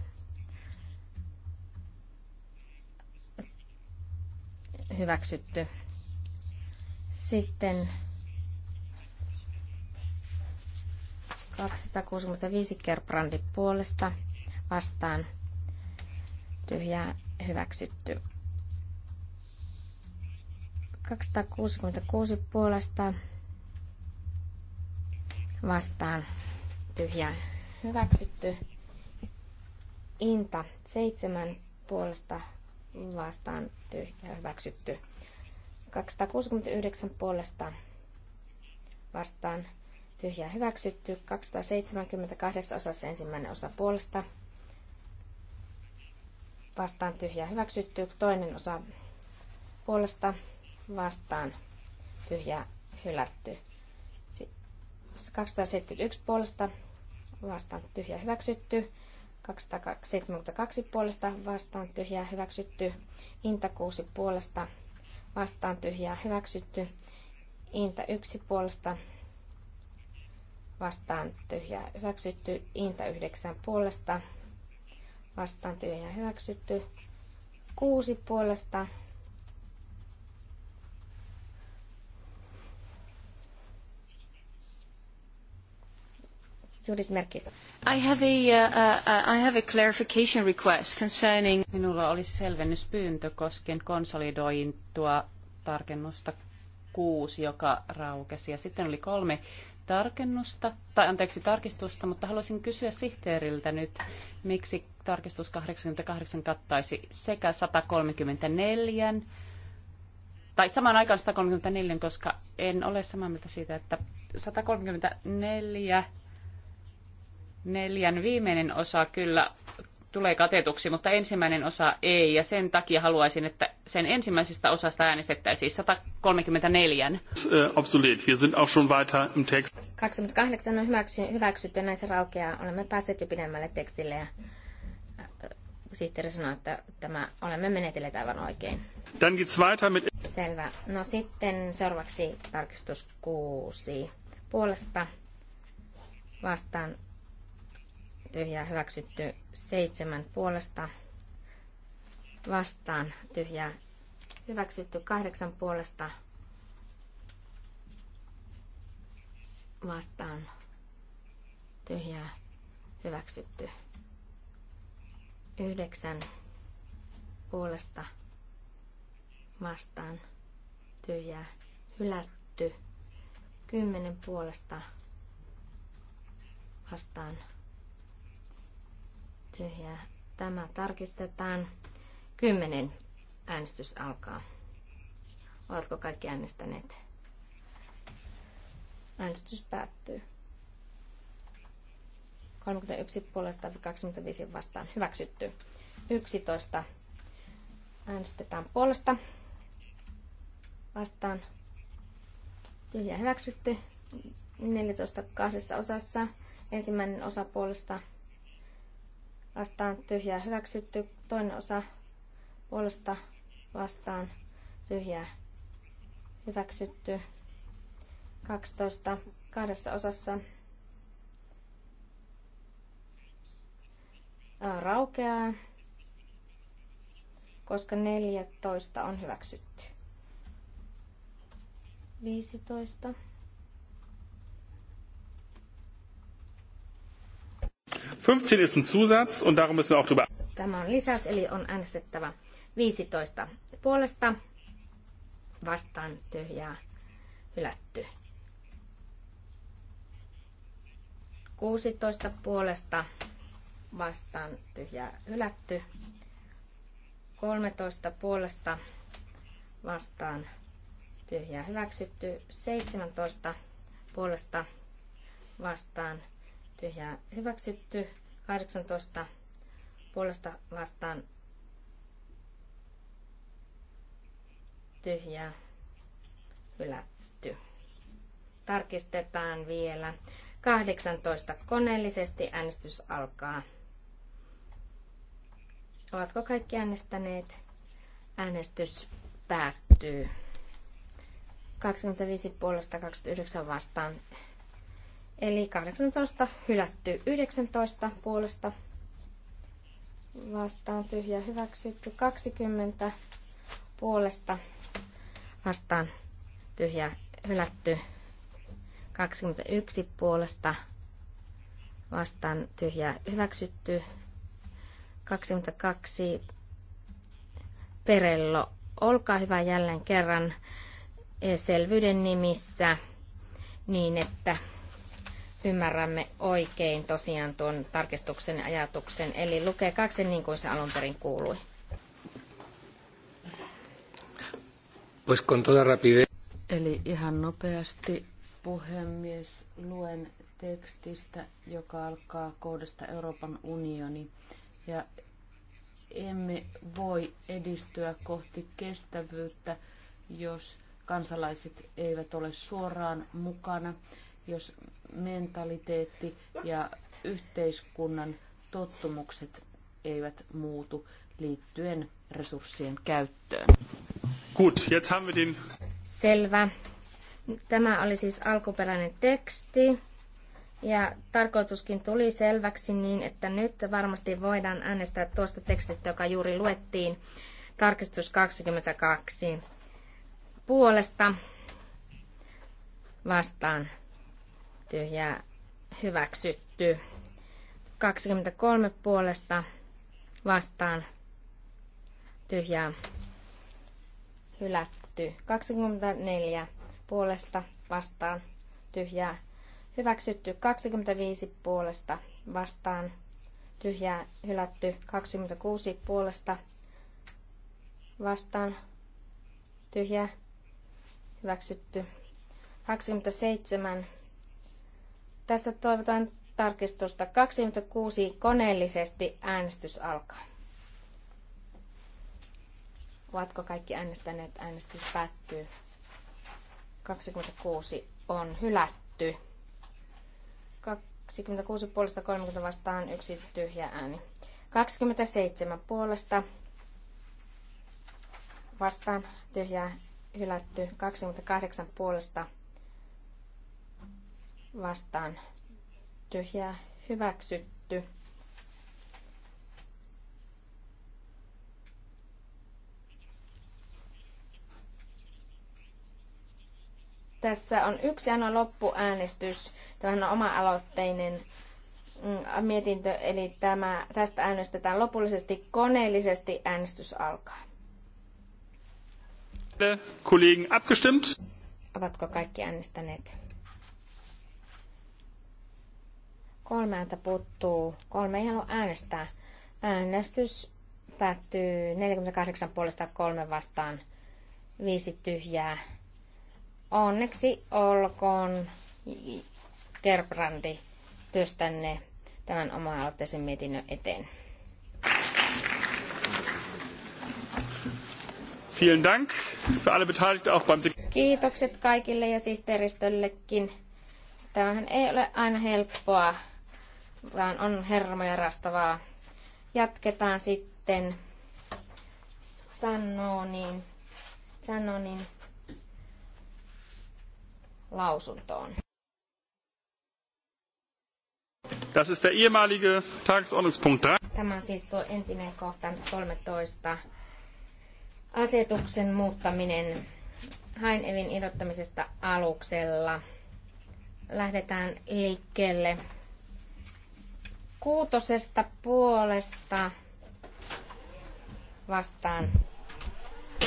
S3: hyväksytty. Sitten 265 kerbrandi puolesta vastaan tyhjää hyväksytty. 266 puolesta vastaan tyhjä hyväksytty. Inta 7 puolesta vastaan tyhjä hyväksytty. 269 puolesta vastaan tyhjä hyväksytty. 272 osassa ensimmäinen osa puolesta vastaan tyhjä hyväksytty. Toinen osa puolesta vastaan tyhjä hylätty. 271 puolesta vastaan tyhjä hyväksytty. 272 puolesta vastaan tyhjä hyväksytty. Inta 6 puolesta vastaan tyhjä hyväksytty. Inta 1 puolesta vastaan tyhjä hyväksytty. Inta 9 puolesta vastaan tyhjä hyväksytty. 6 puolesta Judith Merkis.
S5: I have a, uh, uh, I have a clarification request concerning... Minulla olisi selvennyspyyntö koskien konsolidointua tarkennusta kuusi, joka raukesi. Ja sitten oli kolme tarkennusta, tai anteeksi tarkistusta, mutta haluaisin kysyä sihteeriltä nyt, miksi tarkistus 88 kattaisi sekä 134, tai samaan aikaan 134, koska en ole samaa mieltä siitä, että 134 Neljän viimeinen osa kyllä tulee katetuksi, mutta ensimmäinen osa ei, ja sen takia haluaisin, että sen ensimmäisestä osasta äänestettäisiin 134.
S1: Absolut, äh, wir sind auch schon weiter im Text.
S5: 28 on hyväksy,
S3: hyväksytty, näissä raukeaa. Olemme päässeet jo pidemmälle tekstille, ja äh, sihteeri sanoi, että tämä, olemme menetelleet aivan oikein.
S1: Dann geht's weiter mit...
S3: Selvä. No sitten seuraavaksi tarkistus kuusi. Puolesta vastaan tyhjää hyväksytty. Seitsemän puolesta vastaan tyhjää hyväksytty. Kahdeksan puolesta vastaan tyhjää hyväksytty. Yhdeksän puolesta vastaan tyhjää hylätty. Kymmenen puolesta vastaan tyhjää. Tämä tarkistetaan. Kymmenen äänestys alkaa. Oletko kaikki äänestäneet? Äänestys päättyy. 31 puolesta 25 vastaan hyväksytty. 11 äänestetään puolesta vastaan tyhjä hyväksytty. 14 kahdessa osassa ensimmäinen osa puolesta vastaan tyhjää hyväksytty. Toinen osa puolesta vastaan tyhjää hyväksytty. 12 kahdessa osassa raukeaa, koska 14 on hyväksytty. 15
S1: 15 ist ein Zusatz und darum müssen wir auch drüber.
S3: Tämä on lisäys, eli on äänestettävä 15 puolesta vastaan tyhjää hylätty. 16
S2: puolesta
S3: vastaan tyhjää hylätty. 13 puolesta vastaan tyhjää hyväksytty. 17 puolesta vastaan tyhjää hyväksytty. 18 puolesta vastaan tyhjää hylätty. Tarkistetaan vielä. 18 koneellisesti äänestys alkaa. Ovatko kaikki äänestäneet? Äänestys päättyy. 25 puolesta 29 vastaan Eli 18 hylätty 19 puolesta vastaan tyhjä hyväksytty 20 puolesta vastaan tyhjä hylätty 21 puolesta vastaan tyhjä hyväksytty 22 Perello, olkaa hyvä jälleen kerran e, selvyyden nimissä niin, että ymmärrämme oikein tosiaan tuon tarkistuksen ajatuksen. Eli lukee kaksi niin kuin se alun perin kuului.
S4: Eli ihan nopeasti puhemies luen tekstistä, joka alkaa kohdasta Euroopan unioni. Ja emme voi edistyä kohti kestävyyttä, jos kansalaiset eivät ole suoraan mukana jos mentaliteetti ja yhteiskunnan tottumukset eivät muutu liittyen resurssien
S3: käyttöön.
S1: Gut, jetzt haben wir den...
S3: Selvä. Tämä oli siis alkuperäinen teksti. Ja tarkoituskin tuli selväksi niin, että nyt varmasti voidaan äänestää tuosta tekstistä, joka juuri luettiin, tarkistus 22 puolesta vastaan ja hyväksytty. 23 puolesta vastaan tyhjää hylätty. 24 puolesta vastaan tyhjää hyväksytty. 25 puolesta vastaan tyhjää hylätty. 26 puolesta vastaan tyhjää hyväksytty. 27 tässä toivotan tarkistusta 26 koneellisesti äänestys alkaa. Ovatko kaikki äänestäneet? Äänestys päättyy. 26 on hylätty. 26 puolesta 30 vastaan yksi tyhjä ääni. 27 puolesta vastaan tyhjää hylätty. 28 puolesta vastaan tyhjää hyväksytty. Tässä on yksi aina loppuäänestys. Tämä on oma-aloitteinen mm, mietintö, eli tämä, tästä äänestetään lopullisesti koneellisesti. Äänestys alkaa.
S1: Kollegen abgestimmt. Ovatko kaikki
S3: äänestäneet? Kolmelta puuttuu. Kolme ei halua äänestää. Äänestys päättyy 48 puolesta kolme vastaan. Viisi tyhjää. Onneksi olkoon Gerbrandi työstänne tämän oma-aloitteisen mietinnön eteen.
S1: Vielen Dank für alle Beteiligten auch beim
S3: Kiitokset kaikille ja sihteeristöllekin. Tämähän ei ole aina helppoa vaan on hermoja rastavaa. Jatketaan sitten Sannonin, Sannonin lausuntoon.
S1: Das ist der ehemalige Tagesordnungspunkt 3.
S3: Tämä on siis tuo entinen kohta 13. Asetuksen muuttaminen Hainevin irrottamisesta aluksella. Lähdetään liikkeelle kuutosesta puolesta vastaan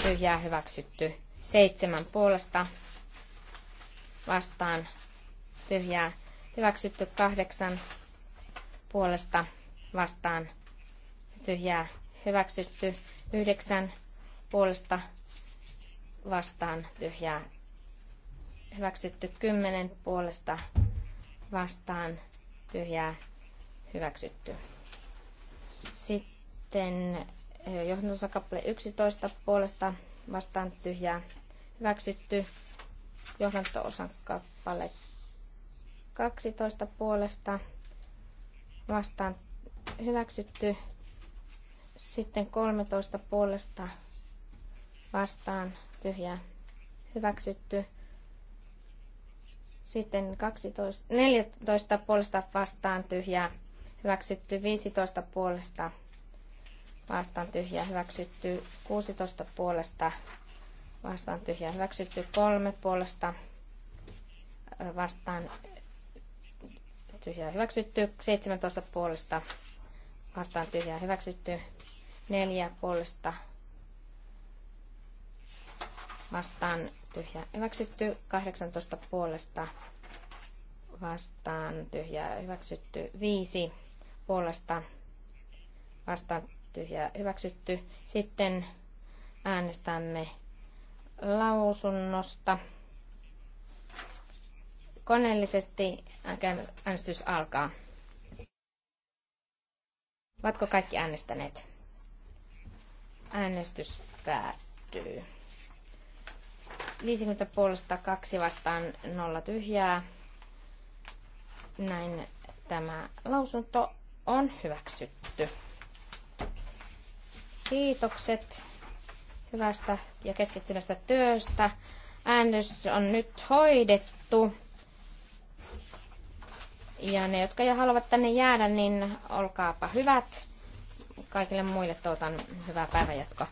S3: tyhjää hyväksytty. Seitsemän puolesta vastaan tyhjää hyväksytty. Kahdeksan puolesta vastaan tyhjää hyväksytty. Yhdeksän puolesta vastaan tyhjää hyväksytty. Kymmenen puolesta vastaan tyhjää Hyväksytty. Sitten eh, johdantonsa kappale 11 puolesta vastaan tyhjää. Hyväksytty. Johdanto-osan kappale 12 puolesta vastaan hyväksytty. Sitten 13 puolesta vastaan tyhjää hyväksytty. Sitten 12, 14 puolesta vastaan tyhjää hyväksytty 15 puolesta, vastaan tyhjä, hyväksytty 16 puolesta, vastaan tyhjä, hyväksytty 3 puolesta, vastaan tyhjä, hyväksytty, 17 puolesta vastaan tyhjä, hyväksytty, 4 puolesta vastaan tyhjä, hyväksytty, 18 puolesta vastaan tyhjä, hyväksytty, 5 puolesta vastaan tyhjää hyväksytty. Sitten äänestämme lausunnosta. Koneellisesti äänestys alkaa. Ovatko kaikki äänestäneet? Äänestys päättyy. 50 puolesta, kaksi vastaan, nolla tyhjää. Näin tämä lausunto on hyväksytty. Kiitokset hyvästä ja keskittyneestä työstä. Äänestys on nyt hoidettu. Ja ne, jotka jo haluavat tänne jäädä, niin olkaapa hyvät. Kaikille muille tuotan hyvää päivänjatkoa.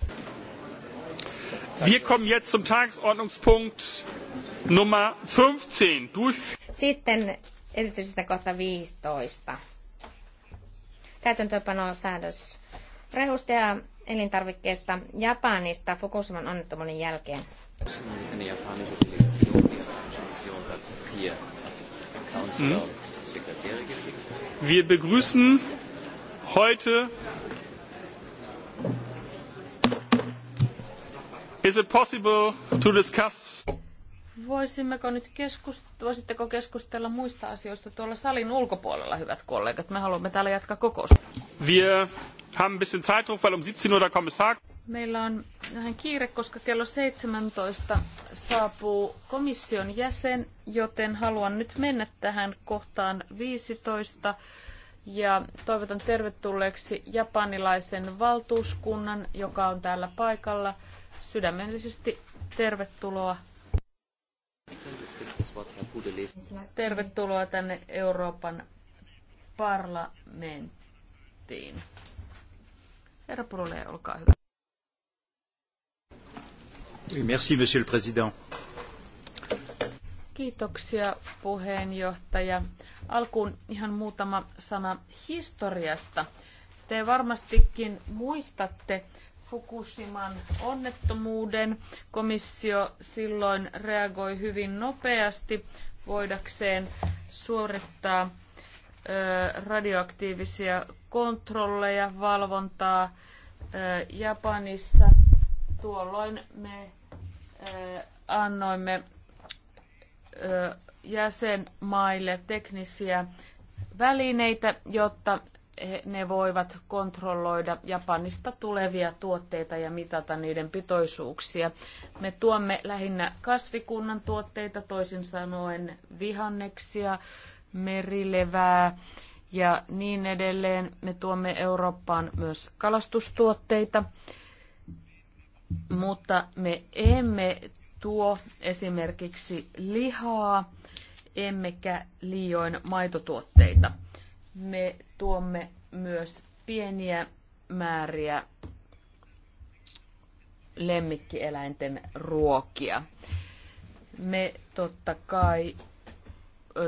S1: Wir kommen jetzt zum Tagesordnungspunkt Nummer 15. Durch...
S3: Sitten erityisesti kohta 15 täytäntöönpanosäädös rehusta ja elintarvikkeista Japanista Fukushiman onnettomuuden jälkeen.
S4: Niin,
S1: mm. Wir begrüßen heute Is it possible to discuss
S4: Voisimmeko nyt keskust- voisitteko keskustella muista asioista tuolla salin ulkopuolella, hyvät kollegat? Me haluamme täällä jatkaa kokousta.
S1: Wir haben bisschen Zeitung, um 17 Uhr der Kommissar...
S4: Meillä on vähän kiire, koska kello 17 saapuu komission jäsen, joten haluan nyt mennä tähän kohtaan 15 ja toivotan tervetulleeksi japanilaisen valtuuskunnan, joka on täällä paikalla. Sydämellisesti tervetuloa Tervetuloa tänne Euroopan parlamenttiin. Herra Purule, olkaa hyvä.
S2: Merci, monsieur le président.
S4: Kiitoksia puheenjohtaja. Alkuun ihan muutama sana historiasta. Te varmastikin muistatte, Fukushiman onnettomuuden. Komissio silloin reagoi hyvin nopeasti voidakseen suorittaa radioaktiivisia kontrolleja, valvontaa Japanissa. Tuolloin me annoimme jäsenmaille teknisiä välineitä, jotta ne voivat kontrolloida Japanista tulevia tuotteita ja mitata niiden pitoisuuksia. Me tuomme lähinnä kasvikunnan tuotteita, toisin sanoen vihanneksia, merilevää ja niin edelleen. Me tuomme Eurooppaan myös kalastustuotteita, mutta me emme tuo esimerkiksi lihaa, emmekä liioin maitotuotteita me tuomme myös pieniä määriä lemmikkieläinten ruokia. Me totta kai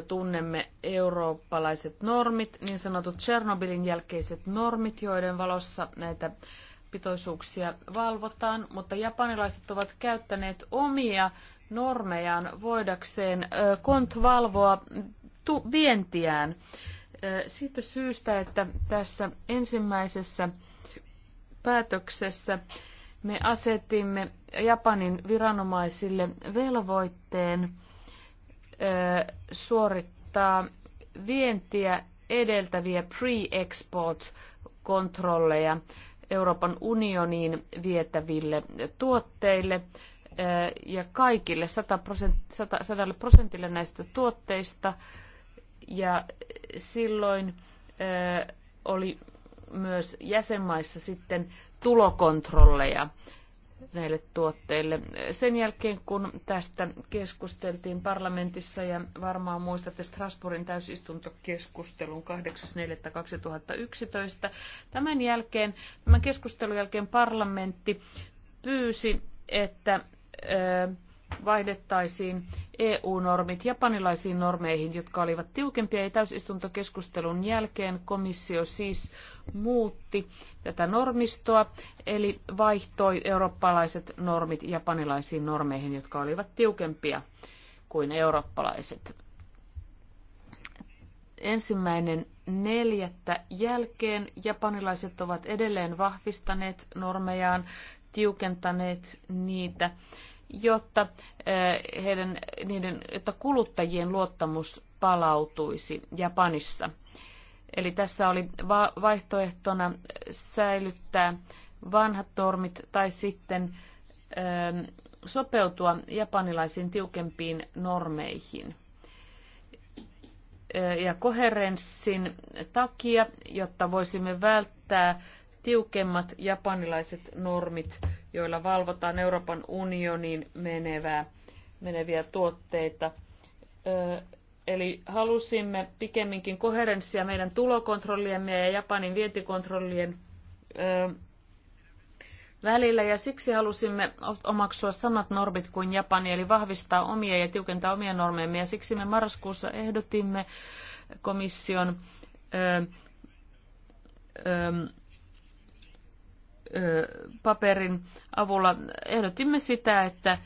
S4: tunnemme eurooppalaiset normit, niin sanotut Chernobylin jälkeiset normit, joiden valossa näitä pitoisuuksia valvotaan, mutta japanilaiset ovat käyttäneet omia normejaan voidakseen kontvalvoa valvoa vientiään siitä syystä, että tässä ensimmäisessä päätöksessä me asetimme Japanin viranomaisille velvoitteen suorittaa vientiä edeltäviä pre-export-kontrolleja Euroopan unioniin vietäville tuotteille ja kaikille 100 prosentille näistä tuotteista ja silloin oli myös jäsenmaissa sitten tulokontrolleja näille tuotteille. Sen jälkeen, kun tästä keskusteltiin parlamentissa, ja varmaan muistatte Strasbourgin täysistuntokeskustelun 8.4.2011, tämän jälkeen, tämän keskustelun jälkeen parlamentti pyysi, että ö, vaihdettaisiin EU-normit japanilaisiin normeihin, jotka olivat tiukempia. Ja täysistuntokeskustelun jälkeen komissio siis muutti tätä normistoa, eli vaihtoi eurooppalaiset normit japanilaisiin normeihin, jotka olivat tiukempia kuin eurooppalaiset. Ensimmäinen neljättä jälkeen japanilaiset ovat edelleen vahvistaneet normejaan, tiukentaneet niitä jotta, eh, heidän, niiden, jotta kuluttajien luottamus palautuisi Japanissa. Eli tässä oli vaihtoehtona säilyttää vanhat normit tai sitten eh, sopeutua japanilaisiin tiukempiin normeihin. Eh, ja koherenssin takia, jotta voisimme välttää tiukemmat japanilaiset normit joilla valvotaan Euroopan unionin menevää, meneviä tuotteita. Eli halusimme pikemminkin koherenssia meidän tulokontrolliemme ja Japanin vientikontrollien välillä ja siksi halusimme omaksua samat normit kuin Japani, eli vahvistaa omia ja tiukentaa omia normeja Ja siksi me marraskuussa ehdotimme komission ö, ö, paperin avulla ehdotimme sitä, että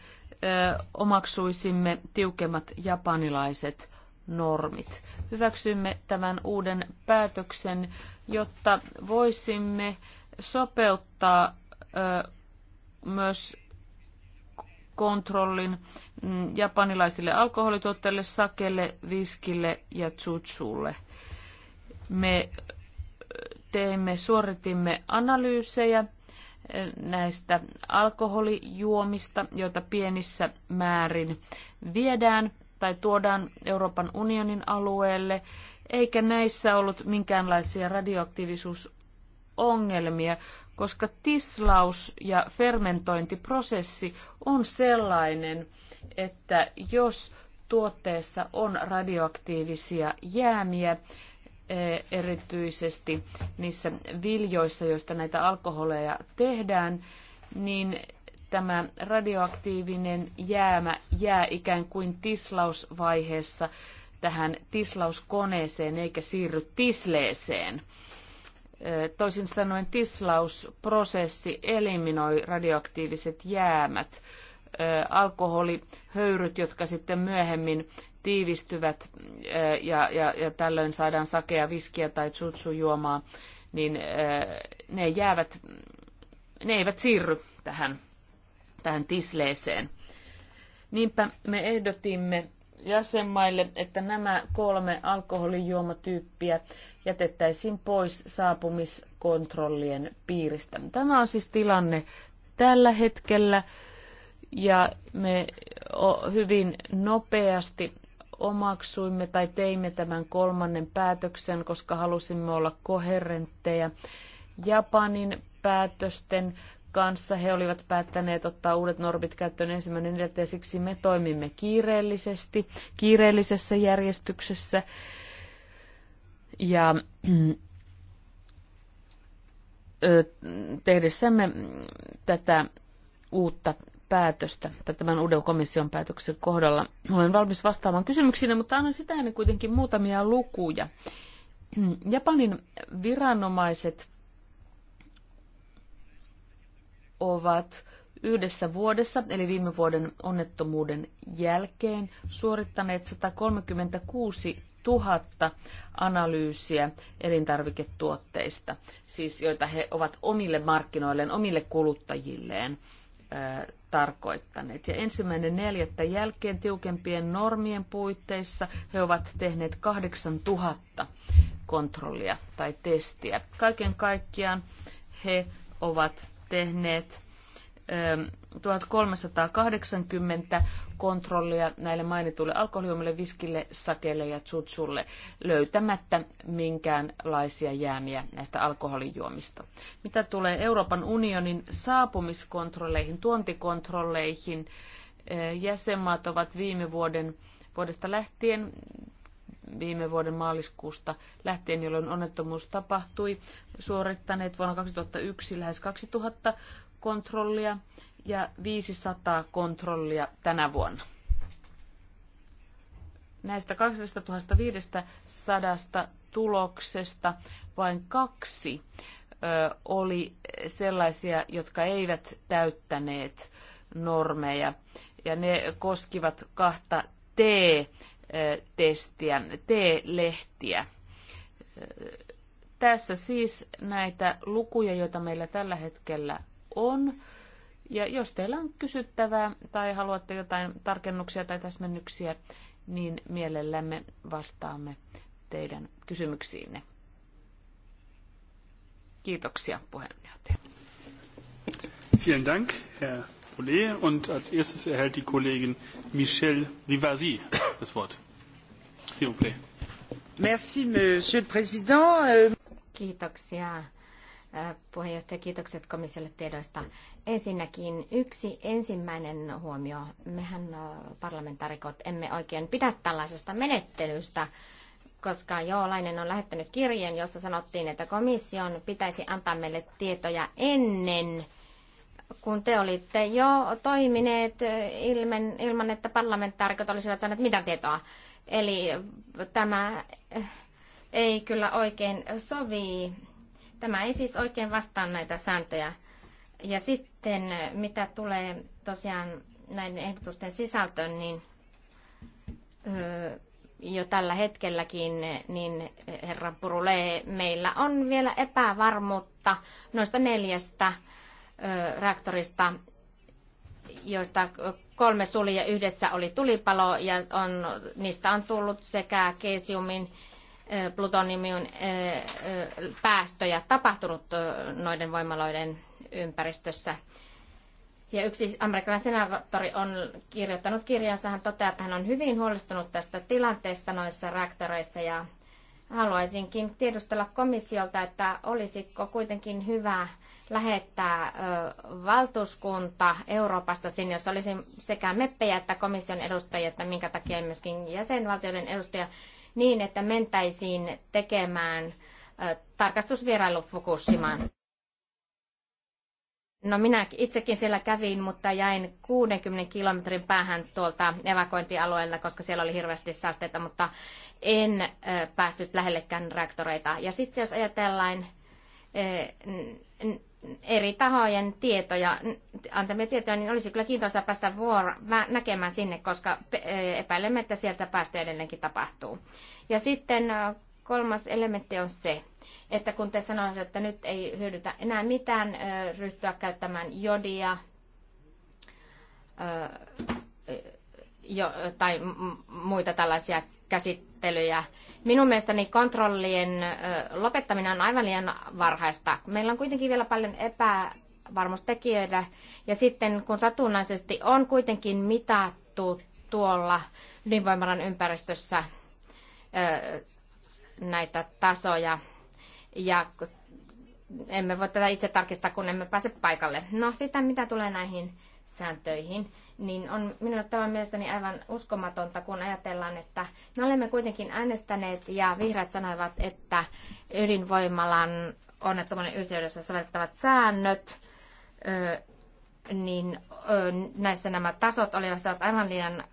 S4: omaksuisimme tiukemmat japanilaiset normit. Hyväksymme tämän uuden päätöksen, jotta voisimme sopeuttaa myös kontrollin mm, japanilaisille alkoholituotteille, sakelle, viskille ja tsutsulle. Me teimme, suoritimme analyysejä näistä alkoholijuomista, joita pienissä määrin viedään tai tuodaan Euroopan unionin alueelle, eikä näissä ollut minkäänlaisia radioaktiivisuusongelmia, koska tislaus ja fermentointiprosessi on sellainen, että jos tuotteessa on radioaktiivisia jäämiä, Eh, erityisesti niissä viljoissa, joista näitä alkoholeja tehdään, niin tämä radioaktiivinen jäämä jää ikään kuin tislausvaiheessa tähän tislauskoneeseen eikä siirry tisleeseen. Eh, toisin sanoen tislausprosessi eliminoi radioaktiiviset jäämät eh, alkoholihöyryt, jotka sitten myöhemmin tiivistyvät ja, ja, ja tällöin saadaan sakea, viskiä tai tsutsujuomaa, niin ne jäävät, ne eivät siirry tähän, tähän tisleeseen. Niinpä me ehdotimme jäsenmaille, että nämä kolme alkoholijuomatyyppiä jätettäisiin pois saapumiskontrollien piiristä. Tämä on siis tilanne tällä hetkellä ja me hyvin nopeasti omaksuimme tai teimme tämän kolmannen päätöksen, koska halusimme olla koherentteja Japanin päätösten kanssa. He olivat päättäneet ottaa uudet normit käyttöön ensimmäinen edeltä ja siksi me toimimme kiireellisesti, kiireellisessä järjestyksessä. Ja tehdessämme tätä uutta päätöstä tai tämän uuden komission päätöksen kohdalla. Olen valmis vastaamaan kysymyksiin, mutta annan sitä ennen kuitenkin muutamia lukuja. Japanin viranomaiset ovat yhdessä vuodessa, eli viime vuoden onnettomuuden jälkeen, suorittaneet 136 000 analyysiä elintarviketuotteista, siis joita he ovat omille markkinoilleen, omille kuluttajilleen tarkoittaneet. Ja ensimmäinen neljättä jälkeen tiukempien normien puitteissa he ovat tehneet 8000 kontrollia tai testiä. Kaiken kaikkiaan he ovat tehneet 1380 kontrollia näille mainituille alkoholijuomille, viskille, sakelle ja tsutsulle löytämättä minkäänlaisia jäämiä näistä alkoholijuomista. Mitä tulee Euroopan unionin saapumiskontrolleihin, tuontikontrolleihin, eh, jäsenmaat ovat viime vuoden vuodesta lähtien viime vuoden maaliskuusta lähtien, jolloin onnettomuus tapahtui, suorittaneet vuonna 2001 lähes 2000 kontrollia ja 500 kontrollia tänä vuonna. Näistä 2500 tuloksesta vain kaksi ö, oli sellaisia, jotka eivät täyttäneet normeja. Ja ne koskivat kahta T-testiä, T-lehtiä. Tässä siis näitä lukuja, joita meillä tällä hetkellä on. Ja jos teillä on kysyttävää tai haluatte jotain tarkennuksia tai täsmennyksiä, niin mielellämme vastaamme teidän kysymyksiinne. Kiitoksia puheenjohtaja.
S1: Vielen Dank, Herr Pollet. Und als erstes erhält die Kollegin Michelle Rivasi das Wort. S'il vous plaît.
S3: Merci, Monsieur le Président. Euh, Kiitoksia puheenjohtaja. Kiitokset komissiolle tiedoista. Ensinnäkin yksi ensimmäinen huomio. Mehän parlamentaarikot emme oikein pidä tällaisesta menettelystä, koska lainen on lähettänyt kirjeen, jossa sanottiin, että komission pitäisi antaa meille tietoja ennen kun te olitte jo toimineet ilmen, ilman, että parlamentaarikot olisivat saaneet mitään tietoa. Eli tämä ei kyllä oikein sovi Tämä ei siis oikein vastaa näitä sääntöjä. Ja sitten mitä tulee tosiaan näiden ehdotusten sisältöön, niin jo tällä hetkelläkin, niin herra Purule, meillä on vielä epävarmuutta noista neljästä reaktorista, joista kolme suli ja yhdessä oli tulipalo, ja on, niistä on tullut sekä keesiumin plutoniumin päästöjä tapahtunut noiden voimaloiden ympäristössä. Ja yksi amerikkalainen senaattori on kirjoittanut kirjansa, hän toteaa, että hän on hyvin huolestunut tästä tilanteesta noissa reaktoreissa ja haluaisinkin tiedustella komissiolta, että olisiko kuitenkin hyvä lähettää valtuuskunta Euroopasta sinne, jossa olisi sekä meppejä että komission edustajia, että minkä takia myöskin jäsenvaltioiden edustajia niin, että mentäisiin tekemään tarkastusvierailu Fukushimaan. No minä itsekin siellä kävin, mutta jäin 60 kilometrin päähän tuolta evakointialueelta, koska siellä oli hirveästi saasteita, mutta en päässyt lähellekään reaktoreita. Ja sitten jos ajatellaan eri tahojen tietoja, antamia tietoja, niin olisi kyllä kiintoista päästä vuoro, näkemään sinne, koska e, epäilemme, että sieltä päästö edelleenkin tapahtuu. Ja sitten kolmas elementti on se, että kun te sanoisitte, että nyt ei hyödytä enää mitään ryhtyä käyttämään jodia tai muita tällaisia käsittelyjä. Minun mielestäni kontrollien lopettaminen on aivan liian varhaista. Meillä on kuitenkin vielä paljon epävarmuustekijöitä. Ja sitten kun satunnaisesti on kuitenkin mitattu tuolla ydinvoimalan ympäristössä näitä tasoja, ja emme voi tätä itse tarkistaa, kun emme pääse paikalle. No sitä, mitä tulee näihin sääntöihin niin on minulle tämä mielestäni aivan uskomatonta, kun ajatellaan, että me olemme kuitenkin äänestäneet ja vihreät sanoivat, että ydinvoimalan onnettomuuden yhteydessä sovellettavat säännöt, niin näissä nämä tasot olivat aivan liian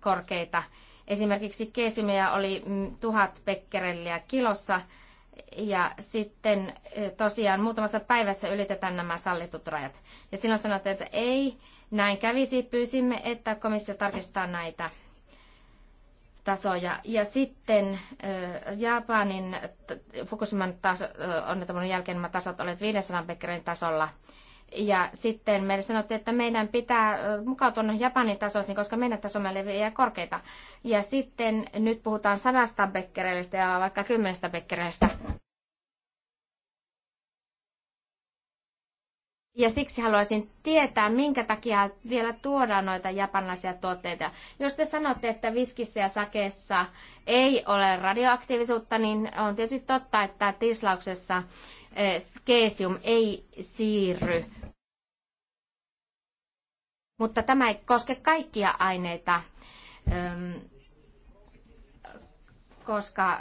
S3: korkeita. Esimerkiksi keesimejä oli mm, tuhat pekkerelliä kilossa, ja sitten tosiaan muutamassa päivässä ylitetään nämä sallitut rajat. Ja silloin sanotaan, että ei, näin kävisi, pyysimme, että komissio tarkistaa näitä tasoja. Ja sitten Japanin Fukushiman taso, onnettomuuden jälkeen nämä tasot olivat 500 pekkerin tasolla. Ja sitten meille sanottiin, että meidän pitää mukautua Japanin tasoisiin, koska meidän tasomme oli vielä korkeita. Ja sitten nyt puhutaan sadasta bekkereistä ja vaikka kymmenestä bekkereistä. Ja siksi haluaisin tietää, minkä takia vielä tuodaan noita japanlaisia tuotteita. Jos te sanotte, että viskissä ja sakeessa ei ole radioaktiivisuutta, niin on tietysti totta, että tislauksessa eh, keesium ei siirry. Mutta tämä ei koske kaikkia aineita, ehm, koska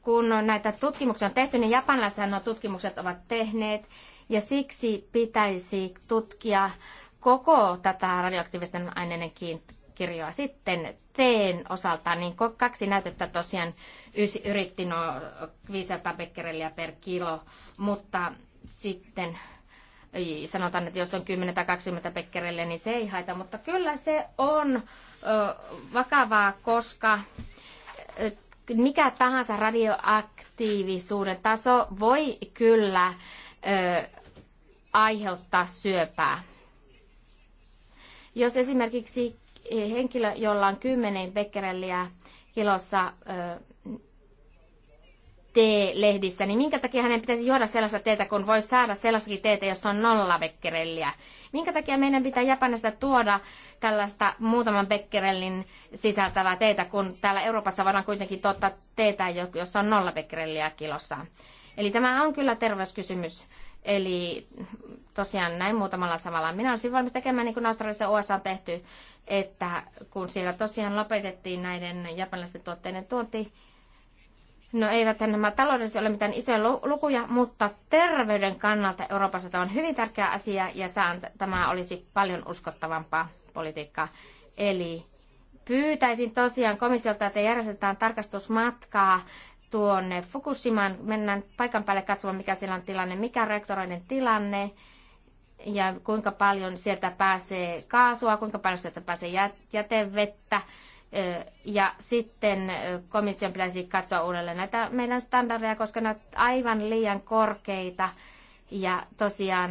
S3: kun näitä tutkimuksia on tehty, niin japanlaiset nuo tutkimukset ovat tehneet, ja siksi pitäisi tutkia koko tätä radioaktiivisten aineiden kirjoa sitten teen osalta, niin kaksi näytettä tosiaan yritti noin 500 becquerelia per kilo, mutta sitten sanotaan, että jos on 10 tai 20 becquerelia, niin se ei haita, mutta kyllä se on vakavaa, koska mikä tahansa radioaktiivisuuden taso voi kyllä aiheuttaa syöpää. Jos esimerkiksi henkilö, jolla on 10 becquereliä kilossa T-lehdissä, niin minkä takia hänen pitäisi juoda sellaista teetä, kun voi saada sellaisakin teetä, jossa on nolla bekkerelliä? Minkä takia meidän pitää Japanista tuoda tällaista muutaman bekkerellin sisältävää teetä, kun täällä Euroopassa voidaan kuitenkin tuottaa teetä, jossa on nolla bekkerelliä kilossa? Eli tämä on kyllä terveyskysymys. Eli tosiaan näin muutamalla samalla. Minä olisin valmis tekemään niin kuin Australiassa USA on tehty, että kun siellä tosiaan lopetettiin näiden japanilaisten tuotteiden tuonti, No eivät nämä taloudellisesti ole mitään isoja lukuja, mutta terveyden kannalta Euroopassa tämä on hyvin tärkeä asia ja tämä olisi paljon uskottavampaa politiikkaa. Eli pyytäisin tosiaan komissiolta, että järjestetään tarkastusmatkaa tuonne Fukushimaan, mennään paikan päälle katsomaan, mikä siellä on tilanne, mikä on tilanne ja kuinka paljon sieltä pääsee kaasua, kuinka paljon sieltä pääsee jätevettä. Ja sitten komission pitäisi katsoa uudelleen näitä meidän standardeja, koska ne ovat aivan liian korkeita. Ja tosiaan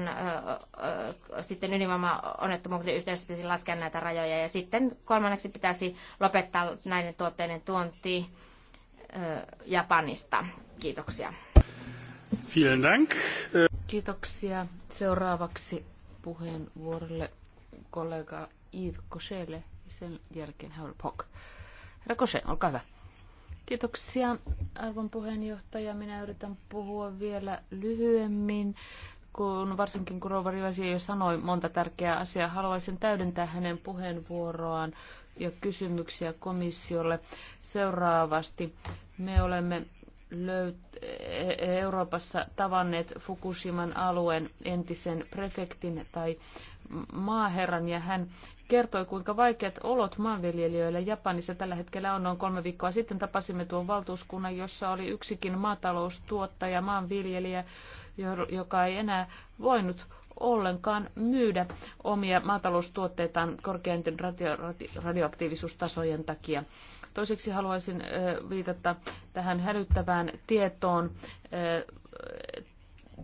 S3: sitten ydinvoimaonnettomuuden yhteydessä pitäisi laskea näitä rajoja. Ja sitten kolmanneksi pitäisi lopettaa näiden tuotteiden tuonti Japanista. Kiitoksia. Vielen Dank. Kiitoksia. Seuraavaksi
S4: puheenvuorolle kollega Yves Koshelle ja sen jälkeen Harry Pock. Herra Koshe, olkaa hyvä. Kiitoksia arvon puheenjohtaja. Minä yritän puhua vielä lyhyemmin, kun varsinkin kun Rouva Rivasi jo sanoi monta tärkeää asiaa. Haluaisin täydentää hänen puheenvuoroaan ja kysymyksiä komissiolle seuraavasti. Me olemme löyt- e-, Euroopassa tavanneet Fukushiman alueen entisen prefektin tai maaherran ja hän kertoi, kuinka vaikeat olot maanviljelijöille Japanissa tällä hetkellä on. Noin kolme viikkoa sitten tapasimme tuon valtuuskunnan, jossa oli yksikin maataloustuottaja, maanviljelijä, joka ei enää voinut ollenkaan myydä omia maataloustuotteitaan korkeiden radio, radioaktiivisuustasojen takia. Toiseksi haluaisin viitata tähän hälyttävään tietoon,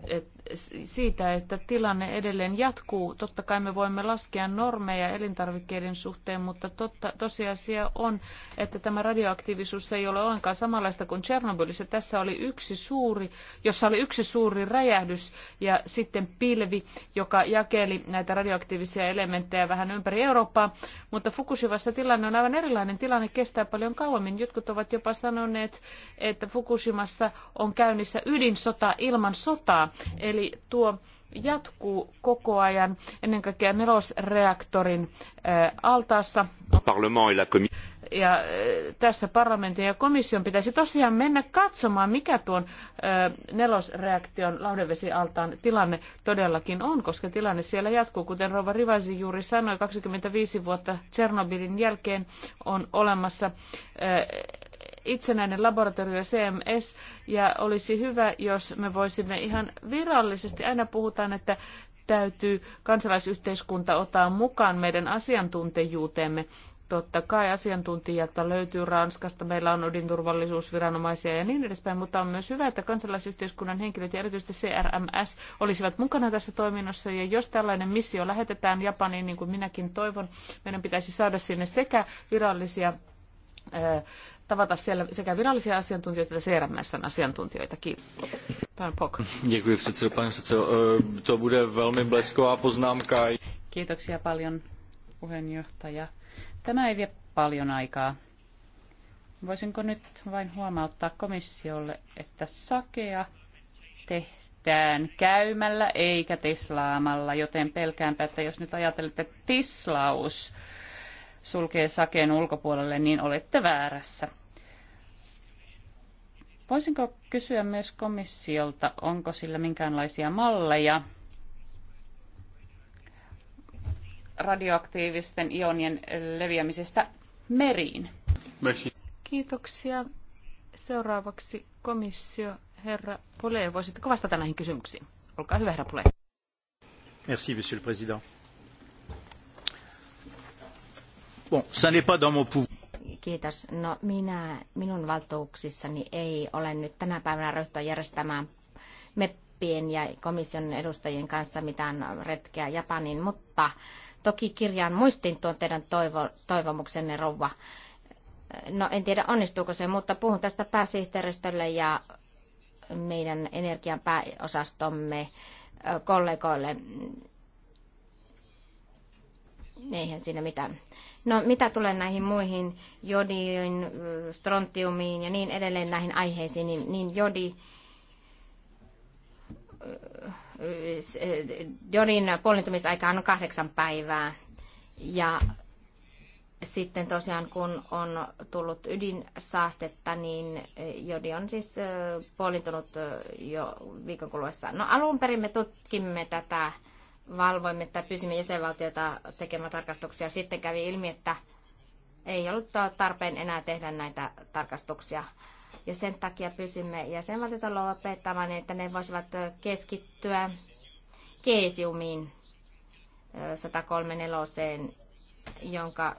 S4: että siitä, että tilanne edelleen jatkuu. Totta kai me voimme laskea normeja elintarvikkeiden suhteen, mutta totta, tosiasia on, että tämä radioaktiivisuus ei ole ollenkaan samanlaista kuin Tchernobylissä. Tässä oli yksi suuri, jossa oli yksi suuri räjähdys ja sitten pilvi, joka jakeli näitä radioaktiivisia elementtejä vähän ympäri Eurooppaa. Mutta Fukushivassa tilanne on aivan erilainen. Tilanne kestää paljon kauemmin. Jotkut ovat jopa sanoneet, että Fukushimassa on käynnissä ydinsota ilman sotaa. Eli Eli tuo jatkuu koko ajan, ennen kaikkea nelosreaktorin altaassa. Ja tässä parlamentin ja komission pitäisi tosiaan mennä katsomaan, mikä tuon nelosreaktion lauhdevesialtaan tilanne todellakin on, koska tilanne siellä jatkuu. Kuten Rova Rivasi juuri sanoi, 25 vuotta Tsernobylin jälkeen on olemassa itsenäinen laboratorio CMS ja olisi hyvä, jos me voisimme ihan virallisesti, aina puhutaan, että täytyy kansalaisyhteiskunta ottaa mukaan meidän asiantuntijuuteemme. Totta kai asiantuntijalta löytyy Ranskasta, meillä on odinturvallisuusviranomaisia ja niin edespäin, mutta on myös hyvä, että kansalaisyhteiskunnan henkilöt ja erityisesti CRMS olisivat mukana tässä toiminnassa. Ja jos tällainen missio lähetetään Japaniin, niin kuin minäkin toivon, meidän pitäisi saada sinne sekä virallisia tavata siellä sekä virallisia asiantuntijoita että CRMSn asiantuntijoita.
S2: Pan Pok. Děkuji, předsedo, pane předsedo. Eh, to bude velmi blesková poznámka.
S5: Kiitoksia paljon, puheenjohtaja. Tämä ei vie paljon aikaa. Voisinko nyt vain huomauttaa komissiolle, että sakea tehdään käymällä eikä tislaamalla, joten pelkäänpä, että jos nyt ajattelette tislaus, sulkee sakeen ulkopuolelle, niin olette väärässä. Voisinko kysyä myös komissiolta, onko sillä minkäänlaisia malleja radioaktiivisten ionien leviämisestä meriin?
S4: Kiitoksia. Seuraavaksi komissio, herra Pule, voisitteko vastata näihin kysymyksiin? Olkaa hyvä, herra Pule.
S2: Merci, monsieur le président. Bon, ça n'est pas dans mon pouvoir.
S3: Kiitos. No minä, minun valtuuksissani ei ole nyt tänä päivänä ryhtyä järjestämään meppien ja komission edustajien kanssa mitään retkeä Japaniin, mutta toki kirjaan muistin tuon teidän toivo, toivomuksenne, rouva. No en tiedä onnistuuko se, mutta puhun tästä pääsihteeristölle ja meidän energian pääosastomme kollegoille eihän siinä mitään. No mitä tulee näihin muihin, jodiin, strontiumiin ja niin edelleen näihin aiheisiin, niin, niin jodi, jodin puolintumisaika on kahdeksan päivää. Ja sitten tosiaan kun on tullut ydinsaastetta, niin jodi on siis puolintunut äh, äh, jo viikon kuluessa. No alun perin me tutkimme tätä valvoimme sitä, pysymme jäsenvaltiota tekemään tarkastuksia. Sitten kävi ilmi, että ei ollut tarpeen enää tehdä näitä tarkastuksia. Ja sen takia pysymme jäsenvaltiota lopettamaan, niin että ne voisivat keskittyä keesiumiin 134, jonka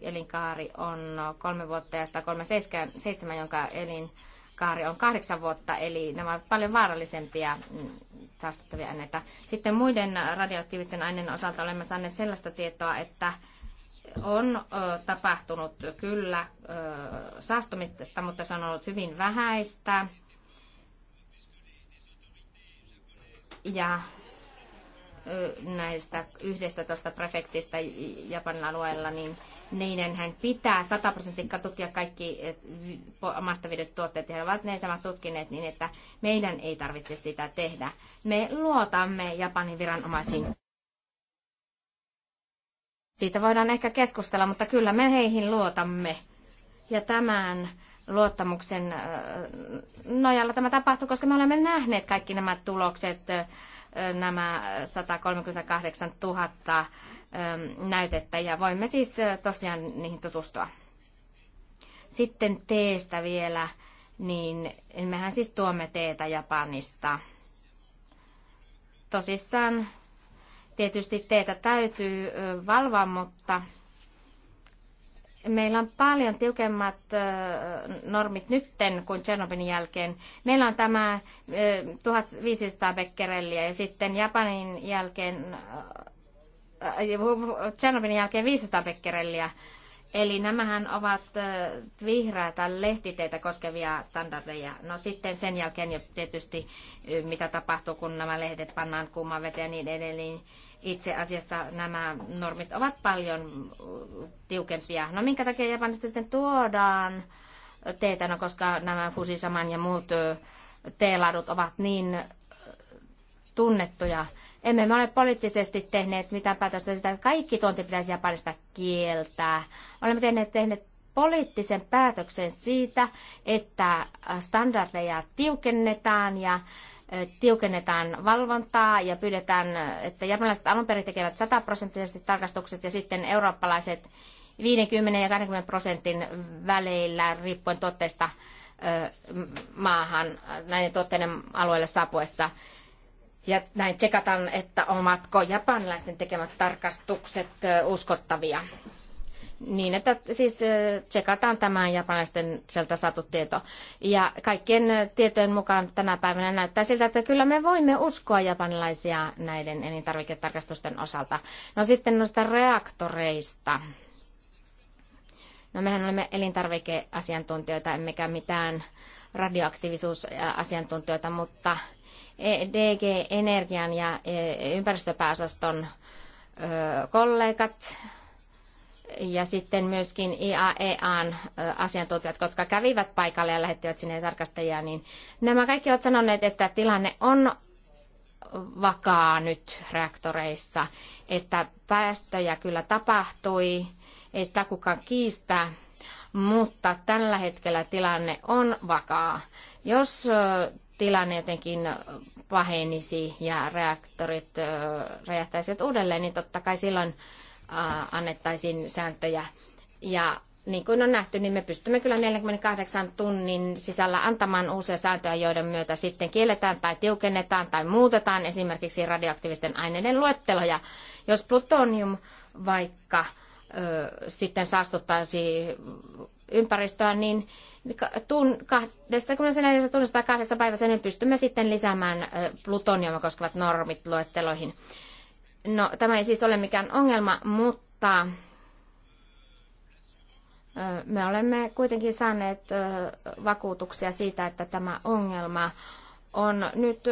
S3: elinkaari on kolme vuotta ja 137, jonka elin kaari on kahdeksan vuotta, eli nämä ovat paljon vaarallisempia mm, saastuttavia aineita. Sitten muiden radioaktiivisten aineiden osalta olemme saaneet sellaista tietoa, että on tapahtunut kyllä saastumista, mutta se on ollut hyvin vähäistä. Ja näistä 11 prefektistä Japanin alueella, niin niin hän pitää 100 prosenttia tutkia kaikki omasta tuotteet, ja he ovat ne tämä tutkineet niin, että meidän ei tarvitse sitä tehdä. Me luotamme Japanin viranomaisiin. Siitä voidaan ehkä keskustella, mutta kyllä me heihin luotamme. Ja tämän luottamuksen äh, nojalla tämä tapahtuu, koska me olemme nähneet kaikki nämä tulokset, äh, nämä 138 000 näytettä ja voimme siis tosiaan niihin tutustua. Sitten teestä vielä, niin mehän siis tuomme teetä Japanista. Tosissaan tietysti teetä täytyy valvoa, mutta meillä on paljon tiukemmat normit nytten kuin Tchernobylin jälkeen. Meillä on tämä 1500 bekkerelliä ja sitten Japanin jälkeen Äh, äh, Tsernobylin jälkeen 500 pekkerelliä. Eli nämähän ovat äh, vihreätä lehtiteitä koskevia standardeja. No sitten sen jälkeen jo tietysti, mitä tapahtuu, kun nämä lehdet pannaan kuumaan veteen ja niin edelleen. Niin itse asiassa nämä normit ovat paljon tiukempia. No minkä takia Japanista sitten tuodaan teetä? No koska nämä Fusisaman ja muut teeladut ovat niin tunnettuja. Emme me ole poliittisesti tehneet mitään päätöstä sitä, että kaikki tuonti pitäisi japanista kieltää. Olemme tehneet, tehneet poliittisen päätöksen siitä, että standardeja tiukennetaan ja tiukennetaan valvontaa ja pyydetään, että japanilaiset alun perin tekevät sataprosenttisesti tarkastukset ja sitten eurooppalaiset 50 ja 20 prosentin väleillä riippuen tuotteista maahan näiden tuotteiden alueelle saapuessa. Ja näin tsekataan, että ovatko japanilaisten tekemät tarkastukset uskottavia. Niin, että siis tsekataan tämä japanilaisten sieltä saatu tieto. Ja kaikkien tietojen mukaan tänä päivänä näyttää siltä, että kyllä me voimme uskoa japanilaisia näiden elintarviketarkastusten osalta. No sitten noista reaktoreista. No mehän olemme elintarvikeasiantuntijoita, emmekä mitään radioaktiivisuusasiantuntijoita, mutta E DG Energian ja e, ympäristöpääosaston kollegat ja sitten myöskin IAEAn asiantuntijat, jotka kävivät paikalle ja lähettivät sinne tarkastajia, niin nämä kaikki ovat sanoneet, että tilanne on vakaa nyt reaktoreissa, että päästöjä kyllä tapahtui, ei sitä kukaan kiistä, mutta tällä hetkellä tilanne on vakaa. Jos tilanne jotenkin pahenisi ja reaktorit räjähtäisivät uudelleen, niin totta kai silloin annettaisiin sääntöjä. Ja niin kuin on nähty, niin me pystymme kyllä 48 tunnin sisällä antamaan uusia sääntöjä, joiden myötä sitten kielletään tai tiukennetaan tai muutetaan esimerkiksi radioaktiivisten aineiden luetteloja. Jos plutonium vaikka ö, sitten saastuttaisi ympäristöä, niin 24 tunnissa tai kahdessa päivässä me pystymme sitten lisäämään plutoniumia koskevat normit luetteloihin. No, tämä ei siis ole mikään ongelma, mutta me olemme kuitenkin saaneet vakuutuksia siitä, että tämä ongelma on nyt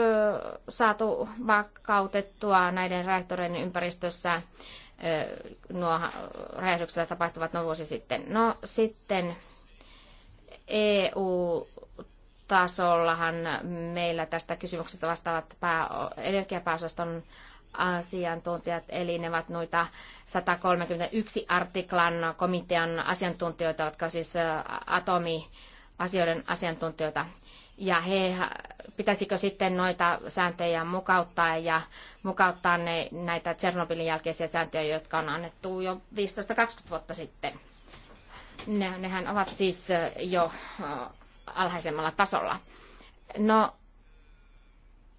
S3: saatu vakautettua näiden reaktoreiden ympäristössä nuo räjähdykset tapahtuvat noin vuosi sitten. No sitten EU tasollahan meillä tästä kysymyksestä vastaavat pää, energiapääosaston asiantuntijat, eli ne ovat noita 131 artiklan komitean asiantuntijoita, jotka siis atomiasioiden asiantuntijoita ja he, pitäisikö sitten noita sääntöjä mukauttaa ja mukauttaa ne, näitä Tsernobylin jälkeisiä sääntöjä, jotka on annettu jo 15-20 vuotta sitten. Ne, nehän ovat siis jo alhaisemmalla tasolla. No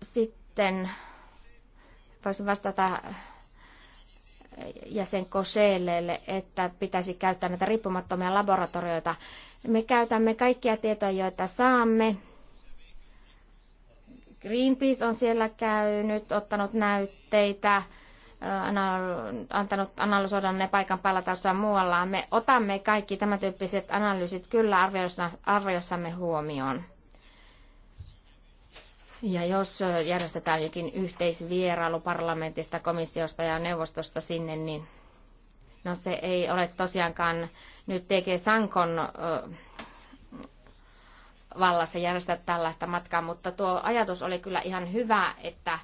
S3: sitten voisin vastata jäsen Koseelelle, että pitäisi käyttää näitä riippumattomia laboratorioita. Me käytämme kaikkia tietoja, joita saamme Greenpeace on siellä käynyt, ottanut näytteitä, äh, antanut analysoida ne paikan päällä tässä muualla. Me otamme kaikki tämän tyyppiset analyysit kyllä arviossamme huomioon. Ja jos järjestetään jokin yhteisvierailu parlamentista, komissiosta ja neuvostosta sinne, niin no se ei ole tosiaankaan nyt TG Sankon vallassa järjestää tällaista matkaa, mutta tuo ajatus oli kyllä ihan hyvä, että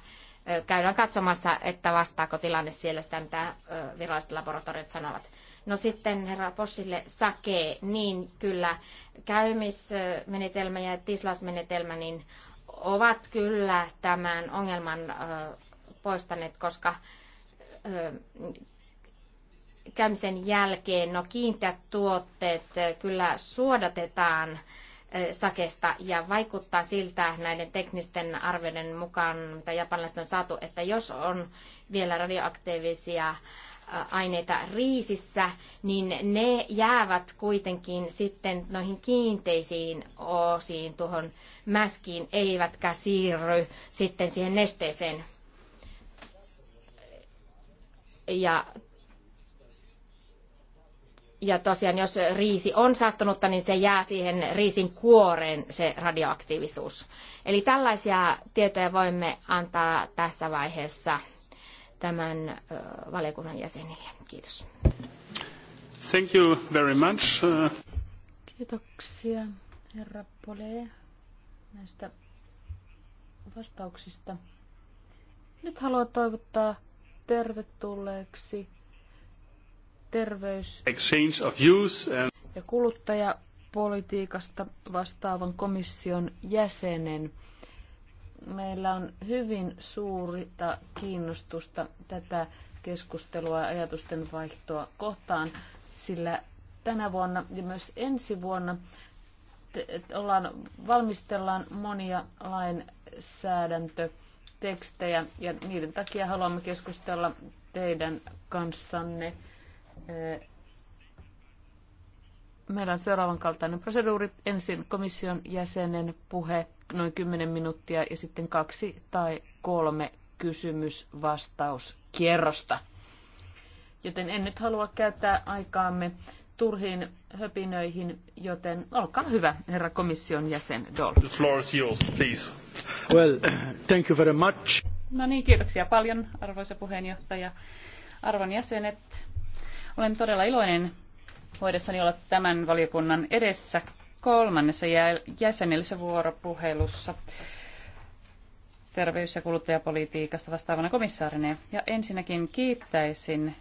S3: käydään katsomassa, että vastaako tilanne siellä sitä, mitä viralliset laboratoriot sanovat. No sitten herra Possille sake, niin kyllä käymismenetelmä ja tislasmenetelmä niin ovat kyllä tämän ongelman poistaneet, koska käymisen jälkeen no kiinteät tuotteet kyllä suodatetaan sakesta ja vaikuttaa siltä näiden teknisten arvioiden mukaan, mitä japanilaiset on saatu, että jos on vielä radioaktiivisia aineita riisissä, niin ne jäävät kuitenkin sitten noihin kiinteisiin osiin tuohon mäskiin, eivätkä siirry sitten siihen nesteeseen. Ja ja tosiaan, jos riisi on saastunutta, niin se jää siihen riisin kuoreen se radioaktiivisuus. Eli tällaisia tietoja voimme antaa tässä vaiheessa tämän valiokunnan jäsenille.
S1: Kiitos. Thank you very much.
S3: Kiitoksia, herra Pole, näistä
S4: vastauksista. Nyt haluan toivottaa tervetulleeksi terveys-
S1: Exchange of use and...
S4: ja kuluttajapolitiikasta vastaavan komission jäsenen. Meillä on hyvin suurta kiinnostusta tätä keskustelua ja ajatusten vaihtoa kohtaan, sillä tänä vuonna ja myös ensi vuonna ollaan, valmistellaan monia lainsäädäntötekstejä ja niiden takia haluamme keskustella teidän kanssanne Meillä on seuraavan kaltainen proseduuri. Ensin komission jäsenen puhe noin 10 minuuttia ja sitten kaksi tai kolme kysymysvastauskierrosta. Joten en nyt halua käyttää aikaamme turhiin höpinöihin, joten olkaa hyvä, herra komission jäsen Dol. The
S1: floor is yours, please. Well, thank you very much.
S5: No niin, kiitoksia paljon, arvoisa puheenjohtaja. Arvon jäsenet, olen todella iloinen voidessani olla tämän valiokunnan edessä kolmannessa jäsenellisessä vuoropuhelussa terveys- ja kuluttajapolitiikasta vastaavana komissaarina. Ja ensinnäkin kiittäisin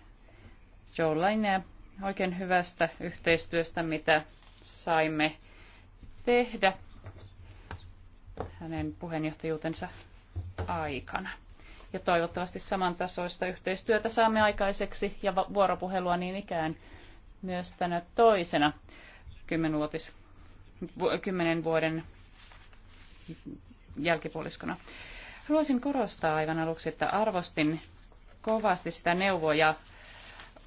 S5: Joe Lainea oikein hyvästä yhteistyöstä, mitä saimme tehdä hänen puheenjohtajuutensa aikana ja toivottavasti samantasoista yhteistyötä saamme aikaiseksi ja vuoropuhelua niin ikään myös tänä toisena kymmenen vuoden jälkipuoliskona. Haluaisin korostaa aivan aluksi, että arvostin kovasti sitä neuvoa ja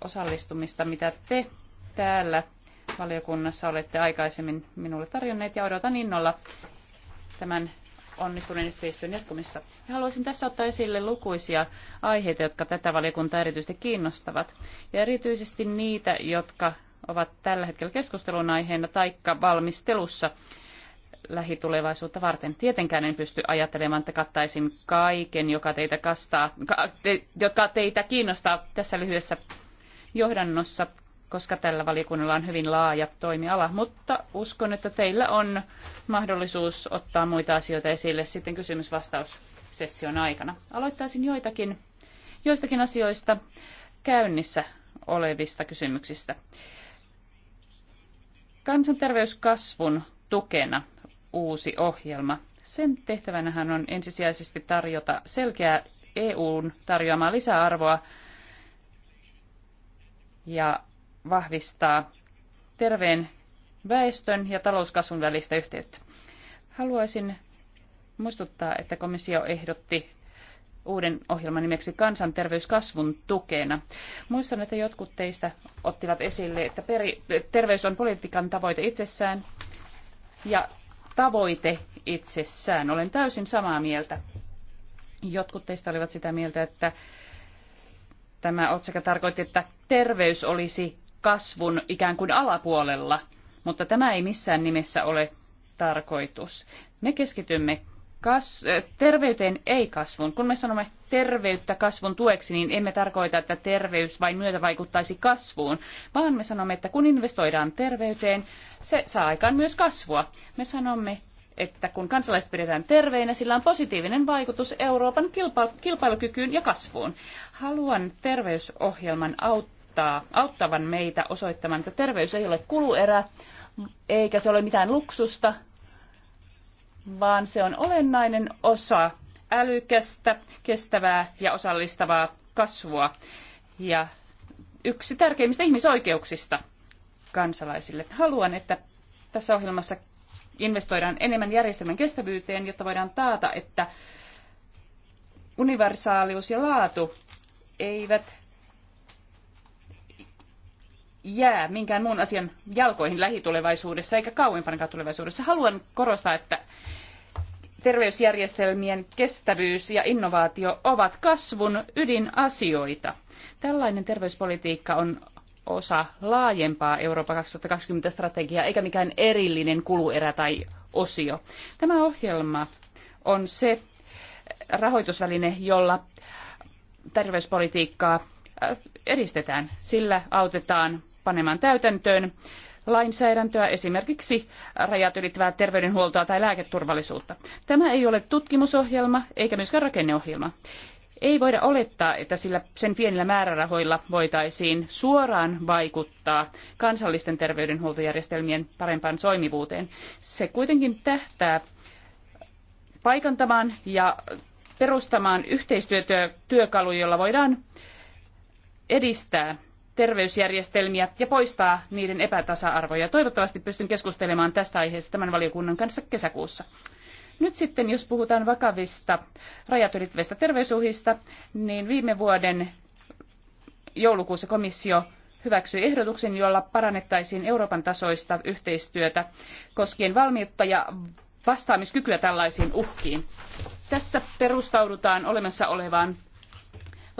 S5: osallistumista, mitä te täällä valiokunnassa olette aikaisemmin minulle tarjonneet ja odotan innolla tämän onnistuneen yhteistyön jatkumista. Ja haluaisin tässä ottaa esille lukuisia aiheita, jotka tätä valiokuntaa erityisesti kiinnostavat, ja erityisesti niitä, jotka ovat tällä hetkellä keskustelun aiheena taikka valmistelussa lähitulevaisuutta varten. Tietenkään en pysty ajattelemaan, että kattaisin kaiken, joka teitä, kastaa, ka, te, joka teitä kiinnostaa tässä lyhyessä johdannossa koska tällä valikunnalla on hyvin laaja toimiala, mutta uskon, että teillä on mahdollisuus ottaa muita asioita esille sitten kysymysvastaussession aikana. Aloittaisin joitakin, joistakin asioista käynnissä olevista kysymyksistä. Kansanterveyskasvun tukena uusi ohjelma. Sen tehtävänähän on ensisijaisesti tarjota selkeää EUn tarjoamaa lisäarvoa ja vahvistaa terveen väestön ja talouskasvun välistä yhteyttä. Haluaisin muistuttaa, että komissio ehdotti uuden ohjelman nimeksi kansanterveyskasvun tukena. Muistan, että jotkut teistä ottivat esille, että peri, terveys on politiikan tavoite itsessään ja tavoite itsessään. Olen täysin samaa mieltä. Jotkut teistä olivat sitä mieltä, että tämä otsikko tarkoitti, että terveys olisi kasvun ikään kuin alapuolella, mutta tämä ei missään nimessä ole tarkoitus. Me keskitymme kas- terveyteen ei kasvun. Kun me sanomme terveyttä kasvun tueksi, niin emme tarkoita, että terveys vain myötä vaikuttaisi kasvuun, vaan me sanomme, että kun investoidaan terveyteen, se saa aikaan myös kasvua. Me sanomme, että kun kansalaiset pidetään terveinä, sillä on positiivinen vaikutus Euroopan kilpa- kilpailukykyyn ja kasvuun. Haluan terveysohjelman auttaa auttaa, auttavan meitä osoittamaan, että terveys ei ole kuluerä, eikä se ole mitään luksusta, vaan se on olennainen osa älykästä, kestävää ja osallistavaa kasvua. Ja yksi tärkeimmistä ihmisoikeuksista kansalaisille. Haluan, että tässä ohjelmassa investoidaan enemmän järjestelmän kestävyyteen, jotta voidaan taata, että universaalius ja laatu eivät jää minkään muun asian jalkoihin lähitulevaisuudessa eikä kauempanakaan tulevaisuudessa. Haluan korostaa, että terveysjärjestelmien kestävyys ja innovaatio ovat kasvun ydinasioita. Tällainen terveyspolitiikka on osa laajempaa Eurooppa 2020-strategiaa, eikä mikään erillinen kuluerä tai osio. Tämä ohjelma on se rahoitusväline, jolla terveyspolitiikkaa äh, edistetään. Sillä autetaan panemaan täytäntöön lainsäädäntöä, esimerkiksi rajat ylittävää terveydenhuoltoa tai lääketurvallisuutta. Tämä ei ole tutkimusohjelma eikä myöskään rakenneohjelma. Ei voida olettaa, että sillä sen pienillä määrärahoilla voitaisiin suoraan vaikuttaa kansallisten terveydenhuoltojärjestelmien parempaan toimivuuteen. Se kuitenkin tähtää paikantamaan ja perustamaan yhteistyötyökaluja, jolla voidaan edistää terveysjärjestelmiä ja poistaa niiden epätasa-arvoja. Toivottavasti pystyn keskustelemaan tästä aiheesta tämän valiokunnan kanssa kesäkuussa. Nyt sitten, jos puhutaan vakavista rajat ylittävistä terveysuhista, niin viime vuoden joulukuussa komissio hyväksyi ehdotuksen, jolla parannettaisiin Euroopan tasoista yhteistyötä koskien valmiutta ja vastaamiskykyä tällaisiin uhkiin. Tässä perustaudutaan olemassa olevaan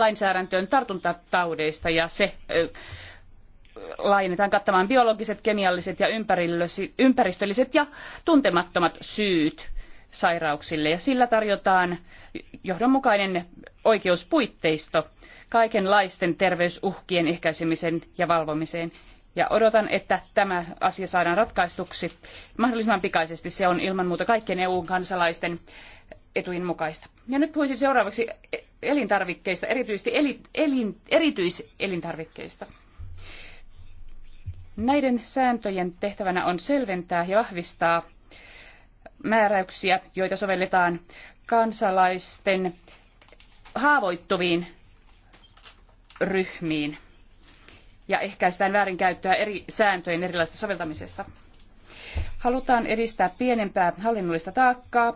S5: lainsäädäntöön tartuntataudeista ja se laajennetaan kattamaan biologiset, kemialliset ja ympäristölliset ja tuntemattomat syyt sairauksille ja sillä tarjotaan johdonmukainen oikeuspuitteisto kaikenlaisten terveysuhkien ehkäisemiseen ja valvomiseen. Ja odotan, että tämä asia saadaan ratkaistuksi mahdollisimman pikaisesti. Se on ilman muuta kaikkien EU-kansalaisten etujen mukaista. Ja nyt puhuisin seuraavaksi elintarvikkeista, erityisesti eli, elin, erityiselintarvikkeista. Näiden sääntöjen tehtävänä on selventää ja vahvistaa määräyksiä, joita sovelletaan kansalaisten haavoittuviin ryhmiin ja ehkäistään väärinkäyttöä eri sääntöjen erilaisesta soveltamisesta. Halutaan edistää pienempää hallinnollista taakkaa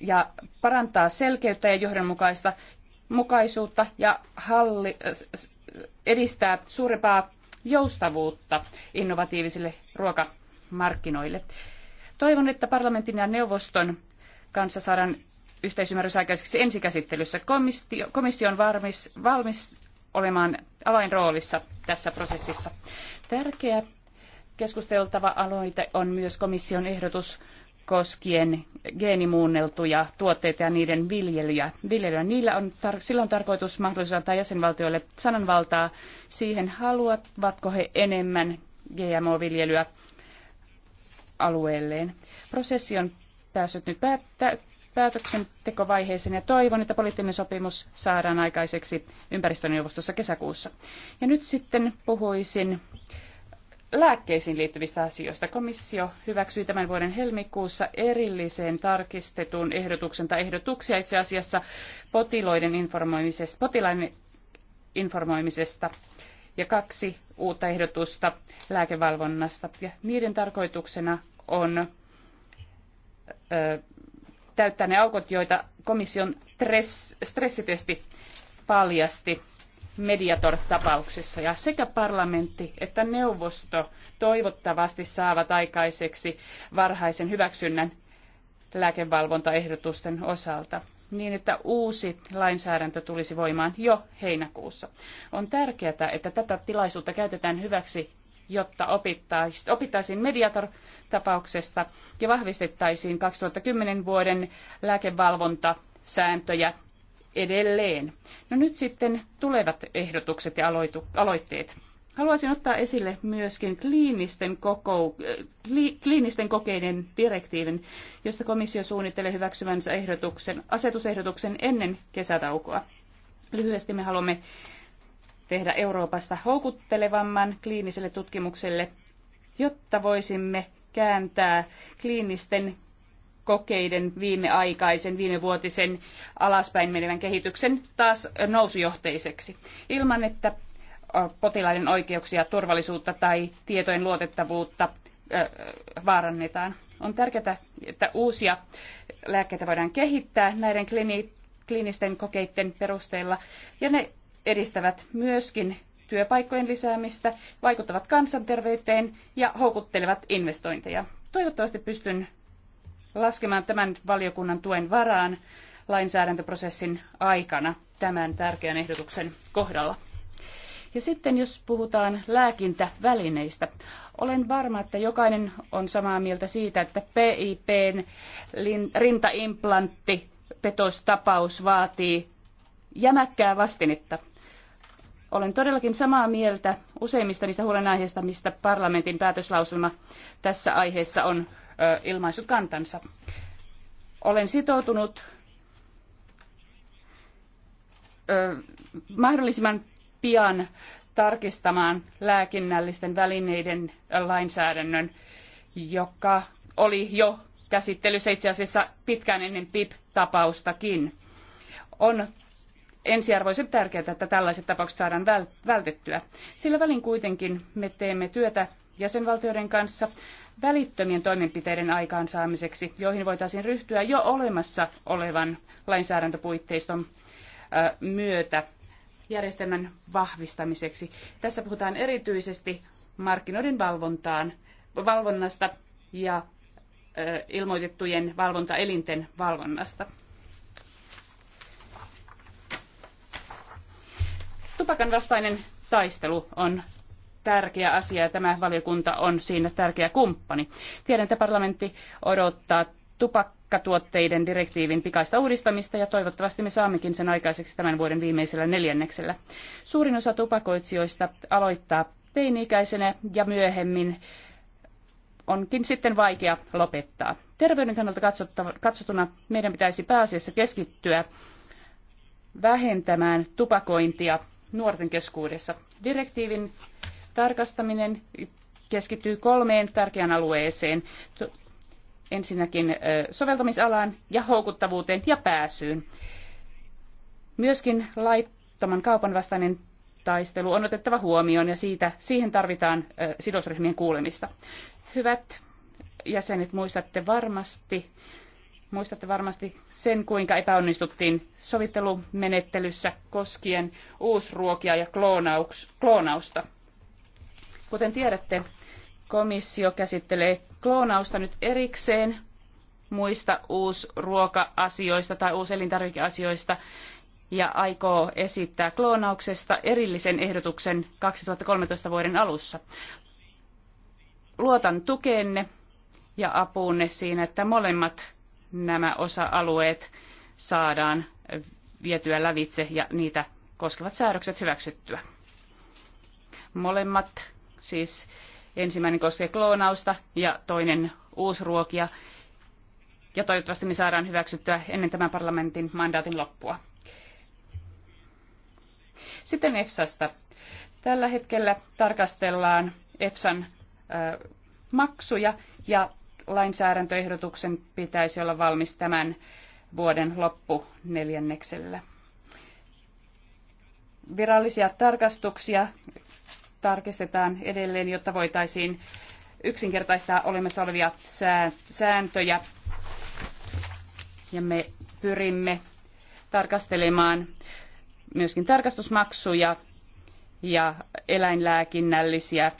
S5: ja parantaa selkeyttä ja johdonmukaista mukaisuutta ja halli, edistää suurempaa joustavuutta innovatiivisille ruokamarkkinoille. Toivon, että parlamentin ja neuvoston kanssa saadaan yhteisymmärrys aikaiseksi ensikäsittelyssä. Komissio, komissio on varmis, valmis olemaan avainroolissa tässä prosessissa. Tärkeä keskusteltava aloite on myös komission ehdotus koskien geenimuunneltuja tuotteita ja niiden viljelyjä. viljelyä. Niillä on tar- silloin tarkoitus mahdollisuus antaa jäsenvaltioille sananvaltaa siihen, haluavatko he enemmän GMO-viljelyä alueelleen. Prosessi on päässyt nyt päättä- päätöksentekovaiheeseen ja toivon, että poliittinen sopimus saadaan aikaiseksi ympäristöneuvostossa kesäkuussa. Ja nyt sitten puhuisin lääkkeisiin liittyvistä asioista. Komissio hyväksyi tämän vuoden helmikuussa erillisen tarkistetun ehdotuksen tai ehdotuksia itse asiassa potilaiden informoimisesta, potilaiden informoimisesta ja kaksi uutta ehdotusta lääkevalvonnasta. Ja niiden tarkoituksena on ö, täyttää ne aukot, joita komission stressitesti paljasti Mediator-tapauksessa. Ja sekä parlamentti että neuvosto toivottavasti saavat aikaiseksi varhaisen hyväksynnän lääkevalvontaehdotusten osalta niin, että uusi lainsäädäntö tulisi voimaan jo heinäkuussa. On tärkeää, että tätä tilaisuutta käytetään hyväksi, jotta opittaisiin Mediator-tapauksesta ja vahvistettaisiin 2010 vuoden lääkevalvontasääntöjä edelleen. No nyt sitten tulevat ehdotukset ja aloitu, aloitteet. Haluaisin ottaa esille myöskin kliinisten, koko, äh, kli, kliinisten kokeiden direktiivin, josta komissio suunnittelee hyväksymänsä ehdotuksen, asetusehdotuksen ennen kesätaukoa. Lyhyesti me haluamme tehdä Euroopasta houkuttelevamman kliiniselle tutkimukselle, jotta voisimme kääntää kliinisten kokeiden viimeaikaisen, viimevuotisen alaspäin menevän kehityksen taas nousujohteiseksi, ilman että potilaiden oikeuksia, turvallisuutta tai tietojen luotettavuutta vaarannetaan. On tärkeää, että uusia lääkkeitä voidaan kehittää näiden kliinisten kokeiden perusteella, ja ne edistävät myöskin työpaikkojen lisäämistä, vaikuttavat kansanterveyteen ja houkuttelevat investointeja. Toivottavasti pystyn laskemaan tämän valiokunnan tuen varaan lainsäädäntöprosessin aikana tämän tärkeän ehdotuksen kohdalla. Ja sitten jos puhutaan lääkintävälineistä, olen varma, että jokainen on samaa mieltä siitä, että PIPn rintaimplantti petostapaus vaatii jämäkkää vastinetta. Olen todellakin samaa mieltä useimmista niistä huolenaiheista, mistä parlamentin päätöslauselma tässä aiheessa on ilmaisu kantansa. Olen sitoutunut mahdollisimman pian tarkistamaan lääkinnällisten välineiden lainsäädännön, joka oli jo käsittelyssä itse asiassa pitkään ennen PIP-tapaustakin. On ensiarvoisen tärkeää, että tällaiset tapaukset saadaan vältettyä. Sillä välin kuitenkin me teemme työtä jäsenvaltioiden kanssa välittömien toimenpiteiden aikaansaamiseksi, joihin voitaisiin ryhtyä jo olemassa olevan lainsäädäntöpuitteiston myötä järjestelmän vahvistamiseksi. Tässä puhutaan erityisesti markkinoiden valvontaan, valvonnasta ja ilmoitettujen valvontaelinten valvonnasta. Tupakan vastainen taistelu on tärkeä asia ja tämä valiokunta on siinä tärkeä kumppani. Tiedän, että parlamentti odottaa tupakkatuotteiden direktiivin pikaista uudistamista ja toivottavasti me saammekin sen aikaiseksi tämän vuoden viimeisellä neljänneksellä. Suurin osa tupakoitsijoista aloittaa teini-ikäisenä ja myöhemmin onkin sitten vaikea lopettaa. Terveyden kannalta katsottuna meidän pitäisi pääasiassa keskittyä vähentämään tupakointia nuorten keskuudessa. Direktiivin tarkastaminen keskittyy kolmeen tärkeään alueeseen. Ensinnäkin soveltamisalaan ja houkuttavuuteen ja pääsyyn. Myöskin laittoman kaupan vastainen taistelu on otettava huomioon ja siitä, siihen tarvitaan sidosryhmien kuulemista. Hyvät jäsenet, muistatte varmasti, muistatte varmasti sen, kuinka epäonnistuttiin sovittelumenettelyssä koskien uusruokia ja kloonausta. Kuten tiedätte, komissio käsittelee kloonausta nyt erikseen muista uusruoka-asioista tai uuselintarvikeasioista ja aikoo esittää kloonauksesta erillisen ehdotuksen 2013 vuoden alussa. Luotan tukeenne ja apuunne siinä, että molemmat nämä osa-alueet saadaan vietyä lävitse ja niitä koskevat säädökset hyväksyttyä. Molemmat Siis ensimmäinen koskee kloonausta ja toinen uusruokia. Ja toivottavasti me saadaan hyväksyttyä ennen tämän parlamentin mandaatin loppua. Sitten EFSAsta. Tällä hetkellä tarkastellaan EFSAn äh, maksuja ja lainsäädäntöehdotuksen pitäisi olla valmis tämän vuoden neljänneksellä. Virallisia tarkastuksia tarkistetaan edelleen, jotta voitaisiin yksinkertaistaa olemassa olevia sääntöjä. Ja me pyrimme tarkastelemaan myöskin tarkastusmaksuja ja eläinlääkinnällisiä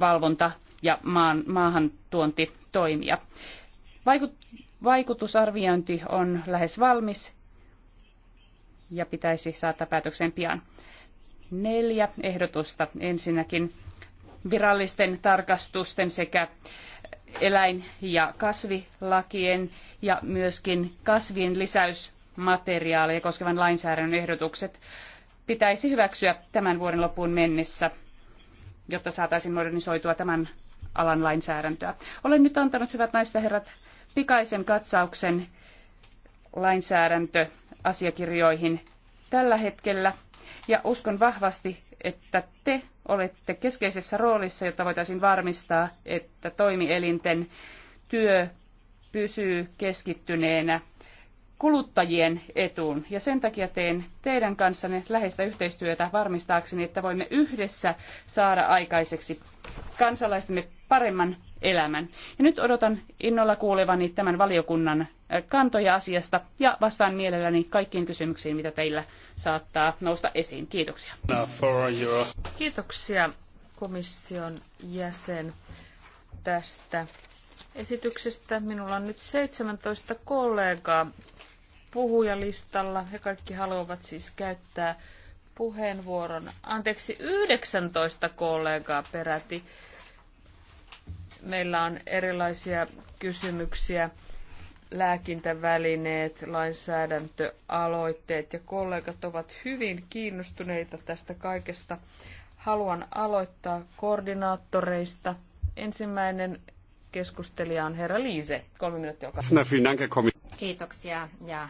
S5: valvonta- ja maan, maahantuontitoimia. Vaikut, vaikutusarviointi on lähes valmis ja pitäisi saattaa päätökseen pian neljä ehdotusta. Ensinnäkin virallisten tarkastusten sekä eläin- ja kasvilakien ja myöskin kasvien lisäysmateriaaleja koskevan lainsäädännön ehdotukset pitäisi hyväksyä tämän vuoden loppuun mennessä, jotta saataisiin modernisoitua tämän alan lainsäädäntöä. Olen nyt antanut, hyvät naiset ja herrat, pikaisen katsauksen lainsäädäntöasiakirjoihin tällä hetkellä ja uskon vahvasti, että te olette keskeisessä roolissa, jotta voitaisiin varmistaa, että toimielinten työ pysyy keskittyneenä kuluttajien etuun. Ja sen takia teen teidän kanssanne läheistä yhteistyötä varmistaakseni, että voimme yhdessä saada aikaiseksi kansalaistemme paremman elämän. Ja nyt odotan innolla kuulevani tämän valiokunnan kantoja asiasta ja vastaan mielelläni kaikkiin kysymyksiin, mitä teillä saattaa nousta esiin. Kiitoksia. Kiitoksia komission
S4: jäsen tästä esityksestä. Minulla on nyt 17 kollegaa puhujalistalla. He kaikki haluavat siis käyttää puheenvuoron. Anteeksi, 19 kollegaa peräti. Meillä on erilaisia kysymyksiä, lääkintävälineet, lainsäädäntöaloitteet ja kollegat ovat hyvin kiinnostuneita tästä kaikesta. Haluan aloittaa koordinaattoreista. Ensimmäinen
S3: keskustelija on herra Liise. Kolme minuuttia olkaa. Kiitoksia ja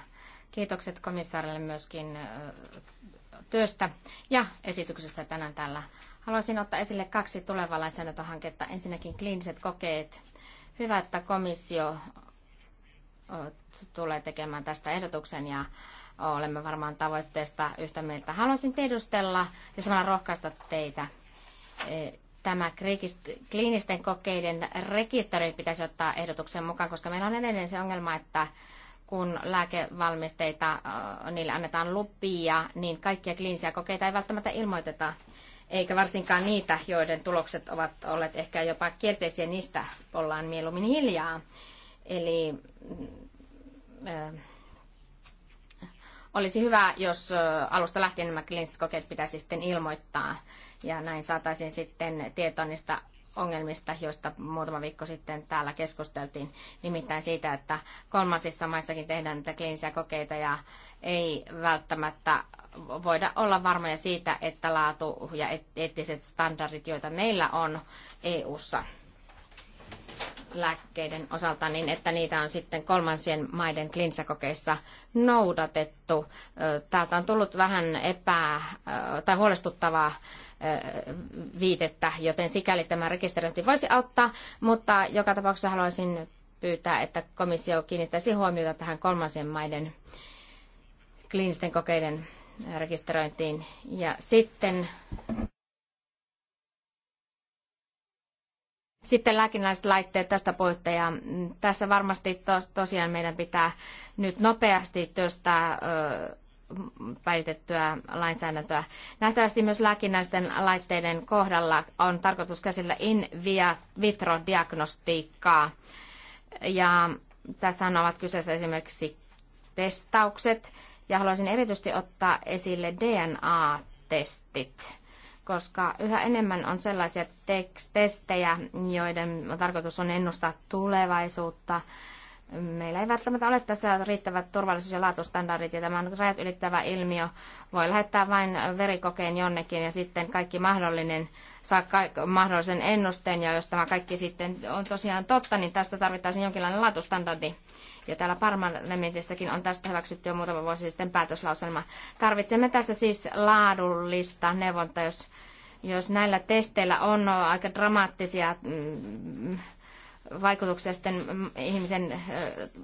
S3: kiitokset komissaarille myöskin työstä ja esityksestä tänään täällä Haluaisin ottaa esille kaksi tulevaa lainsäädäntöhanketta. Ensinnäkin kliiniset kokeet. Hyvä, että komissio tulee tekemään tästä ehdotuksen ja olemme varmaan tavoitteesta yhtä mieltä. Haluaisin tiedustella ja samalla rohkaista teitä. E, tämä kliinisten kokeiden rekisteri pitäisi ottaa ehdotuksen mukaan, koska meillä on edelleen se ongelma, että kun lääkevalmisteita, niille annetaan lupia, niin kaikkia kliinisiä kokeita ei välttämättä ilmoiteta eikä varsinkaan niitä, joiden tulokset ovat olleet ehkä jopa kielteisiä, niistä ollaan mieluummin hiljaa. Eli äh, olisi hyvä, jos alusta lähtien nämä kliiniset kokeet pitäisi sitten ilmoittaa, ja näin saataisiin sitten tietoa niistä ongelmista, joista muutama viikko sitten täällä keskusteltiin, nimittäin siitä, että kolmansissa maissakin tehdään näitä kliinisiä kokeita ja ei välttämättä voida olla varmoja siitä, että laatu ja eettiset standardit, joita meillä on EU:ssa lääkkeiden osalta, niin että niitä on sitten kolmansien maiden klinsakokeissa noudatettu. Täältä on tullut vähän epä- tai huolestuttavaa viitettä, joten sikäli tämä rekisteröinti voisi auttaa, mutta joka tapauksessa haluaisin pyytää, että komissio kiinnittäisi huomiota tähän kolmansien maiden kliinisten kokeiden rekisteröintiin. Ja sitten, sitten lääkinnälliset laitteet tästä puhutte. Ja tässä varmasti tos, tosiaan meidän pitää nyt nopeasti työstää ö, päivitettyä lainsäädäntöä. Nähtävästi myös lääkinnäisten laitteiden kohdalla on tarkoitus käsillä in via vitro diagnostiikkaa. Ja tässä ovat kyseessä esimerkiksi testaukset, ja haluaisin erityisesti ottaa esille DNA-testit, koska yhä enemmän on sellaisia testejä, joiden tarkoitus on ennustaa tulevaisuutta. Meillä ei välttämättä ole tässä riittävät turvallisuus- ja laatustandardit, ja tämä on rajat ylittävä ilmiö. Voi lähettää vain verikokeen jonnekin, ja sitten kaikki mahdollinen saa ka- mahdollisen ennusteen, ja jos tämä kaikki sitten on tosiaan totta, niin tästä tarvittaisiin jonkinlainen laatustandardi. Ja täällä parlamentissakin on tästä hyväksytty jo muutama vuosi sitten päätöslauselma. Tarvitsemme tässä siis laadullista neuvontaa, jos, jos näillä testeillä on aika dramaattisia mm, vaikutuksia sitten mm, ihmisen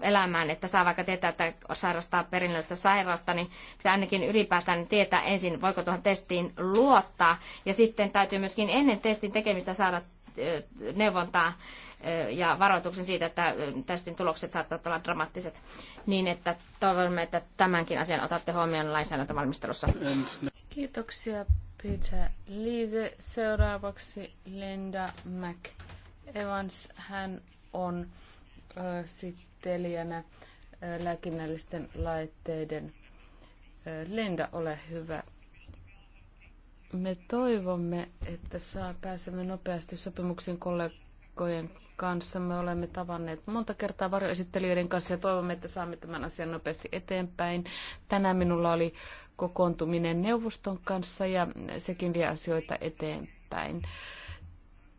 S3: elämään, että saa vaikka tietää, että sairastaa perinnöllistä sairautta, niin pitää ainakin ylipäätään tietää ensin, voiko tuohon testiin luottaa. Ja sitten täytyy myöskin ennen testin tekemistä saada neuvontaa ja varoituksen siitä, että testin tulokset saattavat olla dramaattiset, niin että toivomme, että tämänkin asian otatte huomioon lainsäädäntövalmistelussa.
S4: Kiitoksia Peter Liise. Seuraavaksi Linda Mac Evans. Hän on ö, sittelijänä ö, lääkinnällisten laitteiden. Ö, Linda, ole hyvä me toivomme, että saa, pääsemme nopeasti sopimuksiin kollega kollegojen kanssa. Me olemme tavanneet monta kertaa varjoesittelijöiden kanssa ja toivomme, että saamme tämän asian nopeasti eteenpäin. Tänään minulla oli kokoontuminen neuvoston kanssa ja sekin vie asioita eteenpäin.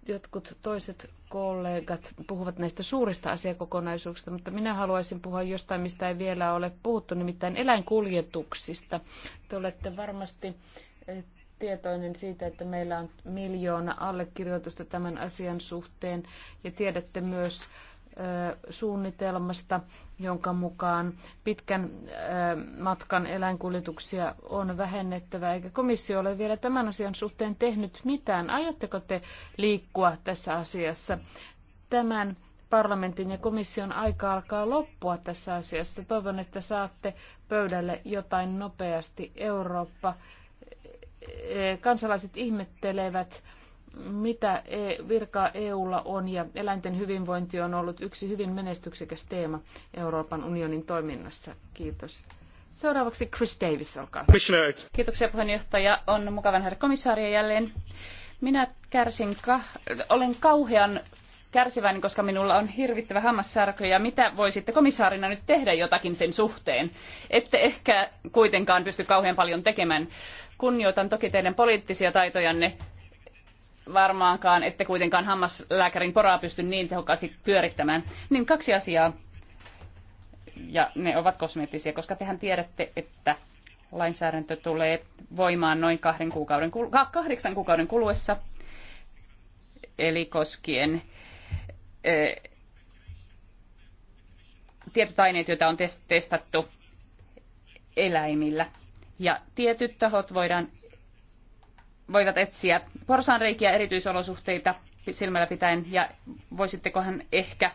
S4: Jotkut toiset kollegat puhuvat näistä suurista asiakokonaisuuksista, mutta minä haluaisin puhua jostain, mistä ei vielä ole puhuttu, nimittäin eläinkuljetuksista. Te olette varmasti tietoinen siitä, että meillä on miljoona allekirjoitusta tämän asian suhteen ja tiedätte myös suunnitelmasta, jonka mukaan pitkän matkan eläinkuljetuksia on vähennettävä, eikä komissio ole vielä tämän asian suhteen tehnyt mitään. Aiotteko te liikkua tässä asiassa? Tämän parlamentin ja komission aika alkaa loppua tässä asiassa. Toivon, että saatte pöydälle jotain nopeasti. Eurooppa kansalaiset ihmettelevät, mitä e, virkaa EUlla on ja eläinten hyvinvointi on ollut yksi hyvin menestyksekäs teema Euroopan unionin toiminnassa. Kiitos.
S5: Seuraavaksi Chris Davis, olkaa hyvä. Kiitoksia puheenjohtaja. On mukava herra komissaari jälleen. Minä kärsin, ka- olen kauhean kärsiväinen, koska minulla on hirvittävä hammassärky ja mitä voisitte komissaarina nyt tehdä jotakin sen suhteen? Ette ehkä kuitenkaan pysty kauhean paljon tekemään. Kunnioitan toki teidän poliittisia taitojanne. Varmaankaan ette kuitenkaan hammaslääkärin poraa pysty niin tehokkaasti pyörittämään. Niin kaksi asiaa, ja ne ovat kosmeettisia, koska tehän tiedätte, että lainsäädäntö tulee voimaan noin kahden kuukauden, kahdeksan kuukauden kuluessa, eli koskien tietyt aineet, joita on testattu eläimillä. Ja tietyt tahot voidaan, voivat etsiä porsaanreikiä erityisolosuhteita silmällä pitäen ja voisittekohan ehkä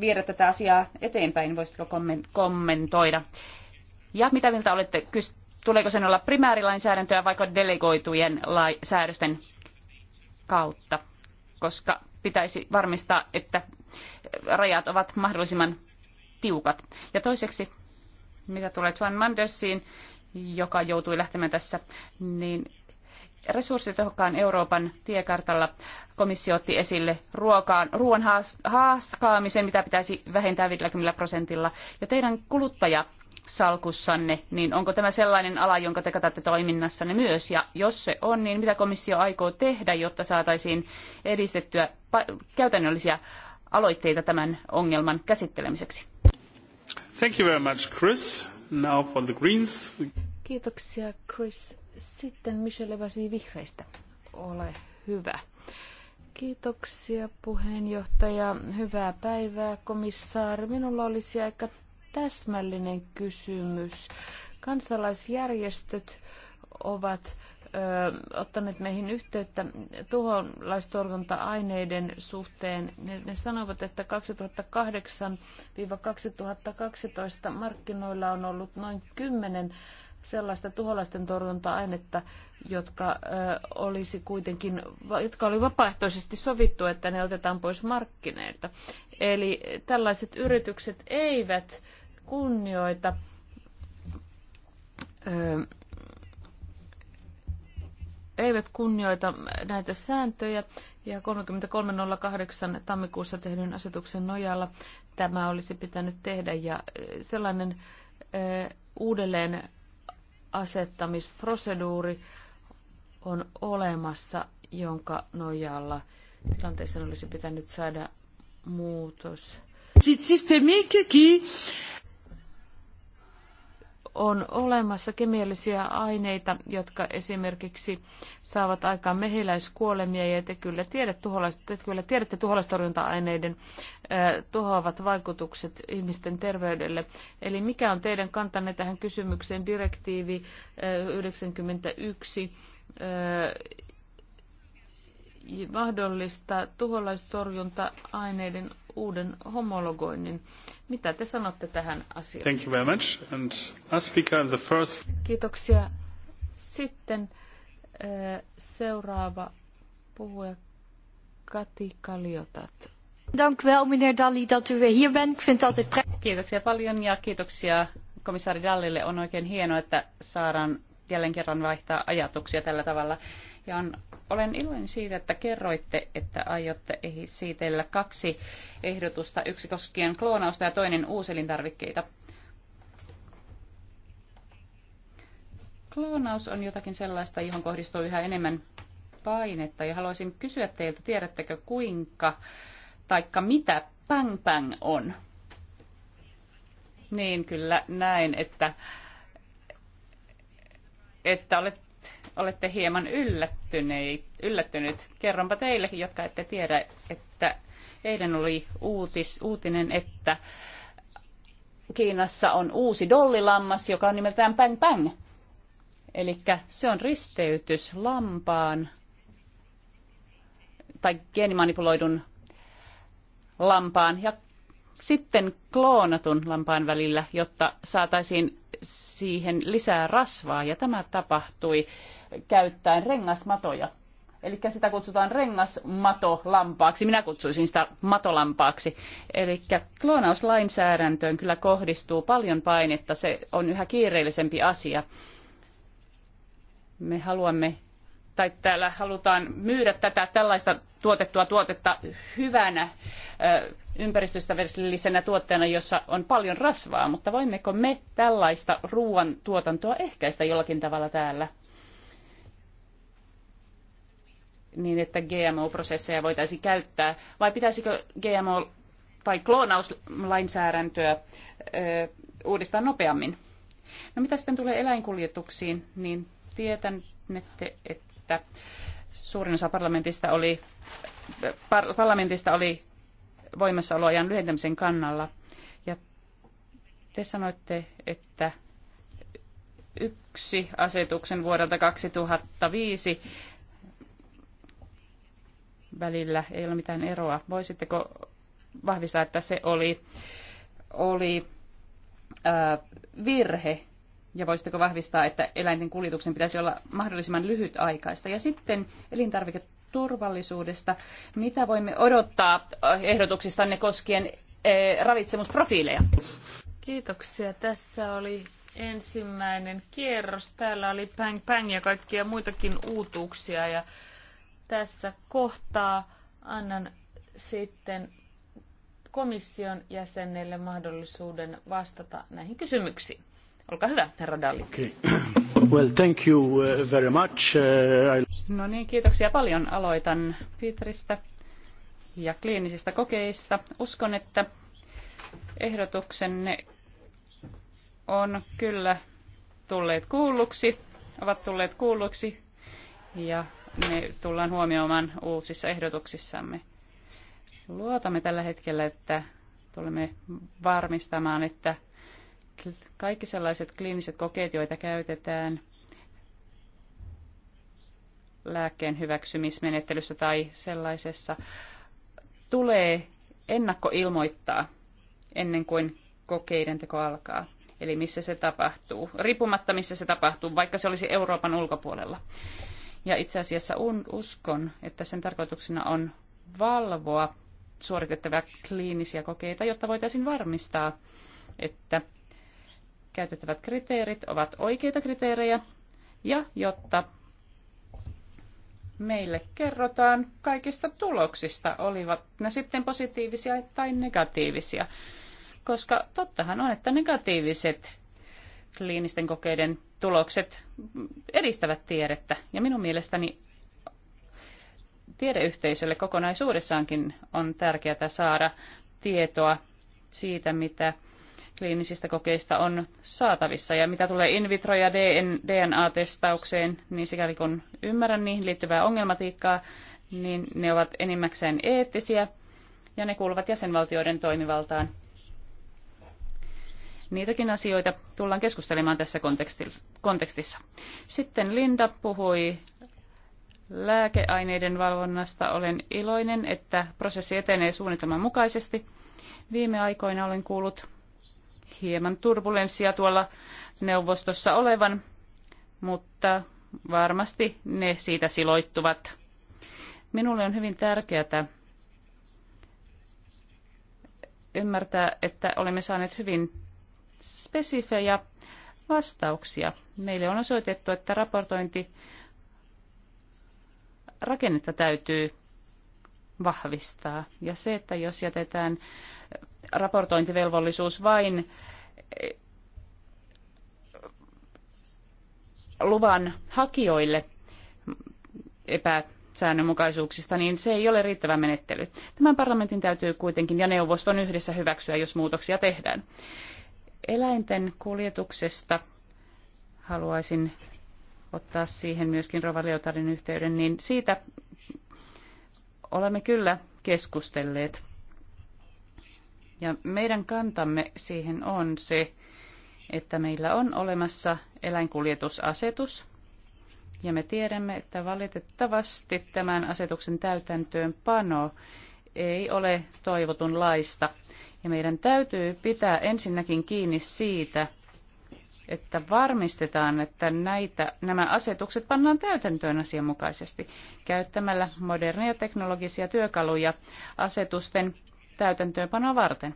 S5: viedä tätä asiaa eteenpäin, voisitteko kommentoida. Ja mitä mieltä olette, tuleeko sen olla primäärilainsäädäntöä vaikka delegoitujen lai, säädösten kautta, koska pitäisi varmistaa, että rajat ovat mahdollisimman tiukat. Ja toiseksi mitä tulee John Mandersiin, joka joutui lähtemään tässä, niin resurssitehokkaan Euroopan tiekartalla komissio otti esille ruokaan, ruoan haaskaamisen, mitä pitäisi vähentää 50 prosentilla. Ja teidän kuluttajasalkussanne, niin onko tämä sellainen ala, jonka te katatte toiminnassanne myös? Ja jos se on, niin mitä komissio aikoo tehdä, jotta saataisiin edistettyä käytännöllisiä aloitteita tämän ongelman käsittelemiseksi?
S1: Thank you very much, Chris. Now for the Greens.
S4: Kiitoksia, Chris. Sitten Michelle Vasi vihreistä. Ole hyvä. Kiitoksia puheenjohtaja. Hyvää päivää komissaari. Minulla olisi aika täsmällinen kysymys. Kansalaisjärjestöt ovat ö, ottaneet meihin yhteyttä tuholaistorjunta-aineiden suhteen. Ne, ne sanovat, että 2008-2012 markkinoilla on ollut noin 10 sellaista tuholaisten torjunta-ainetta, jotka, ö, olisi kuitenkin, jotka oli vapaaehtoisesti sovittu, että ne otetaan pois markkineilta. Eli tällaiset yritykset eivät kunnioita ö, eivät kunnioita näitä sääntöjä ja 3308 tammikuussa tehdyn asetuksen nojalla tämä olisi pitänyt tehdä ja sellainen uudelleen asettamisproseduuri on olemassa, jonka nojalla tilanteessa olisi pitänyt saada muutos. Sitten systeemi, on olemassa kemiallisia aineita, jotka esimerkiksi saavat aikaan mehiläiskuolemia, ja te kyllä, tiedät, te kyllä tiedätte tuholaistorjunta-aineiden tuhoavat vaikutukset ihmisten terveydelle. Eli mikä on teidän kantanne tähän kysymykseen direktiivi 91 mahdollista tuholaistorjunta-aineiden uuden homologoinnin. Mitä te sanotte tähän asiaan? Thank you very
S1: much. And as speaker, the first...
S4: Kiitoksia. Sitten eh, seuraava puhuja Kati Kaliotat.
S2: Dank wel, meneer Dalli, dat u weer hier bent. Ik vind altijd
S5: Kiitoksia paljon ja kiitoksia komissaari Dallille. On oikein hienoa, että saadaan jälleen kerran vaihtaa ajatuksia tällä tavalla. Ja on, olen iloinen siitä, että kerroitte, että aiotte esitellä kaksi ehdotusta, yksi koskien kloonausta ja toinen uuselintarvikkeita. Kloonaus on jotakin sellaista, johon kohdistuu yhä enemmän painetta ja haluaisin kysyä teiltä, tiedättekö kuinka taikka mitä Pang Pang on? Niin, kyllä näin, että, että olet olette hieman yllättynyt. Kerronpa teille, jotka ette tiedä, että eilen oli uutis, uutinen, että Kiinassa on uusi dollilammas, joka on nimeltään Pang Pang. Eli se on risteytys lampaan tai geenimanipuloidun lampaan ja sitten kloonatun lampaan välillä, jotta saataisiin siihen lisää rasvaa. Ja tämä tapahtui käyttäen rengasmatoja. Eli sitä kutsutaan rengasmatolampaaksi. Minä kutsuisin sitä matolampaaksi. Eli kloonauslainsäädäntöön kyllä kohdistuu paljon painetta. Se on yhä kiireellisempi asia. Me haluamme tai täällä halutaan myydä tätä tällaista tuotettua tuotetta hyvänä ympäristöystävällisenä tuotteena, jossa on paljon rasvaa, mutta voimmeko me tällaista ruoan tuotantoa ehkäistä jollakin tavalla täällä? niin, että GMO-prosesseja voitaisiin käyttää, vai pitäisikö GMO- tai kloonauslainsäädäntöä ö, uudistaa nopeammin? No mitä sitten tulee eläinkuljetuksiin, niin tietän, että suurin osa parlamentista oli, par, parlamentista oli voimassaoloajan lyhentämisen kannalla. Ja te sanoitte, että yksi asetuksen vuodelta 2005 välillä ei ole mitään eroa. Voisitteko vahvistaa, että se oli, oli ää, virhe ja voisitteko vahvistaa, että eläinten kuljetuksen pitäisi olla mahdollisimman lyhytaikaista? Ja sitten elintarviketurvallisuudesta. Mitä voimme odottaa ehdotuksistanne koskien ää, ravitsemusprofiileja? Kiitoksia. Tässä
S4: oli ensimmäinen kierros. Täällä oli Pang Pang ja kaikkia muitakin uutuuksia. Ja tässä kohtaa annan sitten komission jäsenille mahdollisuuden vastata näihin kysymyksiin.
S5: Olkaa hyvä, herra Dalli. Okay.
S1: Well, thank you uh, very much. Uh, I...
S5: No niin, kiitoksia paljon. Aloitan Peteristä ja kliinisistä kokeista. Uskon, että ehdotuksenne on kyllä tulleet kuulluksi, ovat tulleet kuulluksi ja ne tullaan huomioimaan uusissa ehdotuksissamme. Luotamme tällä hetkellä, että tulemme varmistamaan, että kaikki sellaiset kliiniset kokeet, joita käytetään lääkkeen hyväksymismenettelyssä tai sellaisessa, tulee ennakkoilmoittaa ennen kuin kokeiden teko alkaa. Eli missä se tapahtuu, riippumatta missä se tapahtuu, vaikka se olisi Euroopan ulkopuolella. Ja itse asiassa uskon, että sen tarkoituksena on valvoa suoritettavia kliinisiä kokeita, jotta voitaisiin varmistaa, että käytettävät kriteerit ovat oikeita kriteerejä ja jotta meille kerrotaan kaikista tuloksista, olivat ne sitten positiivisia tai negatiivisia. Koska tottahan on, että negatiiviset kliinisten kokeiden tulokset edistävät tiedettä. Ja minun mielestäni tiedeyhteisölle kokonaisuudessaankin on tärkeää saada tietoa siitä, mitä kliinisistä kokeista on saatavissa. Ja mitä tulee in vitro- ja DNA-testaukseen, niin sikäli kun ymmärrän niihin liittyvää ongelmatiikkaa, niin ne ovat enimmäkseen eettisiä ja ne kuuluvat jäsenvaltioiden toimivaltaan. Niitäkin asioita tullaan keskustelemaan tässä kontekstissa. Sitten Linda puhui lääkeaineiden valvonnasta. Olen iloinen, että prosessi etenee suunnitelman mukaisesti. Viime aikoina olen kuullut hieman turbulenssia tuolla neuvostossa olevan, mutta varmasti ne siitä siloittuvat. Minulle on hyvin tärkeää ymmärtää, että olemme saaneet hyvin spesifejä vastauksia. Meille on osoitettu, että raportointi rakennetta täytyy vahvistaa. Ja se, että jos jätetään raportointivelvollisuus vain eh, luvan hakijoille epäsäännönmukaisuuksista, niin se ei ole riittävä menettely. Tämän parlamentin täytyy kuitenkin ja neuvoston yhdessä hyväksyä, jos muutoksia tehdään eläinten kuljetuksesta haluaisin ottaa siihen myöskin Rovaliotarin yhteyden, niin siitä olemme kyllä keskustelleet. Ja meidän kantamme siihen on se, että meillä on olemassa eläinkuljetusasetus, ja me tiedämme, että valitettavasti tämän asetuksen täytäntöönpano ei ole toivotun laista. Ja meidän täytyy pitää ensinnäkin kiinni siitä, että varmistetaan, että näitä, nämä asetukset pannaan täytäntöön asianmukaisesti käyttämällä modernia teknologisia työkaluja asetusten täytäntöönpanoa varten.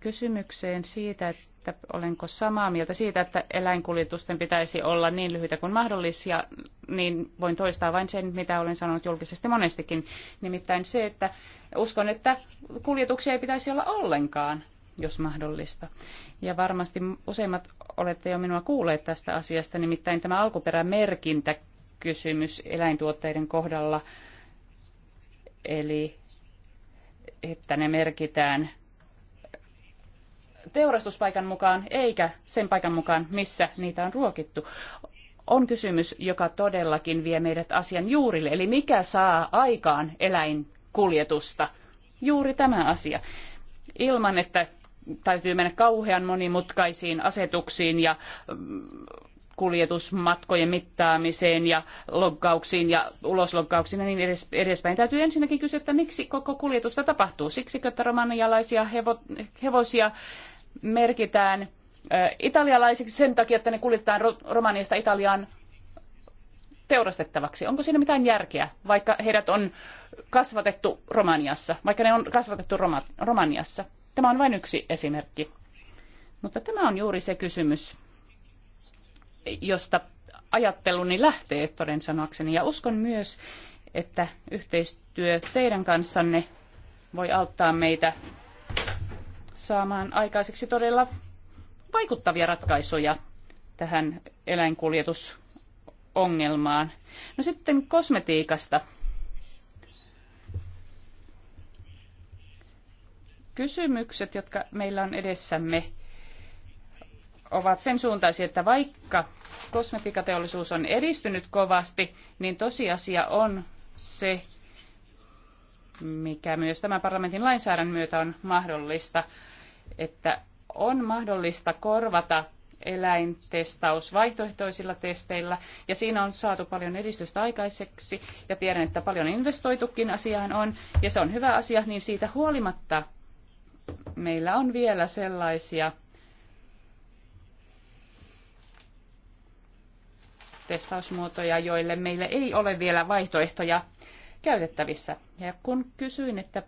S5: Kysymykseen siitä, että että olenko samaa mieltä siitä, että eläinkuljetusten pitäisi olla niin lyhyitä kuin mahdollisia, niin voin toistaa vain sen, mitä olen sanonut julkisesti monestikin. Nimittäin se, että uskon, että kuljetuksia ei pitäisi olla ollenkaan, jos mahdollista. Ja varmasti useimmat olette jo minua kuulleet tästä asiasta, nimittäin tämä alkuperämerkintäkysymys eläintuotteiden kohdalla, eli että ne merkitään teurastuspaikan mukaan eikä sen paikan mukaan, missä niitä on ruokittu. On kysymys, joka todellakin vie meidät asian juurille. Eli mikä saa aikaan eläinkuljetusta? Juuri tämä asia. Ilman, että täytyy mennä kauhean monimutkaisiin asetuksiin ja mm, kuljetusmatkojen mittaamiseen ja loggauksiin ja ulosloggauksiin ja niin edes, edespäin. Täytyy ensinnäkin kysyä, että miksi koko kuljetusta tapahtuu. Siksi, että romanialaisia hevo, hevosia merkitään italialaisiksi sen takia, että ne kuljetetaan Romaniasta Italiaan teurastettavaksi. Onko siinä mitään järkeä, vaikka heidät on kasvatettu Romaniassa, vaikka ne on kasvatettu Roma- Romaniassa? Tämä on vain yksi esimerkki. Mutta tämä on juuri se kysymys, josta ajatteluni lähtee toden sanoakseni. Ja uskon myös, että yhteistyö teidän kanssanne voi auttaa meitä saamaan aikaiseksi todella vaikuttavia ratkaisuja tähän eläinkuljetusongelmaan. No sitten kosmetiikasta. Kysymykset, jotka meillä on edessämme, ovat sen suuntaisia, että vaikka kosmetiikateollisuus on edistynyt kovasti, niin tosiasia on se, mikä myös tämän parlamentin lainsäädännön myötä on mahdollista, että on mahdollista korvata eläintestaus vaihtoehtoisilla testeillä, ja siinä on saatu paljon edistystä aikaiseksi, ja tiedän, että paljon investoitukin asiaan on, ja se on hyvä asia, niin siitä huolimatta meillä on vielä sellaisia testausmuotoja, joille meillä ei ole vielä vaihtoehtoja käytettävissä. Ja kun kysyin, että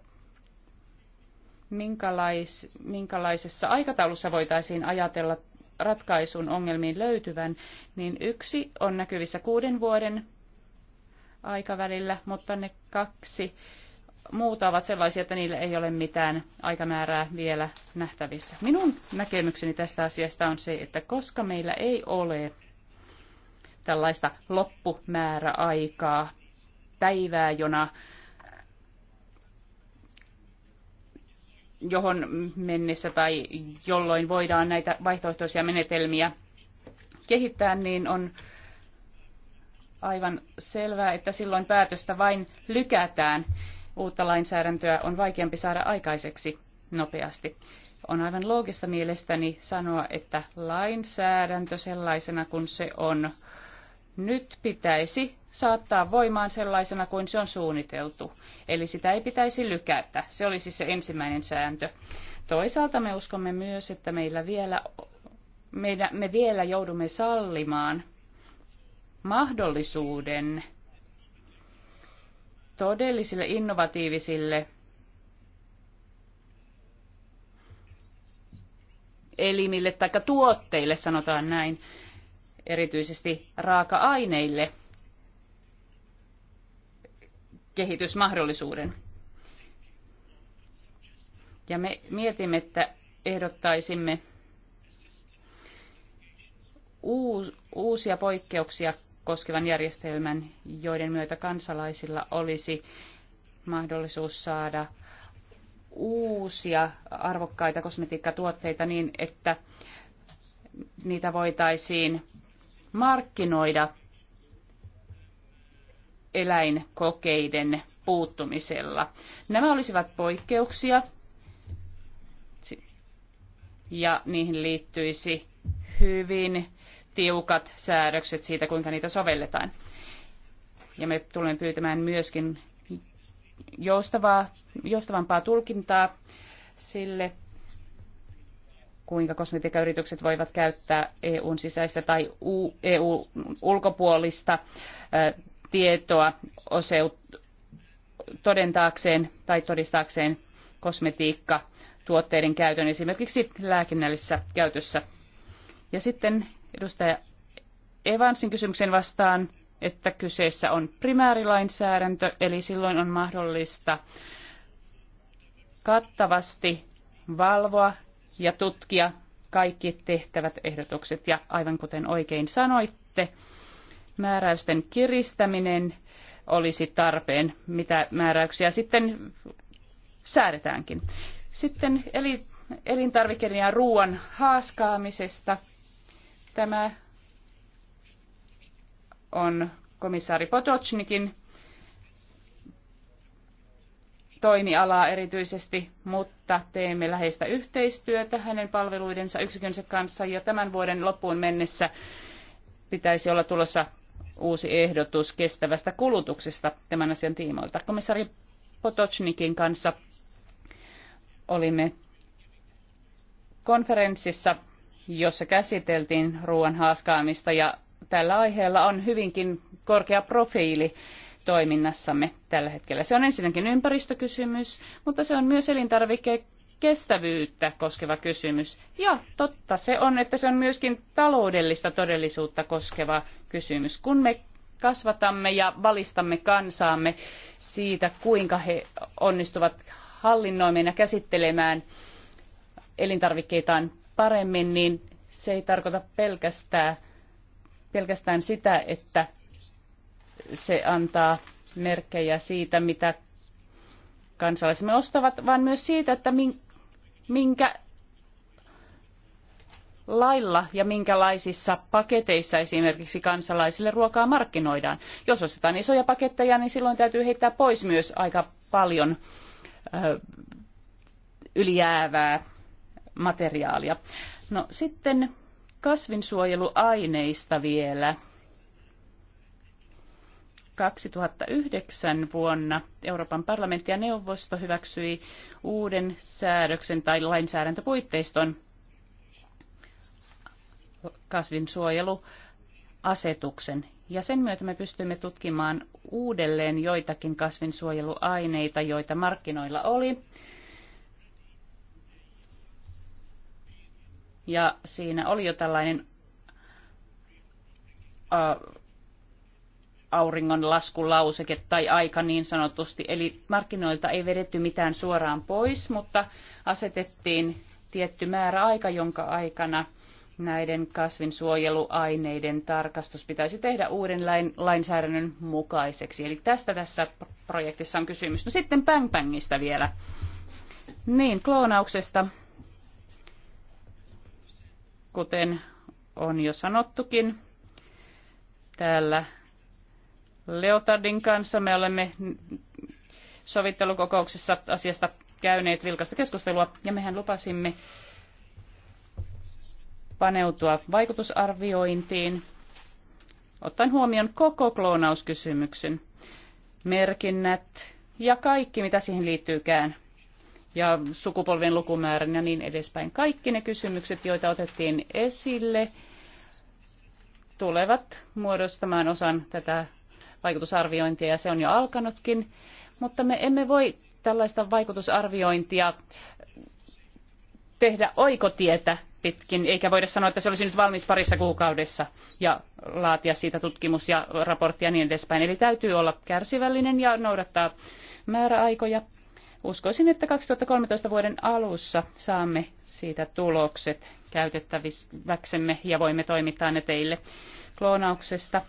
S5: minkälais, minkälaisessa aikataulussa voitaisiin ajatella ratkaisun ongelmiin löytyvän, niin yksi on näkyvissä kuuden vuoden aikavälillä, mutta ne kaksi muuta ovat sellaisia, että niillä ei ole mitään aikamäärää vielä nähtävissä. Minun näkemykseni tästä asiasta on se, että koska meillä ei ole tällaista loppumääräaikaa, päivää, jona johon mennessä tai jolloin voidaan näitä vaihtoehtoisia menetelmiä kehittää, niin on aivan selvää, että silloin päätöstä vain lykätään. Uutta lainsäädäntöä on vaikeampi saada aikaiseksi nopeasti. On aivan loogista mielestäni sanoa, että lainsäädäntö sellaisena kuin se on nyt pitäisi saattaa voimaan sellaisena kuin se on suunniteltu. Eli sitä ei pitäisi lykätä. Se olisi siis se ensimmäinen sääntö. Toisaalta me uskomme myös, että meillä vielä, meidän, me vielä joudumme sallimaan mahdollisuuden todellisille innovatiivisille elimille tai tuotteille, sanotaan näin, erityisesti raaka-aineille kehitysmahdollisuuden. Ja me mietimme, että ehdottaisimme uusia poikkeuksia koskevan järjestelmän, joiden myötä kansalaisilla olisi mahdollisuus saada uusia arvokkaita kosmetiikkatuotteita niin, että niitä voitaisiin markkinoida eläinkokeiden puuttumisella. Nämä olisivat poikkeuksia ja niihin liittyisi hyvin tiukat säädökset siitä, kuinka niitä sovelletaan. Ja me tulemme pyytämään myöskin joustavaa, joustavampaa tulkintaa sille, kuinka kosmetiikkayritykset voivat käyttää EUn sisäistä tai EU-ulkopuolista tietoa oseut- todentaakseen tai todistaakseen kosmetiikka tuotteiden käytön esimerkiksi lääkinnällisessä käytössä. Ja sitten edustaja Evansin kysymyksen vastaan, että kyseessä on primäärilainsäädäntö, eli silloin on mahdollista kattavasti valvoa ja tutkia kaikki tehtävät ehdotukset. Ja aivan kuten oikein sanoitte, määräysten kiristäminen olisi tarpeen, mitä määräyksiä sitten säädetäänkin. Sitten eli, elintarvikkeiden ja ruoan haaskaamisesta. Tämä on komissaari Potocnikin toimialaa erityisesti, mutta teemme läheistä yhteistyötä hänen palveluidensa yksikönsä kanssa ja tämän vuoden loppuun mennessä pitäisi olla tulossa uusi ehdotus kestävästä kulutuksesta tämän asian tiimoilta. Komissari Potocnikin kanssa olimme konferenssissa, jossa käsiteltiin ruoan haaskaamista ja tällä aiheella on hyvinkin korkea profiili toiminnassamme tällä hetkellä. Se on ensinnäkin ympäristökysymys, mutta se on myös elintarvike kestävyyttä koskeva kysymys. Ja totta se on, että se on myöskin taloudellista todellisuutta koskeva kysymys. Kun me kasvatamme ja valistamme kansaamme siitä, kuinka he onnistuvat hallinnoimaan ja käsittelemään elintarvikkeitaan paremmin, niin se ei tarkoita pelkästään, pelkästään sitä, että se antaa merkkejä siitä, mitä kansalaisemme ostavat, vaan myös siitä, että minkä lailla ja minkälaisissa paketeissa esimerkiksi kansalaisille ruokaa markkinoidaan. Jos ostetaan isoja paketteja, niin silloin täytyy heittää pois myös aika paljon ö, ylijäävää materiaalia. No sitten kasvinsuojeluaineista vielä. 2009 vuonna Euroopan parlamentti ja neuvosto hyväksyi uuden säädöksen tai lainsäädäntöpuitteiston kasvinsuojeluasetuksen. Ja sen myötä me pystymme tutkimaan uudelleen joitakin kasvinsuojeluaineita, joita markkinoilla oli. Ja siinä oli jo tällainen äh, auringonlaskulauseke tai aika niin sanotusti. Eli markkinoilta ei vedetty mitään suoraan pois, mutta asetettiin tietty määrä aika, jonka aikana näiden kasvinsuojeluaineiden tarkastus pitäisi tehdä uuden lain, lainsäädännön mukaiseksi. Eli tästä tässä projektissa on kysymys. No sitten pängpängistä vielä. Niin, kloonauksesta, kuten on jo sanottukin, täällä Leotardin kanssa. Me olemme sovittelukokouksessa asiasta käyneet vilkasta keskustelua ja mehän lupasimme paneutua vaikutusarviointiin, ottaen huomioon koko kloonauskysymyksen, merkinnät ja kaikki mitä siihen liittyykään, ja sukupolven lukumäärän ja niin edespäin. Kaikki ne kysymykset, joita otettiin esille, tulevat muodostamaan osan tätä vaikutusarviointia ja se on jo alkanutkin, mutta me emme voi tällaista vaikutusarviointia tehdä oikotietä pitkin, eikä voida sanoa, että se olisi nyt valmis parissa kuukaudessa ja laatia siitä tutkimus ja raporttia niin edespäin. Eli täytyy olla kärsivällinen ja noudattaa määräaikoja. Uskoisin, että 2013 vuoden alussa saamme siitä tulokset käytettäväksemme ja voimme toimittaa ne teille kloonauksesta.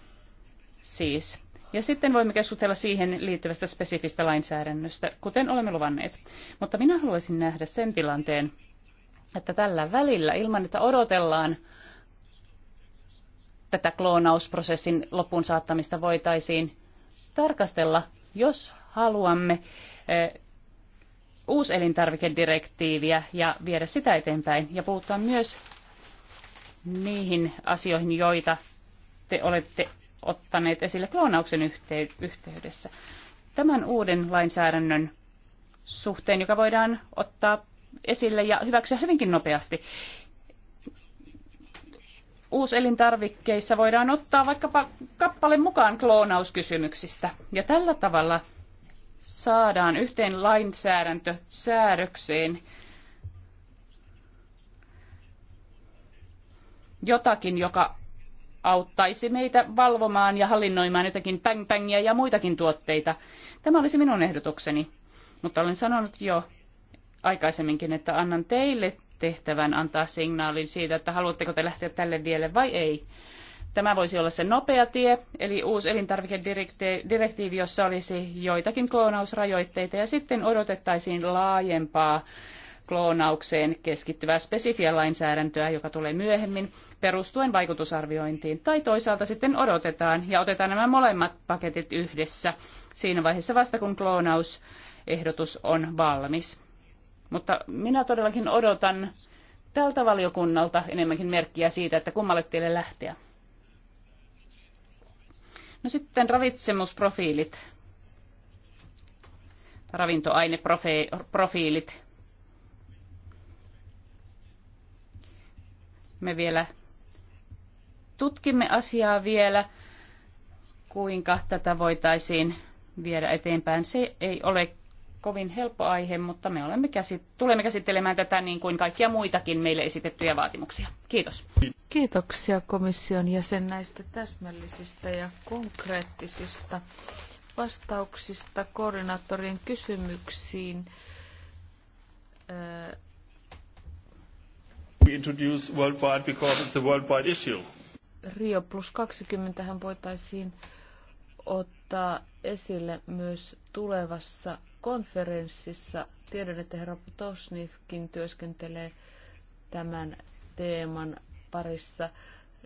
S5: Siis ja sitten voimme keskustella siihen liittyvästä spesifistä lainsäädännöstä, kuten olemme luvanneet. Mutta minä haluaisin nähdä sen tilanteen, että tällä välillä, ilman että odotellaan tätä kloonausprosessin lopun saattamista, voitaisiin tarkastella, jos haluamme eh, uuselintarvikedirektiiviä ja viedä sitä eteenpäin ja puuttua myös niihin asioihin, joita te olette ottaneet esille kloonauksen yhteydessä. Tämän uuden lainsäädännön suhteen, joka voidaan ottaa esille ja hyväksyä hyvinkin nopeasti. Uuselintarvikkeissa voidaan ottaa vaikkapa kappale mukaan kloonauskysymyksistä. Ja tällä tavalla saadaan yhteen lainsäädäntö säädökseen jotakin, joka auttaisi meitä valvomaan ja hallinnoimaan jotakin pängpängiä ja muitakin tuotteita. Tämä olisi minun ehdotukseni, mutta olen sanonut jo aikaisemminkin, että annan teille tehtävän antaa signaalin siitä, että haluatteko te lähteä tälle vielä vai ei. Tämä voisi olla se nopea tie, eli uusi elintarvikedirektiivi, jossa olisi joitakin kloonausrajoitteita ja sitten odotettaisiin laajempaa kloonaukseen keskittyvää spesifiä lainsäädäntöä, joka tulee myöhemmin perustuen vaikutusarviointiin. Tai toisaalta sitten odotetaan ja otetaan nämä molemmat paketit yhdessä siinä vaiheessa vasta, kun kloonausehdotus on valmis. Mutta minä todellakin odotan tältä valiokunnalta enemmänkin merkkiä siitä, että kummalle tielle lähteä. No sitten ravitsemusprofiilit, ravintoaineprofiilit Me vielä tutkimme asiaa vielä, kuinka tätä voitaisiin viedä eteenpäin. Se ei ole kovin helppo aihe, mutta me olemme käsit- tulemme käsittelemään tätä niin kuin kaikkia muitakin meille esitettyjä vaatimuksia. Kiitos.
S4: Kiitoksia komission jäsen näistä
S5: täsmällisistä ja konkreettisista
S4: vastauksista koordinaattorien kysymyksiin
S1: we introduce worldwide because it's a worldwide issue.
S4: Rio plus 20 hän voitaisiin ottaa esille myös tulevassa konferenssissa. Tiedän, että herra Tosnifkin työskentelee tämän teeman parissa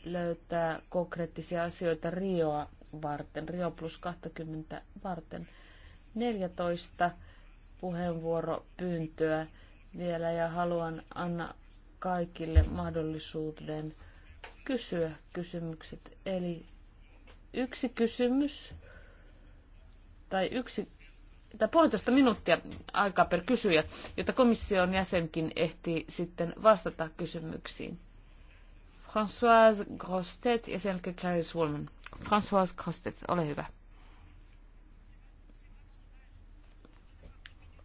S4: löytää konkreettisia asioita Rioa varten, Rio plus 20 varten. 14 puheenvuoropyyntöä vielä ja haluan Anna kaikille mahdollisuuden kysyä kysymykset. Eli yksi kysymys tai yksi tai puolitoista minuuttia aikaa per kysyjä, jotta komission jäsenkin ehtii sitten vastata kysymyksiin. Françoise Grostet ja sen jälkeen Clarice Woolman. Françoise Grostet, ole hyvä.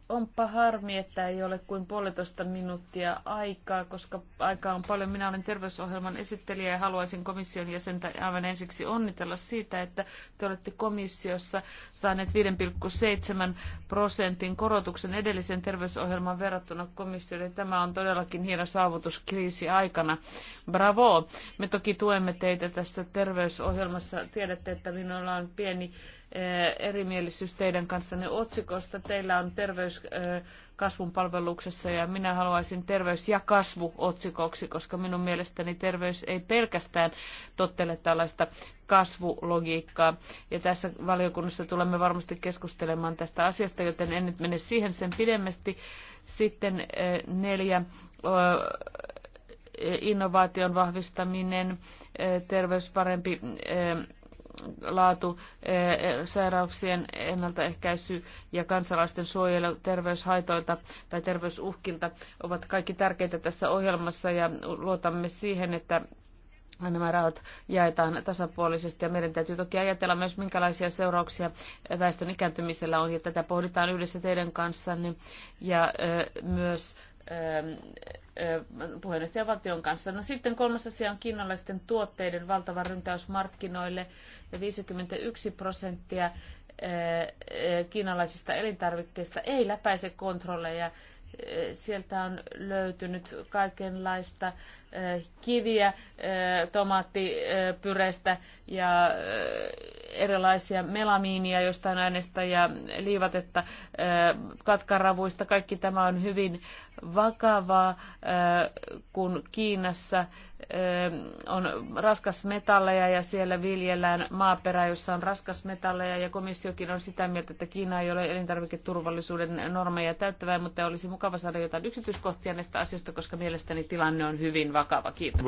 S4: Onpa harmi, että ei ole kuin puolitoista minuuttia aikaa, koska aikaa on paljon. Minä olen terveysohjelman esittelijä ja haluaisin komission jäsentä aivan ensiksi onnitella siitä, että te olette komissiossa saaneet 5,7 prosentin korotuksen edellisen terveysohjelman verrattuna komissiolle. Tämä on todellakin hieno saavutus kriisi aikana. Bravo! Me toki tuemme teitä tässä terveysohjelmassa. Tiedätte, että minulla on pieni Eh, erimielisyys teidän kanssanne otsikosta. Teillä on terveyskasvun eh, palveluksessa ja minä haluaisin terveys ja kasvu otsikoksi, koska minun mielestäni terveys ei pelkästään tottele tällaista kasvulogiikkaa. Ja tässä valiokunnassa tulemme varmasti keskustelemaan tästä asiasta, joten en nyt mene siihen sen pidemmästi. Sitten eh, neljä innovaation vahvistaminen, terveys parempi laatu, e, e, sairauksien ennaltaehkäisy ja kansalaisten suojelu terveyshaitoilta tai terveysuhkilta ovat kaikki tärkeitä tässä ohjelmassa ja luotamme siihen, että nämä rahat jaetaan tasapuolisesti ja meidän täytyy toki ajatella myös, minkälaisia seurauksia väestön ikääntymisellä on ja tätä pohditaan yhdessä teidän kanssanne ja myös puheenjohtajavaltion kanssa. No sitten kolmas asia on kiinalaisten tuotteiden valtava ryntäys markkinoille ja 51 prosenttia eh, eh, kiinalaisista elintarvikkeista ei läpäise kontrolleja. Eh, sieltä on löytynyt kaikenlaista kiviä, tomaattipyrestä ja erilaisia melamiinia jostain aineesta ja liivatetta katkaravuista. Kaikki tämä on hyvin Vakava, kun Kiinassa on raskasmetalleja ja siellä viljellään maaperää, jossa on raskasmetalleja ja komissiokin on sitä mieltä, että Kiina ei ole elintarviketurvallisuuden normeja täyttävää, mutta olisi mukava saada jotain yksityiskohtia näistä asioista, koska mielestäni tilanne on hyvin vakava. Kiitos.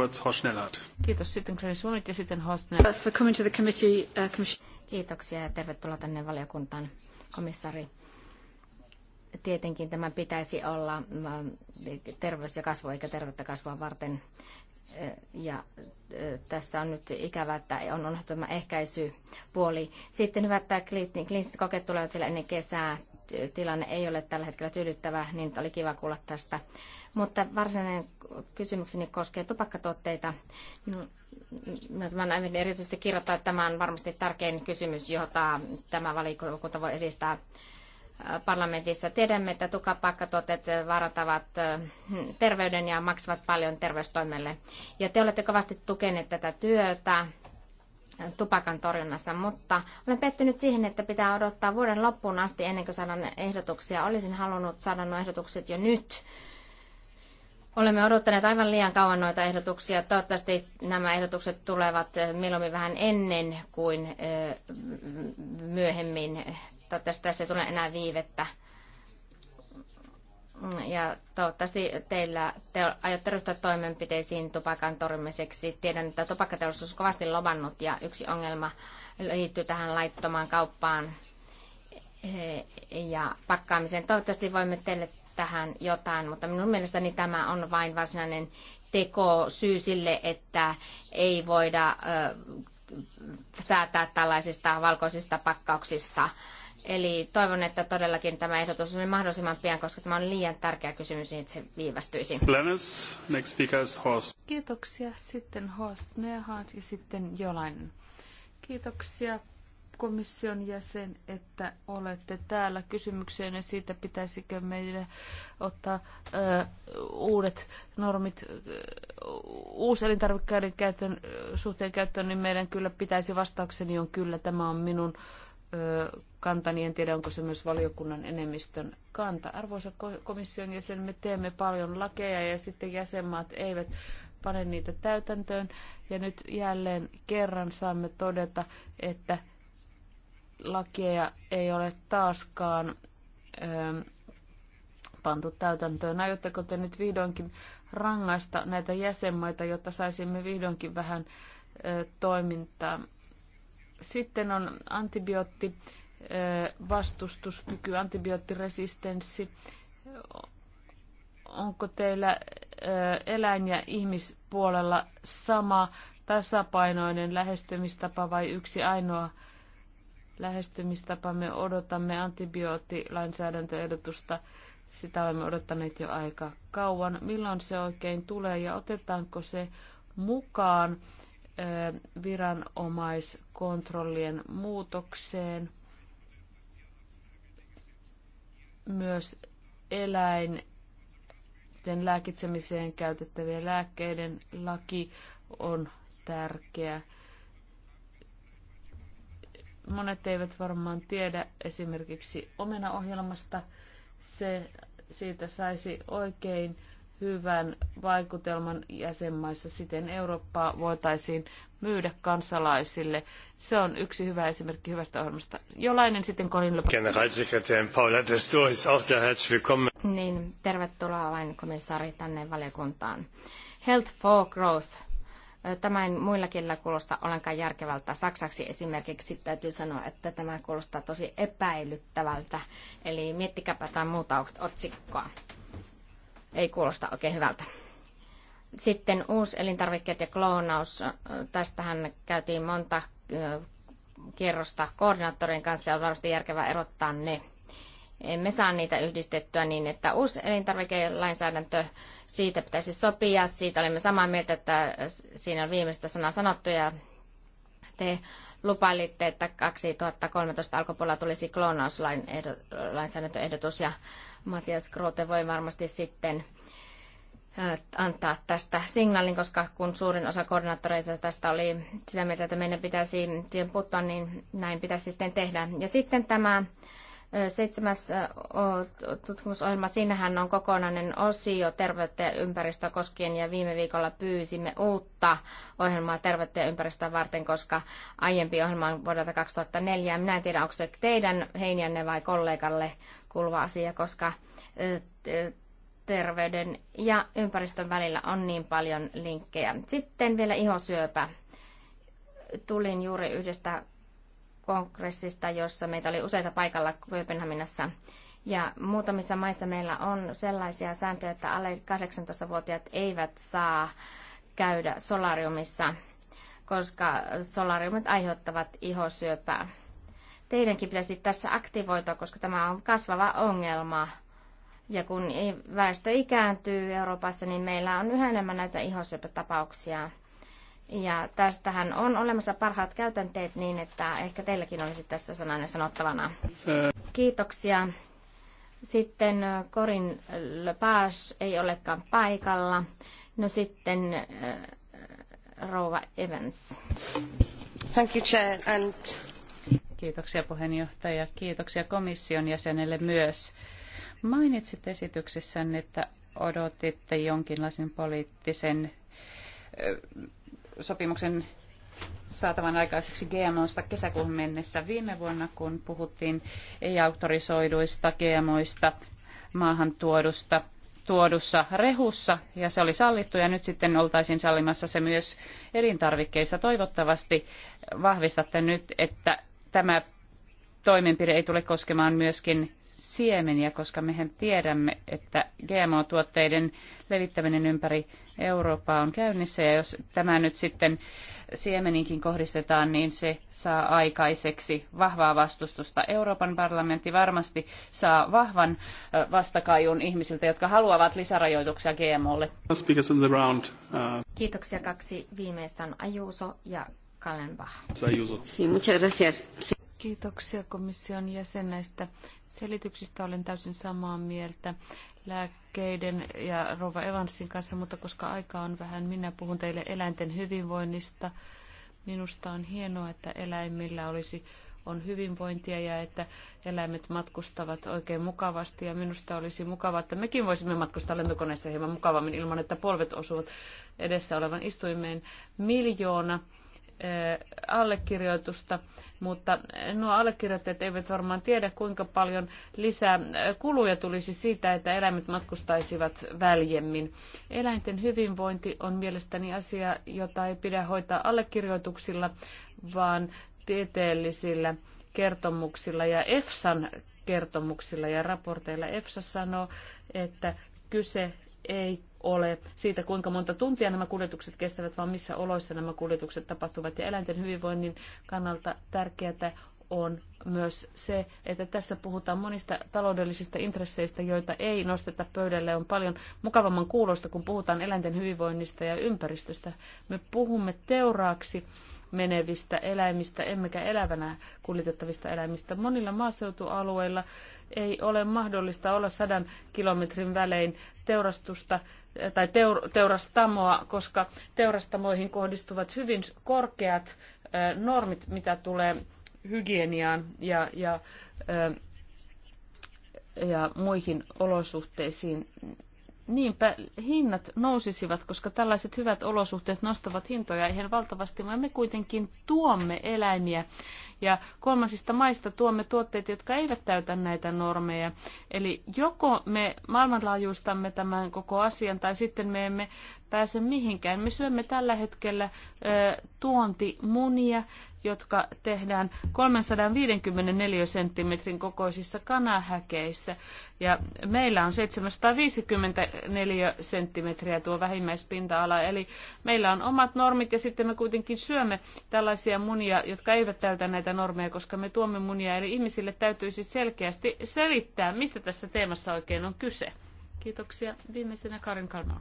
S3: Kiitos sitten Chris Wunit ja sitten Hosnell. Uh, Kiitoksia ja tervetuloa tänne valiokuntaan, komissari tietenkin tämän pitäisi olla äh, terveys ja kasvu, eikä tervettä kasvua varten. Äh, ja äh, tässä on nyt ikävä, että on unohtu tämä ehkäisypuoli. Sitten hyvä, että niin kliiniset kokeet tulevat vielä ennen kesää. Tilanne ei ole tällä hetkellä tyydyttävä, niin oli kiva kuulla tästä. Mutta varsinainen kysymykseni koskee tupakkatuotteita. No, mm, mm, mm, tämän aivan erityisesti kirjoittaa, että tämä on varmasti tärkein kysymys, jota tämä valiokunta voi edistää parlamentissa. Tiedämme, että tukapakkatuotteet vaarantavat terveyden ja maksavat paljon terveystoimelle. Ja te olette kovasti tukeneet tätä työtä tupakan torjunnassa, mutta olen pettynyt siihen, että pitää odottaa vuoden loppuun asti ennen kuin saadaan ehdotuksia. Olisin halunnut saada nuo ehdotukset jo nyt. Olemme odottaneet aivan liian kauan noita ehdotuksia. Toivottavasti nämä ehdotukset tulevat mieluummin vähän ennen kuin myöhemmin Toivottavasti tässä ei tule enää viivettä. Ja toivottavasti teillä, te aiotte ryhtyä toimenpiteisiin tupakan torjumiseksi. Tiedän, että tupakkateollisuus on kovasti lobannut ja yksi ongelma liittyy tähän laittomaan kauppaan eh, ja pakkaamiseen. Toivottavasti voimme teille tähän jotain, mutta minun mielestäni tämä on vain varsinainen teko syy sille, että ei voida eh, säätää tällaisista valkoisista pakkauksista. Eli toivon, että todellakin tämä ehdotus on mahdollisimman pian, koska tämä on liian tärkeä kysymys, niin että se viivästyisi.
S1: Lennis, next speaker is Horst.
S3: Kiitoksia.
S4: Sitten Horst Nehard ja sitten Jolainen. Kiitoksia komission jäsen, että olette täällä. Kysymykseen siitä, pitäisikö meidän ottaa ö, uudet normit uuselintarvikkeiden käytön, suhteen käyttöön, niin meidän kyllä pitäisi vastaukseni on kyllä. Tämä on minun ö, kantani. En tiedä, onko se myös valiokunnan enemmistön kanta. Arvoisa komission jäsen, me teemme paljon lakeja ja sitten jäsenmaat eivät pane niitä täytäntöön. Ja nyt jälleen kerran saamme todeta, että lakeja ei ole taaskaan ö, ähm, pantu täytäntöön. Aiotteko te nyt vihdoinkin rangaista näitä jäsenmaita, jotta saisimme vihdoinkin vähän ö, äh, toimintaa? Sitten on antibiootti äh, vastustuskyky, antibioottiresistenssi. Onko teillä äh, eläin- ja ihmispuolella sama tasapainoinen lähestymistapa vai yksi ainoa lähestymistapamme. Odotamme antibioottilainsäädäntöehdotusta. Sitä olemme odottaneet jo aika kauan. Milloin se oikein tulee ja otetaanko se mukaan viranomaiskontrollien muutokseen? Myös eläinten lääkitsemiseen käytettävien lääkkeiden laki on tärkeä. Monet eivät varmaan tiedä esimerkiksi omenaohjelmasta. Se siitä saisi oikein hyvän vaikutelman jäsenmaissa. Siten Eurooppaa voitaisiin myydä kansalaisille. Se on yksi hyvä esimerkki hyvästä ohjelmasta.
S3: Jolainen sitten kolin loppu.
S2: Generalsekretärin Paula Testor ist auch der herzlich willkommen. Niin,
S3: tervetuloa vain komissaari tänne valiokuntaan. Health for Growth Tämä ei muilla kielillä kuulosta ollenkaan järkevältä. Saksaksi esimerkiksi täytyy sanoa, että tämä kuulostaa tosi epäilyttävältä. Eli miettikääpä jotain muuta otsikkoa. Ei kuulosta oikein hyvältä. Sitten uuselintarvikkeet ja kloonaus. Tästähän käytiin monta kierrosta koordinaattorien kanssa ja on varmasti järkevää erottaa ne emme saa niitä yhdistettyä niin, että uusi elintarvikelainsäädäntö, siitä pitäisi sopia. Siitä olimme samaa mieltä, että siinä on viimeistä sanaa sanottu ja te lupailitte, että 2013 alkupuolella tulisi kloonauslainsäädäntöehdotus ja Matias Grote voi varmasti sitten antaa tästä signaalin, koska kun suurin osa koordinaattoreita tästä oli sitä mieltä, että meidän pitäisi siihen puuttua, niin näin pitäisi sitten tehdä. Ja sitten tämä Seitsemäs tutkimusohjelma, siinähän on kokonainen osio terveyttä ja ympäristöä koskien ja viime viikolla pyysimme uutta ohjelmaa terveyttä ja ympäristöä varten, koska aiempi ohjelma on vuodelta 2004. Minä en tiedä, onko se teidän heiniänne vai kollegalle kuuluva asia, koska terveyden ja ympäristön välillä on niin paljon linkkejä. Sitten vielä ihosyöpä. Tulin juuri yhdestä kongressista, jossa meitä oli useita paikalla Kööpenhaminassa. Ja muutamissa maissa meillä on sellaisia sääntöjä, että alle 18-vuotiaat eivät saa käydä solariumissa, koska solariumit aiheuttavat ihosyöpää. Teidänkin pitäisi tässä aktivoitua, koska tämä on kasvava ongelma. Ja kun väestö ikääntyy Euroopassa, niin meillä on yhä enemmän näitä ihosyöpätapauksia. Ja tästähän on olemassa parhaat käytänteet niin, että ehkä teilläkin olisi tässä sananen sanottavana. Kiitoksia. Sitten Korin Lepage ei olekaan paikalla. No sitten äh,
S5: Rova Evans. Thank you, Chair, and... Kiitoksia puheenjohtaja. Kiitoksia komission jäsenelle myös. Mainitsit esityksessänne, että odotitte jonkinlaisen poliittisen sopimuksen saatavan aikaiseksi GMOista kesäkuuhun mennessä viime vuonna, kun puhuttiin ei-auktorisoiduista GMOista maahan tuodusta, tuodussa rehussa, ja se oli sallittu, ja nyt sitten oltaisiin sallimassa se myös elintarvikkeissa. Toivottavasti vahvistatte nyt, että tämä toimenpide ei tule koskemaan myöskin siemeniä, koska mehän tiedämme, että GMO-tuotteiden levittäminen ympäri Eurooppa on käynnissä ja jos tämä nyt sitten siemeninkin kohdistetaan, niin se saa aikaiseksi vahvaa vastustusta. Euroopan parlamentti varmasti saa vahvan vastakaiun ihmisiltä, jotka haluavat lisärajoituksia GMOlle.
S1: Uh,
S5: Kiitoksia kaksi
S3: viimeistä on Ajuso ja Kallenbach.
S1: Ajuso. Sí,
S3: muchas
S5: gracias. Sí.
S3: Kiitoksia
S4: komission jäsen näistä selityksistä. Olen täysin samaa mieltä lääkkeiden ja Rova Evansin kanssa, mutta koska aika on vähän, minä puhun teille eläinten hyvinvoinnista. Minusta on hienoa, että eläimillä olisi on hyvinvointia ja että eläimet matkustavat oikein mukavasti. Ja minusta olisi mukavaa, että mekin voisimme matkustaa lentokoneessa hieman mukavammin ilman, että polvet osuvat edessä olevan istuimeen miljoona Eh, allekirjoitusta, mutta nuo allekirjoittajat eivät varmaan tiedä, kuinka paljon lisää eh, kuluja tulisi siitä, että eläimet matkustaisivat väljemmin. Eläinten hyvinvointi on mielestäni asia, jota ei pidä hoitaa allekirjoituksilla, vaan tieteellisillä kertomuksilla ja EFSAn kertomuksilla ja raporteilla. EFSA sanoo, että kyse ei ole siitä, kuinka monta tuntia nämä kuljetukset kestävät, vaan missä oloissa nämä kuljetukset tapahtuvat. Ja eläinten hyvinvoinnin kannalta tärkeää on myös se, että tässä puhutaan monista taloudellisista intresseistä, joita ei nosteta pöydälle. On paljon mukavamman kuulosta, kun puhutaan eläinten hyvinvoinnista ja ympäristöstä. Me puhumme teuraaksi menevistä eläimistä, emmekä elävänä kuljetettavista eläimistä. Monilla maaseutualueilla ei ole mahdollista olla sadan kilometrin välein teurastusta tai teurastamoa, koska teurastamoihin kohdistuvat hyvin korkeat normit, mitä tulee hygieniaan ja, ja, ja muihin olosuhteisiin. Niinpä hinnat nousisivat, koska tällaiset hyvät olosuhteet nostavat hintoja ihan valtavasti, mutta me kuitenkin tuomme eläimiä ja kolmansista maista tuomme tuotteita, jotka eivät täytä näitä normeja. Eli joko me maailmanlaajuistamme tämän koko asian tai sitten me emme pääse mihinkään. Me syömme tällä hetkellä ö, tuontimunia, jotka tehdään 354 senttimetrin kokoisissa kanahäkeissä. Ja meillä on 754 senttimetriä tuo vähimmäispinta-ala, eli meillä on omat normit ja sitten me kuitenkin syömme tällaisia munia, jotka eivät täytä näitä normeja, koska me tuomme munia. Eli ihmisille täytyisi selkeästi selittää, mistä tässä teemassa oikein on kyse. Kiitoksia. Viimeisenä Karin Kalmar.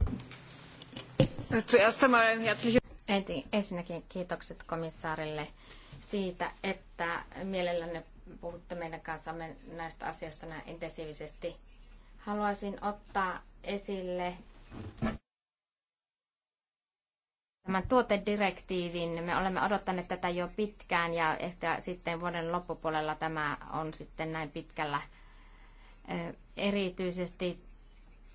S3: Zuerst einmal ein herzliches... Ensinnäkin kiitokset komissaarille siitä, että mielellänne puhutte meidän kanssamme näistä asioista näin intensiivisesti. Haluaisin ottaa esille tämän tuotedirektiivin. Me olemme odottaneet tätä jo pitkään ja ehkä sitten vuoden loppupuolella tämä on sitten näin pitkällä. Erityisesti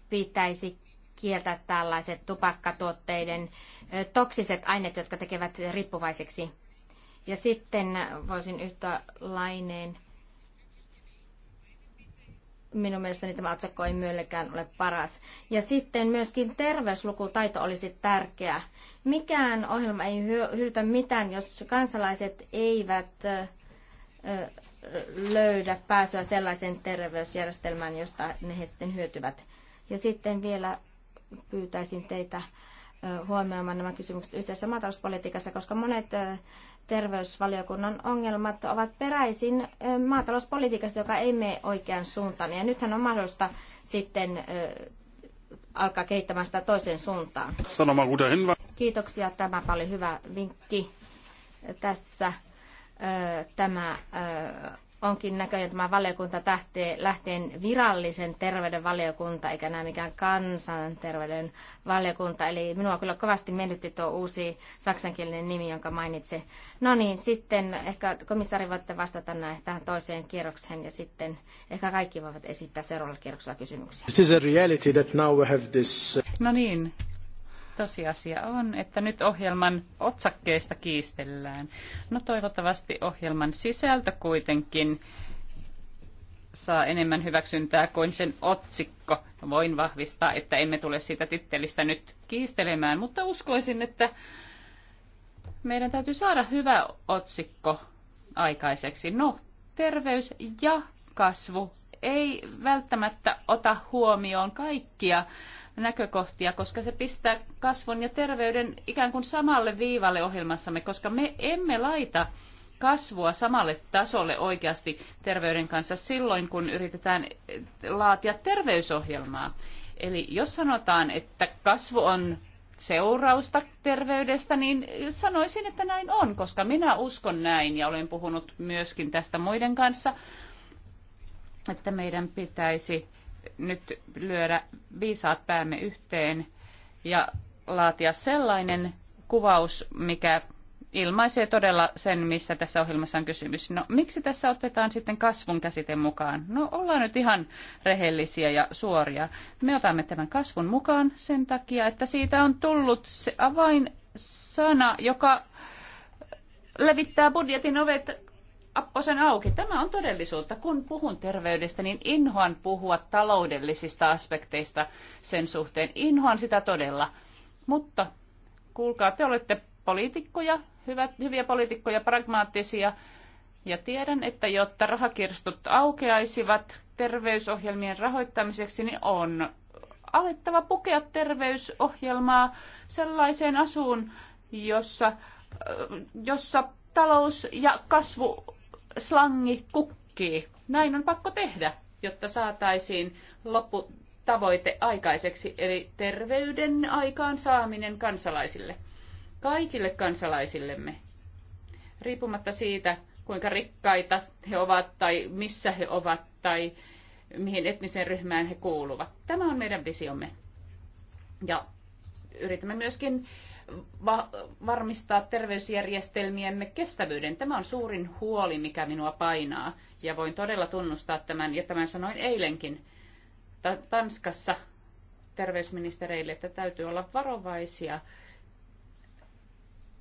S3: pitäisi kieltää tällaiset tupakkatuotteiden toksiset aineet, jotka tekevät riippuvaiseksi. Ja sitten voisin yhtä laineen. Minun mielestäni tämä otsakko ei myöllekään ole paras. Ja sitten myöskin terveyslukutaito olisi tärkeä. Mikään ohjelma ei hyödytä mitään, jos kansalaiset eivät löydä pääsyä sellaiseen terveysjärjestelmään, josta ne he sitten hyötyvät. Ja sitten vielä pyytäisin teitä huomioimaan nämä kysymykset yhteisessä maatalouspolitiikassa, koska monet terveysvaliokunnan ongelmat ovat peräisin maatalouspolitiikasta, joka ei mene oikean suuntaan. Ja nythän on mahdollista sitten alkaa kehittämään sitä toiseen suuntaan. Kiitoksia, tämä oli hyvä vinkki tässä. Tämä onkin näköjään tämä valiokunta tähtee, lähteen virallisen terveyden valiokunta, eikä enää mikään kansanterveyden valiokunta. Eli minua kyllä kovasti mennytti tuo uusi saksankielinen nimi, jonka mainitsin. No niin, sitten ehkä komissaari voitte vastata näin, tähän toiseen kierrokseen ja sitten ehkä kaikki voivat esittää seuraavalla kierroksella kysymyksiä.
S4: Uh,
S5: no niin, Tosiasia on, että nyt ohjelman otsakkeista kiistellään. No toivottavasti ohjelman sisältö kuitenkin saa enemmän hyväksyntää kuin sen otsikko. Voin vahvistaa, että emme tule siitä tittelistä nyt kiistelemään, mutta uskoisin, että meidän täytyy saada hyvä otsikko aikaiseksi. No, terveys ja kasvu ei välttämättä ota huomioon kaikkia näkökohtia, koska se pistää kasvun ja terveyden ikään kuin samalle viivalle ohjelmassamme, koska me emme laita kasvua samalle tasolle oikeasti terveyden kanssa silloin, kun yritetään laatia terveysohjelmaa. Eli jos sanotaan, että kasvu on seurausta terveydestä, niin sanoisin, että näin on, koska minä uskon näin ja olen puhunut myöskin tästä muiden kanssa, että meidän pitäisi nyt lyödä viisaat päämme yhteen ja laatia sellainen kuvaus, mikä ilmaisee todella sen, missä tässä ohjelmassa on kysymys. No miksi tässä otetaan sitten kasvun käsite mukaan? No ollaan nyt ihan rehellisiä ja suoria. Me otamme tämän kasvun mukaan sen takia, että siitä on tullut se avainsana, joka levittää budjetin ovet apposen auki. Tämä on todellisuutta. Kun puhun terveydestä, niin inhoan puhua taloudellisista aspekteista sen suhteen. Inhoan sitä todella. Mutta kuulkaa, te olette poliitikkoja, hyvät, hyviä poliitikkoja, pragmaattisia. Ja tiedän, että jotta rahakirstot aukeaisivat terveysohjelmien rahoittamiseksi, niin on alettava pukea terveysohjelmaa sellaiseen asuun, jossa, jossa talous ja kasvu slangi kukkii. Näin on pakko tehdä, jotta saataisiin lopputavoite aikaiseksi, eli terveyden aikaan saaminen kansalaisille. Kaikille kansalaisillemme. Riippumatta siitä, kuinka rikkaita he ovat tai missä he ovat tai mihin etniseen ryhmään he kuuluvat. Tämä on meidän visiomme. Ja yritämme myöskin äh, va- varmistaa terveysjärjestelmiemme kestävyyden. Tämä on suurin huoli, mikä minua painaa. Ja voin todella tunnustaa tämän, ja tämän sanoin eilenkin Tanskassa terveysministereille, että täytyy olla varovaisia,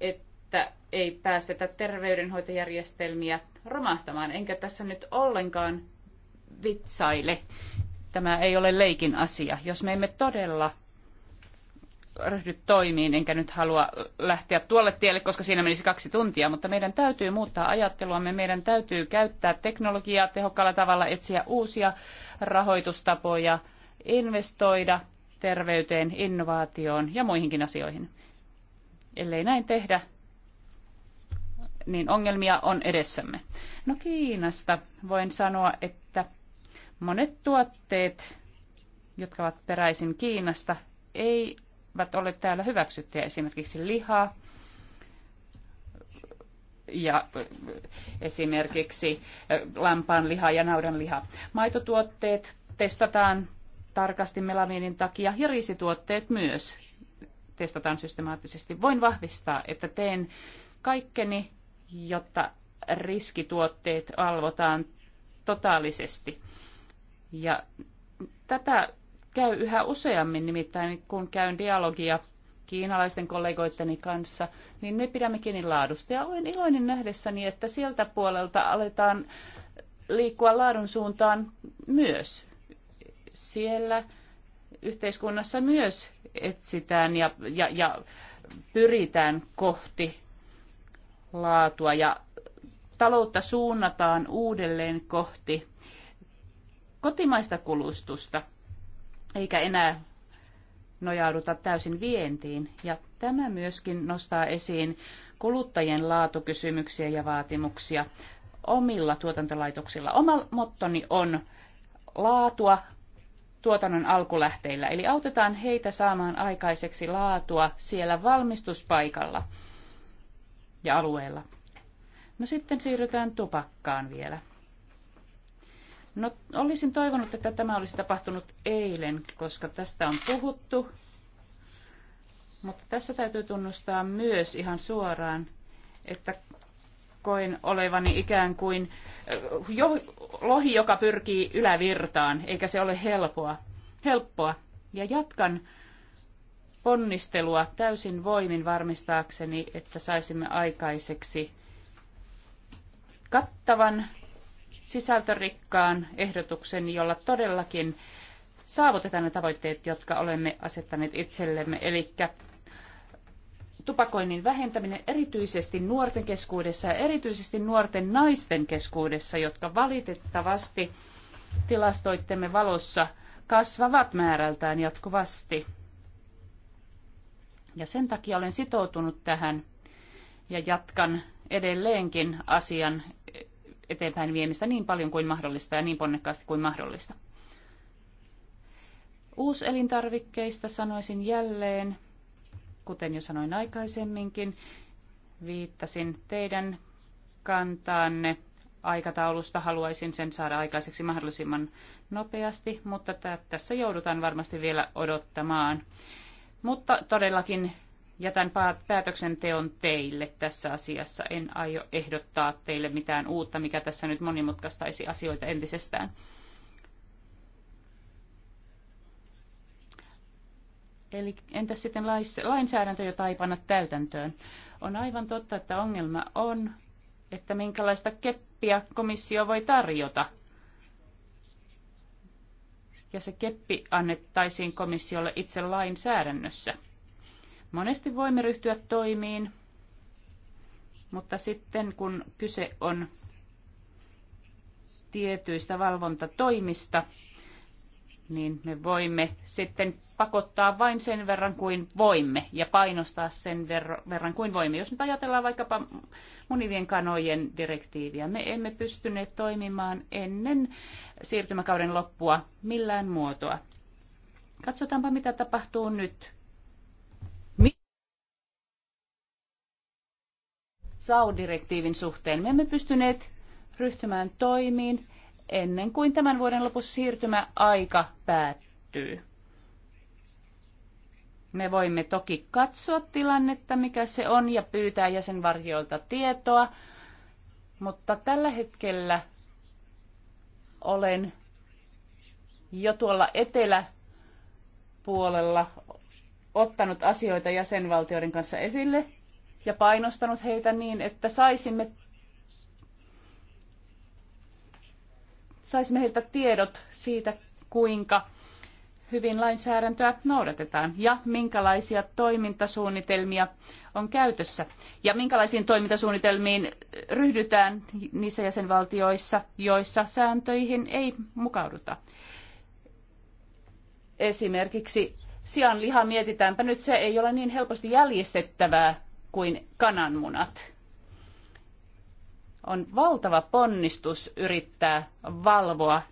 S5: että ei päästetä terveydenhoitojärjestelmiä romahtamaan. Enkä tässä nyt ollenkaan vitsaile. Tämä ei ole leikin asia. Jos me emme todella ryhdy toimiin, enkä nyt halua lähteä tuolle tielle, koska siinä menisi kaksi tuntia, mutta meidän täytyy muuttaa ajatteluamme, meidän täytyy käyttää teknologiaa tehokkaalla tavalla, etsiä uusia rahoitustapoja, investoida terveyteen, innovaatioon ja muihinkin asioihin. Ellei näin tehdä, niin ongelmia on edessämme. No Kiinasta voin sanoa, että monet tuotteet, jotka ovat peräisin Kiinasta, ei eivät ole täällä hyväksyttyjä, esimerkiksi liha ja äh, esimerkiksi äh, lampaan liha ja naudan liha. Maitotuotteet testataan tarkasti melamiinin takia ja riisituotteet myös testataan systemaattisesti. Voin vahvistaa, että teen kaikkeni, jotta riskituotteet alvotaan totaalisesti. Ja tätä käy yhä useammin, nimittäin kun käyn dialogia kiinalaisten kollegoitteni kanssa, niin me pidämme kiinni laadusta. Ja olen iloinen nähdessäni, että sieltä puolelta aletaan liikkua laadun suuntaan myös. Siellä yhteiskunnassa myös etsitään ja, ja, ja pyritään kohti laatua ja taloutta suunnataan uudelleen kohti kotimaista kulustusta – eikä enää nojauduta täysin vientiin. Ja tämä myöskin nostaa esiin kuluttajien laatukysymyksiä ja vaatimuksia omilla tuotantolaitoksilla. Oma mottoni on laatua tuotannon alkulähteillä, eli autetaan heitä saamaan aikaiseksi laatua siellä valmistuspaikalla ja alueella. No sitten siirrytään tupakkaan vielä. No, olisin toivonut, että tämä olisi tapahtunut eilen, koska tästä on puhuttu. Mutta tässä täytyy tunnustaa myös ihan suoraan, että koin olevani ikään kuin eh, jo, lohi, joka pyrkii ylävirtaan, eikä se ole helpoa, helppoa. Ja jatkan ponnistelua täysin voimin varmistaakseni, että saisimme aikaiseksi kattavan sisältörikkaan ehdotuksen, jolla todellakin saavutetaan ne tavoitteet, jotka olemme asettaneet itsellemme, eli tupakoinnin vähentäminen erityisesti nuorten keskuudessa ja erityisesti nuorten naisten keskuudessa, jotka valitettavasti tilastoittemme valossa kasvavat määrältään jatkuvasti. Ja sen takia olen sitoutunut tähän ja jatkan edelleenkin asian eteenpäin viemistä niin paljon kuin mahdollista ja niin ponnekkaasti kuin mahdollista. Uuselintarvikkeista sanoisin jälleen, kuten jo sanoin aikaisemminkin, viittasin teidän kantaanne aikataulusta. Haluaisin sen saada aikaiseksi mahdollisimman nopeasti, mutta tässä joudutaan varmasti vielä odottamaan. Mutta todellakin jätän päätöksenteon teille tässä asiassa. En aio ehdottaa teille mitään uutta, mikä tässä nyt monimutkaistaisi asioita entisestään. Eli entäs sitten lainsäädäntö, jota ei panna täytäntöön? On aivan totta, että ongelma on, että minkälaista keppiä komissio voi tarjota. Ja se keppi annettaisiin komissiolle itse lainsäädännössä. Monesti voimme ryhtyä toimiin, mutta sitten kun kyse on tietyistä valvontatoimista, niin me voimme sitten pakottaa vain sen verran kuin voimme ja painostaa sen verran kuin voimme. Jos nyt ajatellaan vaikkapa munivien kanojen direktiiviä, me emme pystyneet toimimaan ennen siirtymäkauden loppua millään muotoa. Katsotaanpa, mitä tapahtuu nyt. SAU-direktiivin suhteen. Me emme pystyneet ryhtymään toimiin ennen kuin tämän vuoden lopussa siirtymäaika päättyy. Me voimme toki katsoa tilannetta, mikä se on, ja pyytää jäsenvarjoilta tietoa, mutta tällä hetkellä olen jo tuolla eteläpuolella ottanut asioita jäsenvaltioiden kanssa esille ja painostanut heitä niin, että saisimme, saisimme heiltä tiedot siitä, kuinka hyvin lainsäädäntöä noudatetaan ja minkälaisia toimintasuunnitelmia on käytössä ja minkälaisiin toimintasuunnitelmiin ryhdytään niissä jäsenvaltioissa, joissa sääntöihin ei mukauduta. Esimerkiksi sianliha mietitäänpä nyt, se ei ole niin helposti jäljistettävää kuin kananmunat. On valtava ponnistus yrittää valvoa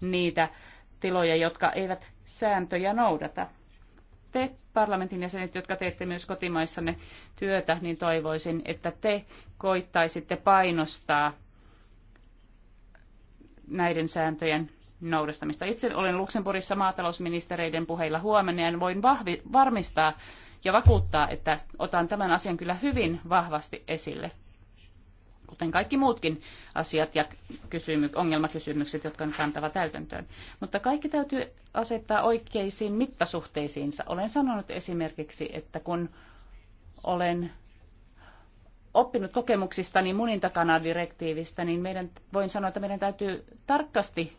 S5: niitä tiloja, jotka eivät sääntöjä noudata. Te parlamentin jäsenet, jotka teette myös kotimaissanne työtä, niin toivoisin, että te koittaisitte painostaa näiden sääntöjen noudattamista. Itse olen Luxemburgissa maatalousministereiden puheilla huomenna ja voin vahvi- varmistaa ja vakuuttaa, että otan tämän asian kyllä hyvin vahvasti esille, kuten kaikki muutkin asiat ja kysymy- ongelmakysymykset, jotka on kantava täytäntöön. Mutta kaikki täytyy asettaa oikeisiin mittasuhteisiinsa. Olen sanonut esimerkiksi, että kun olen oppinut kokemuksistani direktiivistä, niin meidän, voin sanoa, että meidän täytyy tarkasti,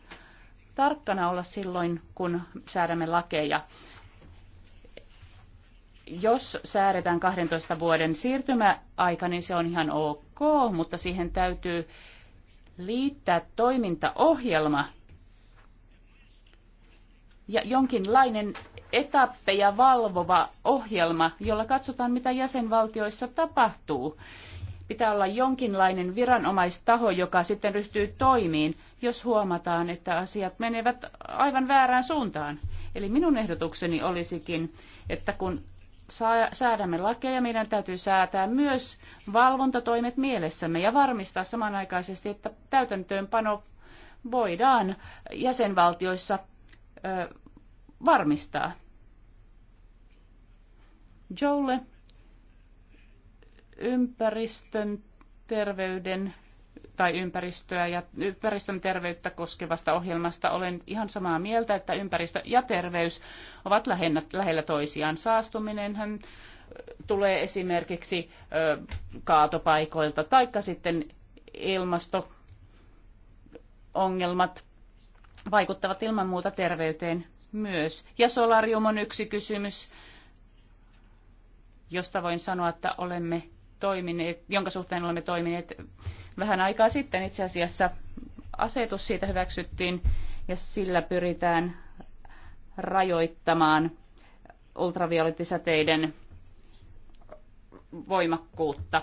S5: tarkkana olla silloin, kun säädämme lakeja jos säädetään 12 vuoden siirtymäaika, niin se on ihan ok, mutta siihen täytyy liittää toimintaohjelma ja jonkinlainen etappeja valvova ohjelma, jolla katsotaan, mitä jäsenvaltioissa tapahtuu. Pitää olla jonkinlainen viranomaistaho, joka sitten ryhtyy toimiin, jos huomataan, että asiat menevät aivan väärään suuntaan. Eli minun ehdotukseni olisikin, että kun säädämme lakeja, meidän täytyy säätää myös valvontatoimet mielessämme ja varmistaa samanaikaisesti, että täytäntöönpano voidaan jäsenvaltioissa ö, varmistaa. Jolle ympäristön, terveyden tai ympäristöä ja ympäristön terveyttä koskevasta ohjelmasta olen ihan samaa mieltä, että ympäristö ja terveys ovat lähellä, lähellä toisiaan. Saastuminenhan tulee esimerkiksi ö, kaatopaikoilta tai sitten ilmastoongelmat vaikuttavat ilman muuta terveyteen myös. Ja solarium on yksi kysymys, josta voin sanoa, että olemme toimineet, jonka suhteen olemme toimineet vähän aikaa sitten itse asiassa asetus siitä hyväksyttiin ja sillä pyritään rajoittamaan ultraviolettisäteiden voimakkuutta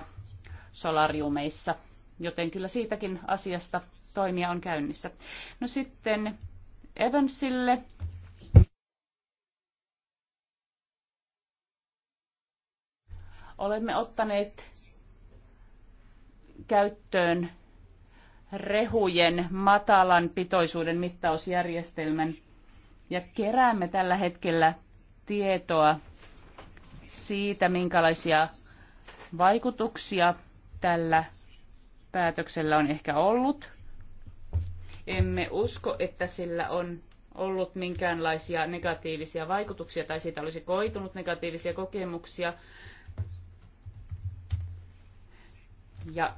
S5: solariumeissa, joten kyllä siitäkin asiasta toimia on käynnissä. No sitten Evansille. Olemme ottaneet käyttöön rehujen matalan pitoisuuden mittausjärjestelmän ja keräämme tällä hetkellä tietoa siitä, minkälaisia vaikutuksia tällä päätöksellä on ehkä ollut. Emme usko, että sillä on ollut minkäänlaisia negatiivisia vaikutuksia tai siitä olisi koitunut negatiivisia kokemuksia. Ja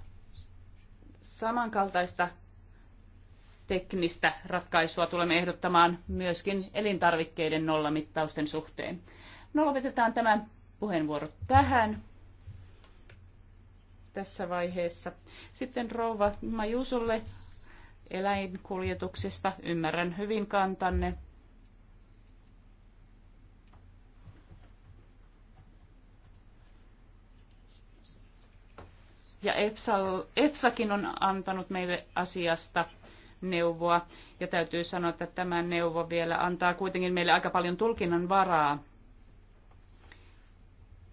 S5: Samankaltaista teknistä ratkaisua tulemme ehdottamaan myöskin elintarvikkeiden nollamittausten suhteen. No lopetetaan tämän puheenvuoro tähän tässä vaiheessa. Sitten rouva Majusulle eläinkuljetuksesta. Ymmärrän hyvin kantanne. Ja EFSA, EFSAkin on antanut meille asiasta neuvoa. Ja täytyy sanoa, että tämä neuvo vielä antaa kuitenkin meille aika paljon tulkinnan varaa.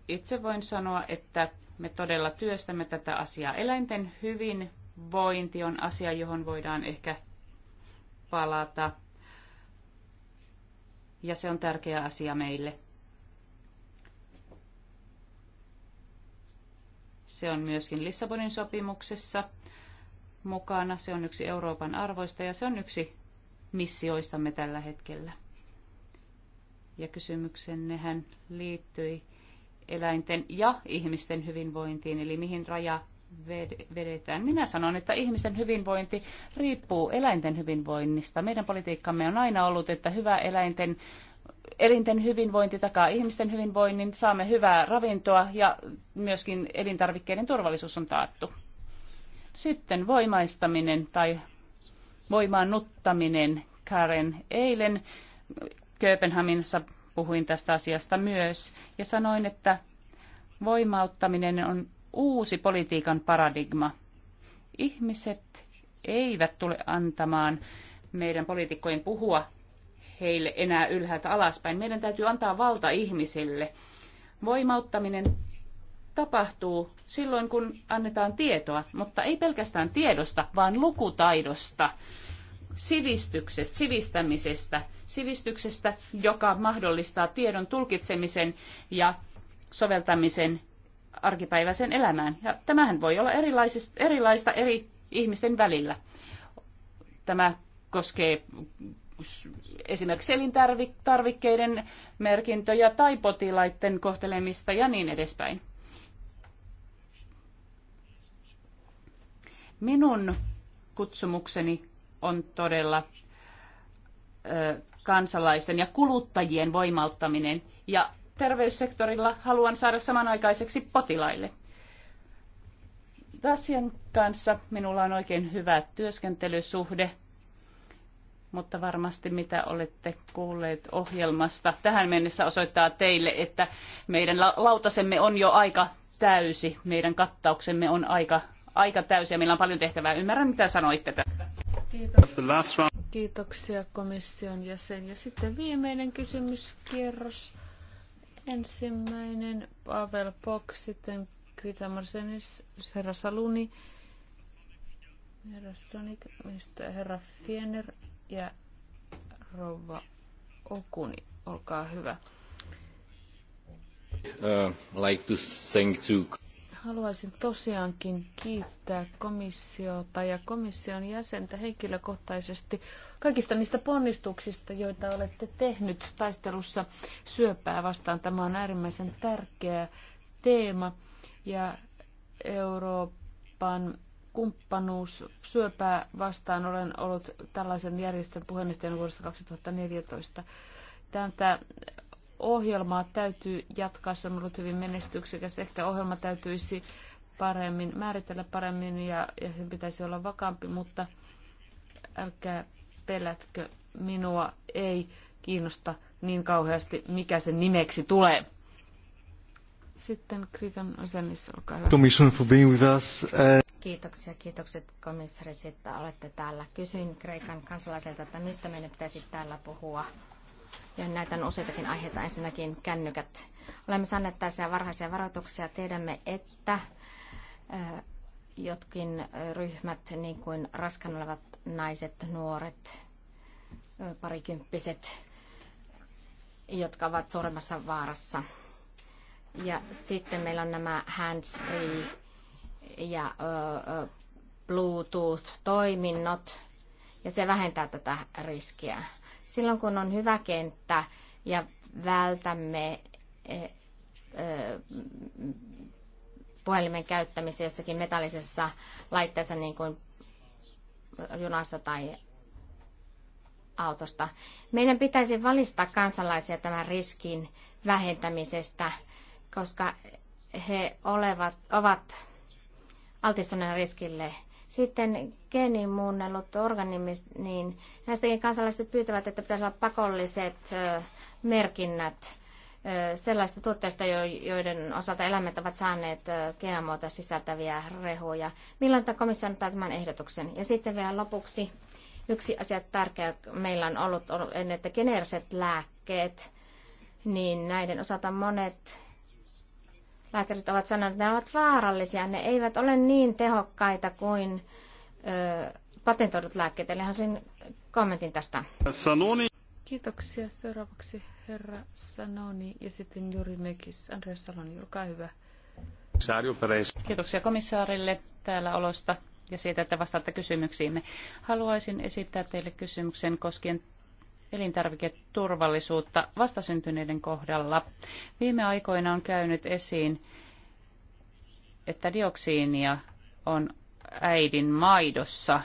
S5: Itse voin sanoa, että me todella työstämme tätä asiaa. Eläinten hyvinvointi on asia, johon voidaan ehkä palata. Ja se on tärkeä asia meille. Se on myöskin Lissabonin sopimuksessa mukana. Se on yksi Euroopan arvoista ja se on yksi missioistamme tällä hetkellä. Ja kysymyksennehän liittyi eläinten ja ihmisten hyvinvointiin, eli mihin raja vedetään. Minä sanon, että ihmisten hyvinvointi riippuu eläinten hyvinvoinnista. Meidän politiikkamme on aina ollut, että hyvä eläinten elinten hyvinvointi takaa ihmisten hyvinvoinnin, saamme hyvää ravintoa ja myöskin elintarvikkeiden turvallisuus on taattu. Sitten voimaistaminen tai voimaannuttaminen. Karen eilen Kööpenhaminassa puhuin tästä asiasta myös ja sanoin, että voimauttaminen on uusi politiikan paradigma. Ihmiset eivät tule antamaan meidän poliitikkojen puhua heille enää ylhäältä alaspäin. Meidän täytyy antaa valta ihmisille. Voimauttaminen tapahtuu silloin, kun annetaan tietoa, mutta ei pelkästään tiedosta, vaan lukutaidosta, sivistyksestä, sivistämisestä, sivistyksestä, joka mahdollistaa tiedon tulkitsemisen ja soveltamisen arkipäiväiseen elämään. Ja tämähän voi olla erilaista eri ihmisten välillä. Tämä koskee esimerkiksi elintarvikkeiden merkintöjä tai potilaiden kohtelemista ja niin edespäin. Minun kutsumukseni on todella kansalaisten ja kuluttajien voimauttaminen ja terveyssektorilla haluan saada samanaikaiseksi potilaille. tässien kanssa minulla on oikein hyvä työskentelysuhde mutta varmasti mitä olette kuulleet ohjelmasta tähän mennessä osoittaa teille, että meidän lautasemme on jo aika täysi, meidän kattauksemme on aika, aika täysi ja meillä on paljon tehtävää. Ymmärrän, mitä sanoitte tästä. Kiitoksia,
S4: Kiitoksia komission jäsen. Ja sitten viimeinen kysymyskierros. Ensimmäinen Pavel Pok, sitten Kvita Marsenis, herra Saluni, herra Sonic, mistä herra Fiener ja rouva Okuni, olkaa hyvä.
S2: Uh, like to thank to...
S4: Haluaisin tosiaankin kiittää komissiota ja komission jäsentä henkilökohtaisesti kaikista niistä ponnistuksista, joita olette tehnyt taistelussa syöpää vastaan. Tämä on äärimmäisen tärkeä teema ja Euroopan kumppanuus syöpää vastaan. Olen ollut tällaisen järjestön puheenjohtajan vuodesta 2014. Tätä ohjelmaa täytyy jatkaa, se on ollut hyvin menestyksekäs. Ehkä ohjelma täytyisi paremmin, määritellä paremmin ja, ja sen pitäisi olla vakaampi, mutta älkää pelätkö, minua ei kiinnosta niin kauheasti, mikä
S3: sen nimeksi tulee. Sitten Kriton Osenis, olkaa hyvä. Commission
S2: for being with us. Uh,
S3: Kiitoksia, kiitokset komissarit, että olette täällä. Kysyin Kreikan kansalaiselta, että mistä meidän pitäisi täällä puhua. Ja näitä on useitakin aiheita, ensinnäkin kännykät. Olemme saaneet tällaisia varhaisia varoituksia. Tiedämme, että jotkin ryhmät, niin kuin raskan olevat naiset, nuoret, parikymppiset, jotka ovat suuremmassa vaarassa. Ja sitten meillä on nämä hands-free ja Bluetooth-toiminnot, ja se vähentää tätä riskiä. Silloin kun on hyvä kenttä ja vältämme e, puhelimen käyttämisen jossakin metallisessa laitteessa, niin kuin junassa tai autosta. Meidän pitäisi valistaa kansalaisia tämän riskin vähentämisestä, koska he olevat, ovat altistuneena riskille. Sitten geenimuunnellut organismit, niin näistäkin kansalaiset pyytävät, että pitäisi olla pakolliset merkinnät sellaista tuotteista, joiden osalta eläimet ovat saaneet gmo sisältäviä rehuja. Milloin tämä komissio antaa tämän ehdotuksen? Ja sitten vielä lopuksi yksi asia tärkeä meillä on ollut, että geneeriset lääkkeet, niin näiden osalta monet lääkärit ovat sanoneet, että ne ovat vaarallisia. Ne eivät ole niin tehokkaita kuin ö, patentoidut lääkkeet. Eli haluaisin kommentin tästä. Sanoni. Kiitoksia. Seuraavaksi herra
S5: Sanoni ja sitten Juri Mekis. Andreas Saloni, olkaa hyvä. Kiitoksia komissaarille täällä olosta ja siitä, että vastaatte kysymyksiimme. Haluaisin esittää teille kysymyksen koskien elintarviketurvallisuutta vastasyntyneiden kohdalla. Viime aikoina on käynyt esiin, että dioksiinia on äidin maidossa.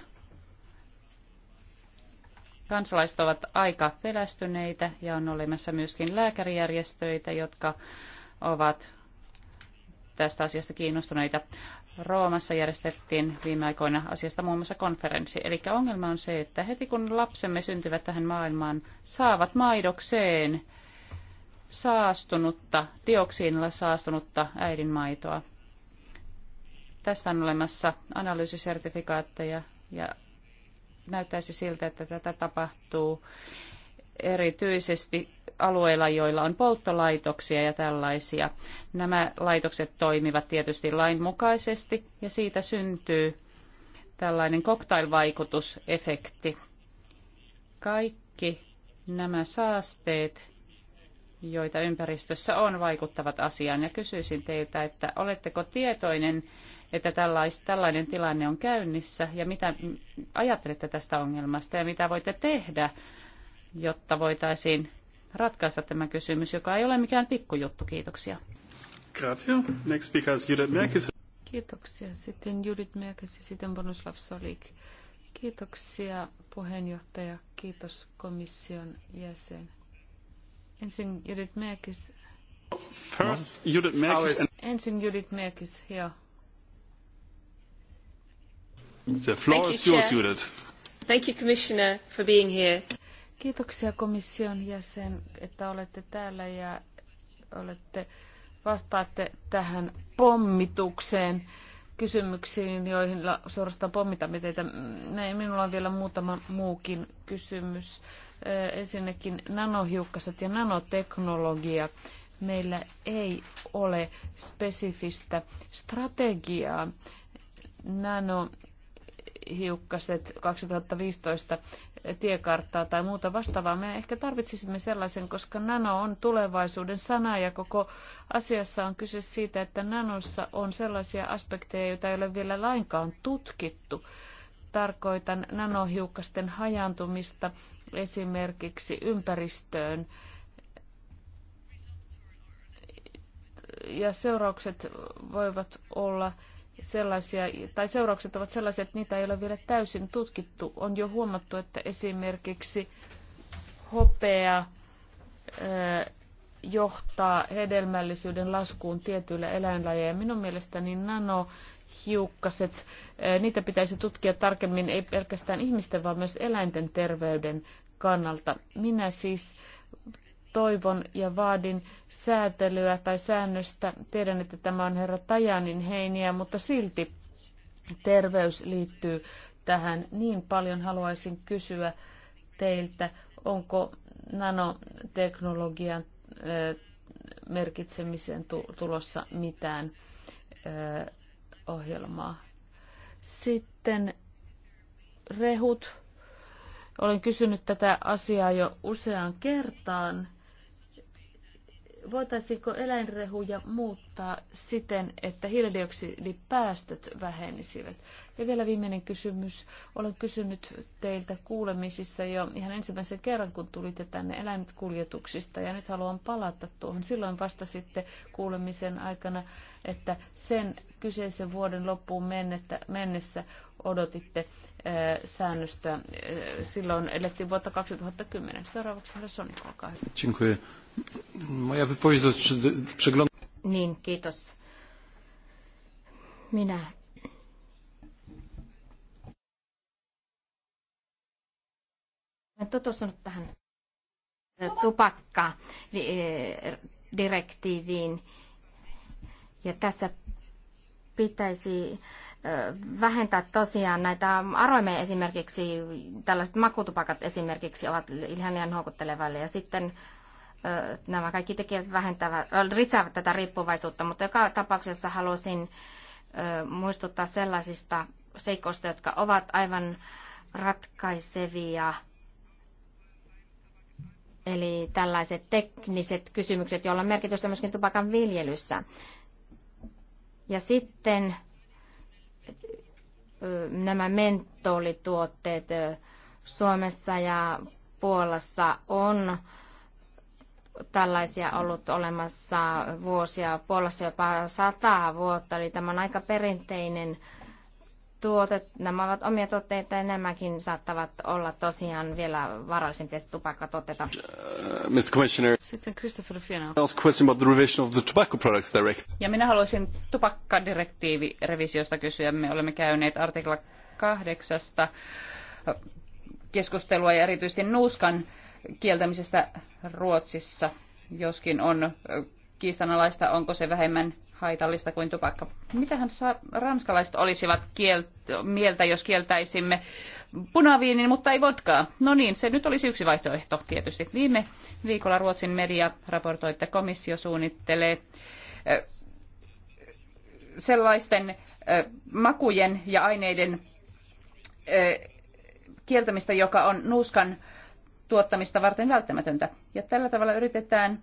S5: Kansalaiset ovat aika pelästyneitä ja on olemassa myöskin lääkärijärjestöitä, jotka ovat tästä asiasta kiinnostuneita. Roomassa järjestettiin viime aikoina asiasta muun muassa konferenssi. Eli ongelma on se, että heti kun lapsemme syntyvät tähän maailmaan, saavat maidokseen saastunutta, dioksiinilla saastunutta äidinmaitoa. Tässä on olemassa analyysisertifikaatteja ja näyttäisi siltä, että tätä tapahtuu erityisesti alueilla, joilla on polttolaitoksia ja tällaisia. Nämä laitokset toimivat tietysti lainmukaisesti ja siitä syntyy tällainen koktailvaikutusefekti. Kaikki nämä saasteet, joita ympäristössä on, vaikuttavat asiaan. Ja kysyisin teiltä, että oletteko tietoinen, että tällais, tällainen tilanne on käynnissä ja mitä ajattelette tästä ongelmasta ja mitä voitte tehdä, jotta voitaisiin ratkaista tämä kysymys, joka ei ole mikään pikkujuttu. Kiitoksia.
S1: Grazie. Next speaker is Judith Merkis.
S4: Kiitoksia. Sitten Judith Merkis ja sitten Bonuslav Solik. Kiitoksia puheenjohtaja. Kiitos komission jäsen. Ensin Judith Merkis.
S1: First Judith Merkis.
S4: Ensin Judith Merkis, joo.
S1: The floor Thank is yours, Judith.
S4: Thank you, Commissioner, for being here. Kiitoksia komission jäsen, että olette täällä ja olette, vastaatte tähän pommitukseen kysymyksiin, joihin suorastaan pommitamme teitä. Näin, mm, minulla on vielä muutama muukin kysymys. Ensinnäkin nanohiukkaset ja nanoteknologia. Meillä ei ole spesifistä strategiaa. nanohiukkaset 2015 tiekarttaa tai muuta vastaavaa. Me ehkä tarvitsisimme sellaisen, koska nano on tulevaisuuden sana ja koko asiassa on kyse siitä, että nanossa on sellaisia aspekteja, joita ei ole vielä lainkaan tutkittu. Tarkoitan nanohiukkasten hajantumista esimerkiksi ympäristöön. Ja seuraukset voivat olla sellaisia, tai seuraukset ovat sellaisia, että niitä ei ole vielä täysin tutkittu. On jo huomattu, että esimerkiksi hopea johtaa hedelmällisyyden laskuun tietyillä eläinlajeilla. Minun mielestäni nano hiukkaset, niitä pitäisi tutkia tarkemmin ei pelkästään ihmisten, vaan myös eläinten terveyden kannalta. Minä siis toivon ja vaadin säätelyä tai säännöstä. Tiedän, että tämä on herra Tajanin heiniä, mutta silti terveys liittyy tähän. Niin paljon haluaisin kysyä teiltä, onko nanoteknologian merkitsemisen tulossa mitään ohjelmaa. Sitten rehut. Olen kysynyt tätä asiaa jo useaan kertaan voitaisiinko eläinrehuja muuttaa siten, että hiilidioksidipäästöt vähenisivät? Ja vielä viimeinen kysymys. Olen kysynyt teiltä kuulemisissa jo ihan ensimmäisen kerran, kun tulitte tänne eläinkuljetuksista, ja nyt haluan palata tuohon. Silloin vastasitte kuulemisen aikana, että sen kyseisen vuoden loppuun mennessä odotitte säännöstöä. Silloin elettiin vuotta 2010. Seuraavaksi herra Sonik, olkaa hyvä.
S2: Dziękuję. Moja wypowiedź przeglądu...
S3: Niin, kiitos. Minä olen tutustunut tähän tupakkadirektiiviin. Ja tässä pitäisi vähentää tosiaan näitä aromeja esimerkiksi, tällaiset makutupakat esimerkiksi ovat ihan ihan houkuttelevalle. Ja sitten nämä kaikki tekijät vähentävät, ritsäävät tätä riippuvaisuutta, mutta joka tapauksessa halusin muistuttaa sellaisista seikoista, jotka ovat aivan ratkaisevia. Eli tällaiset tekniset kysymykset, joilla on merkitystä myöskin tupakan viljelyssä. Ja sitten nämä mentolituotteet Suomessa ja Puolassa on tällaisia ollut olemassa vuosia, Puolassa jopa sataa vuotta, eli tämä on aika perinteinen tuote. Nämä ovat omia tuotteita ja nämäkin saattavat olla tosiaan vielä varallisempia tupakkatuotteita. Uh,
S2: Mr. Commissioner.
S3: Sitten Christopher Fiona.
S1: question about the revision of the tobacco products directive.
S5: Ja minä haluaisin tupakkadirektiivi revisiosta kysyä. Me olemme käyneet artikla kahdeksasta keskustelua ja erityisesti nuuskan kieltämisestä Ruotsissa, joskin on kiistanalaista, onko se vähemmän haitallista kuin tupakka. Mitähän sa- ranskalaiset olisivat kiel- mieltä, jos kieltäisimme punaviinin, mutta ei vodkaa? No niin, se nyt olisi yksi vaihtoehto tietysti. Viime viikolla Ruotsin media raportoi, että komissio suunnittelee sellaisten makujen ja aineiden kieltämistä, joka on nuuskan tuottamista varten välttämätöntä. Ja tällä tavalla yritetään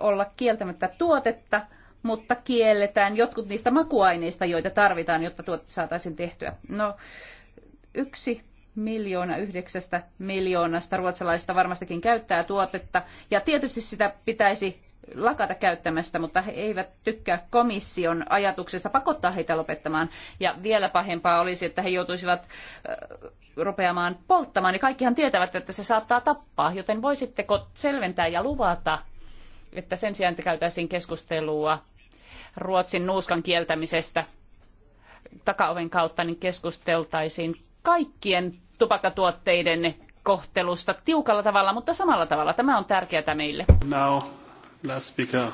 S5: olla kieltämättä tuotetta, mutta kielletään jotkut niistä makuaineista, joita tarvitaan, jotta tuotte saataisiin tehtyä. No, yksi miljoona yhdeksästä miljoonasta ruotsalaista varmastikin käyttää tuotetta, ja tietysti sitä pitäisi lakata käyttämästä, mutta he eivät tykkää komission ajatuksesta pakottaa heitä lopettamaan. Ja vielä pahempaa olisi, että he joutuisivat rupeamaan polttamaan. Niin kaikkihan tietävät, että se saattaa tappaa, joten voisitteko selventää ja luvata, että sen sijaan, että käytäisiin keskustelua ruotsin nuuskan kieltämisestä takaoven kautta, niin keskusteltaisiin kaikkien tupakkatuotteiden kohtelusta tiukalla tavalla, mutta samalla tavalla. Tämä on tärkeää meille.
S1: No. Last speaker.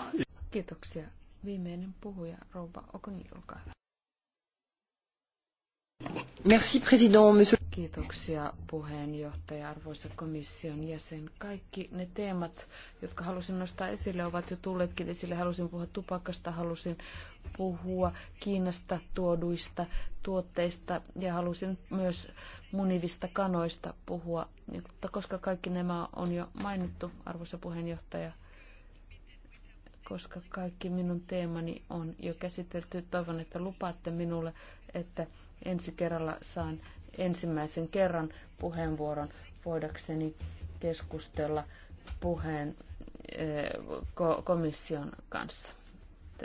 S5: Kiitoksia.
S4: Viimeinen puhuja, rouva Okoni, olkaa hyvä. Merci, monsieur. Kiitoksia puheenjohtaja, arvoisa komission jäsen. Kaikki ne teemat, jotka halusin nostaa esille, ovat jo tulleetkin esille. Halusin puhua tupakasta, halusin puhua Kiinasta tuoduista tuotteista ja halusin myös munivista kanoista puhua, koska kaikki nämä on jo mainittu, arvoisa puheenjohtaja koska kaikki minun teemani on jo käsitelty. Toivon, että lupaatte minulle, että ensi kerralla saan ensimmäisen kerran puheenvuoron voidakseni keskustella puheen eh, komission kanssa.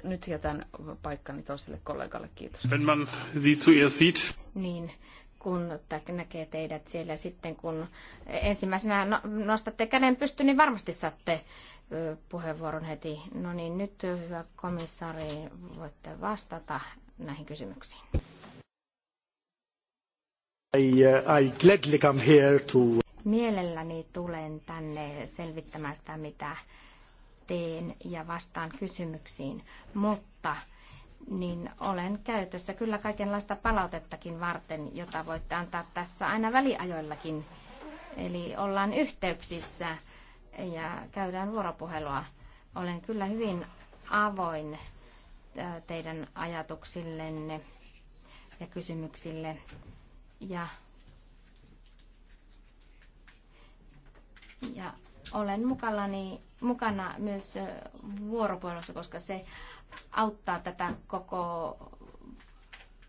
S4: Nyt jätän paikkani toiselle kollegalle.
S1: Kiitos. Wenn man sie zuerst sieht.
S3: Niin, kun näkee teidät siellä sitten, kun ensimmäisenä no, nostatte käden pystyyn, niin varmasti saatte puheenvuoron heti. No niin, nyt hyvä komissaari, voitte vastata näihin kysymyksiin.
S1: I, uh, I gladly come here to...
S3: Mielelläni tulen tänne selvittämään sitä, mitä teen ja vastaan kysymyksiin, mutta niin olen käytössä kyllä kaikenlaista palautettakin varten, jota voitte antaa tässä aina väliajoillakin. Eli ollaan yhteyksissä ja käydään vuoropuhelua. Olen kyllä hyvin avoin teidän ajatuksillenne ja kysymyksille. Ja, ja olen mukana, mukana myös vuoropuhelussa, koska se auttaa tätä koko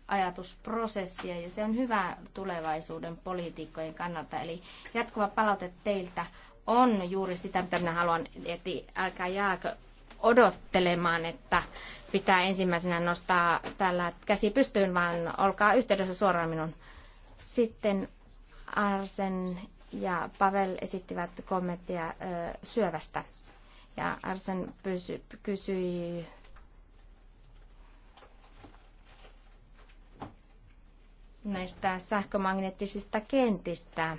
S3: ajatusprosessia ja se on hyvä tulevaisuuden poliitikkojen kannalta. Eli jatkuva palaute teiltä on juuri sitä, mitä minä haluan, että älkää jääkö odottelemaan, että pitää ensimmäisenä nostaa tällä käsi pystyyn, vaan olkaa yhteydessä suoraan minun. Sitten Arsen ja Pavel esittivät kommenttia ö, syövästä. Ja Arsen pysy, kysyi näistä sähkömagneettisista kentistä.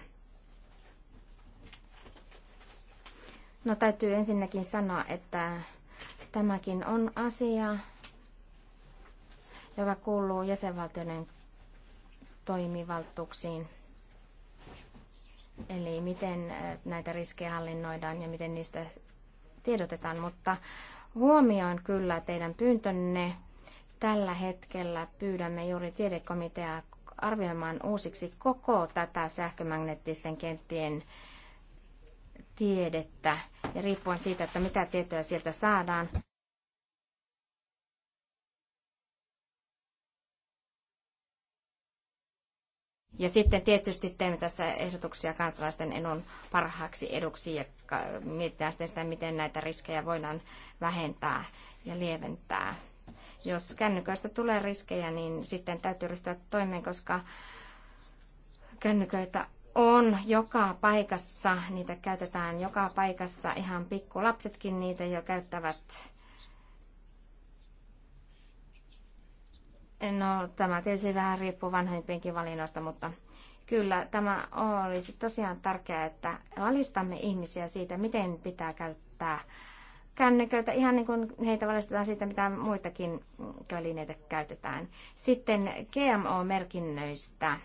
S3: No täytyy ensinnäkin sanoa, että tämäkin on asia, joka kuuluu jäsenvaltioiden toimivaltuuksiin. Eli miten äh, näitä riskejä hallinnoidaan ja miten niistä tiedotetaan, mutta huomioon kyllä teidän pyyntönne. Tällä hetkellä pyydämme juuri tiedekomiteaa arvioimaan uusiksi koko tätä sähkömagneettisten kenttien tiedettä ja riippuen siitä, että mitä tietoja sieltä saadaan. Ja sitten tietysti teemme tässä ehdotuksia kansalaisten edun parhaaksi eduksi ja mietitään sitten sitä, miten näitä riskejä voidaan vähentää ja lieventää. Jos kännyköistä tulee riskejä, niin sitten täytyy ryhtyä toimeen, koska kännyköitä on joka paikassa, niitä käytetään joka paikassa, ihan pikkulapsetkin niitä jo käyttävät. No, tämä tietysti vähän riippuu vanhempienkin valinnoista, mutta kyllä tämä olisi tosiaan tärkeää, että valistamme ihmisiä siitä, miten pitää käyttää kännyköitä, ihan niin kuin heitä valistetaan siitä, mitä muitakin välineitä käytetään. Sitten GMO-merkinnöistä.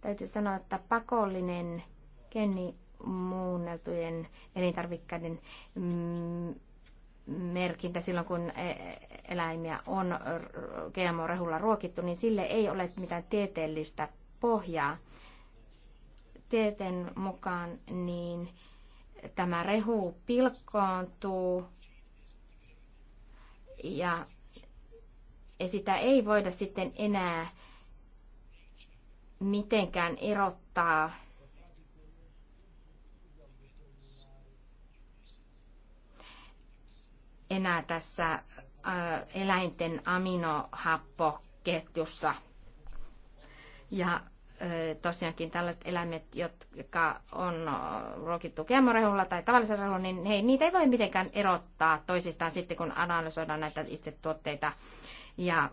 S3: Täytyy sanoa, että pakollinen muunneltujen elintarvikkeiden mm, merkintä silloin, kun e, eläimiä on GMO-rehulla ruokittu, niin sille ei ole mitään tieteellistä pohjaa. Tieteen mukaan niin tämä rehu pilkkoontuu ja sitä ei voida sitten enää mitenkään erottaa enää tässä äh, eläinten aminohappoketjussa. Ja tosiaankin tällaiset eläimet, jotka on ruokittu kemorehulla tai tavallisen rehulla, niin hei, niitä ei voi mitenkään erottaa toisistaan sitten, kun analysoidaan näitä itse tuotteita. Ja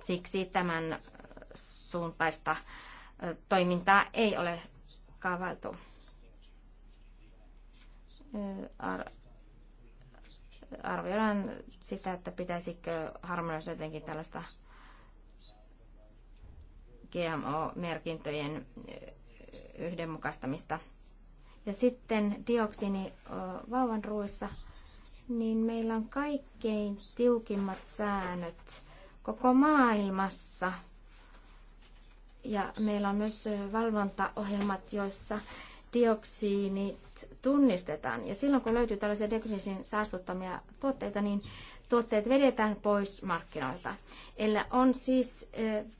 S3: siksi tämän suuntaista toimintaa ei ole kaavailtu. Arvioidaan sitä, että pitäisikö harmonisoida jotenkin tällaista GMO-merkintöjen eh, yhdenmukaistamista. Ja sitten dioksini eh, ruuissa, niin meillä on kaikkein tiukimmat säännöt koko maailmassa. Ja meillä on myös eh, valvontaohjelmat, joissa dioksiinit tunnistetaan. Ja silloin kun löytyy tällaisia dioksiinin saastuttamia tuotteita, niin tuotteet vedetään pois markkinoilta. Eli on siis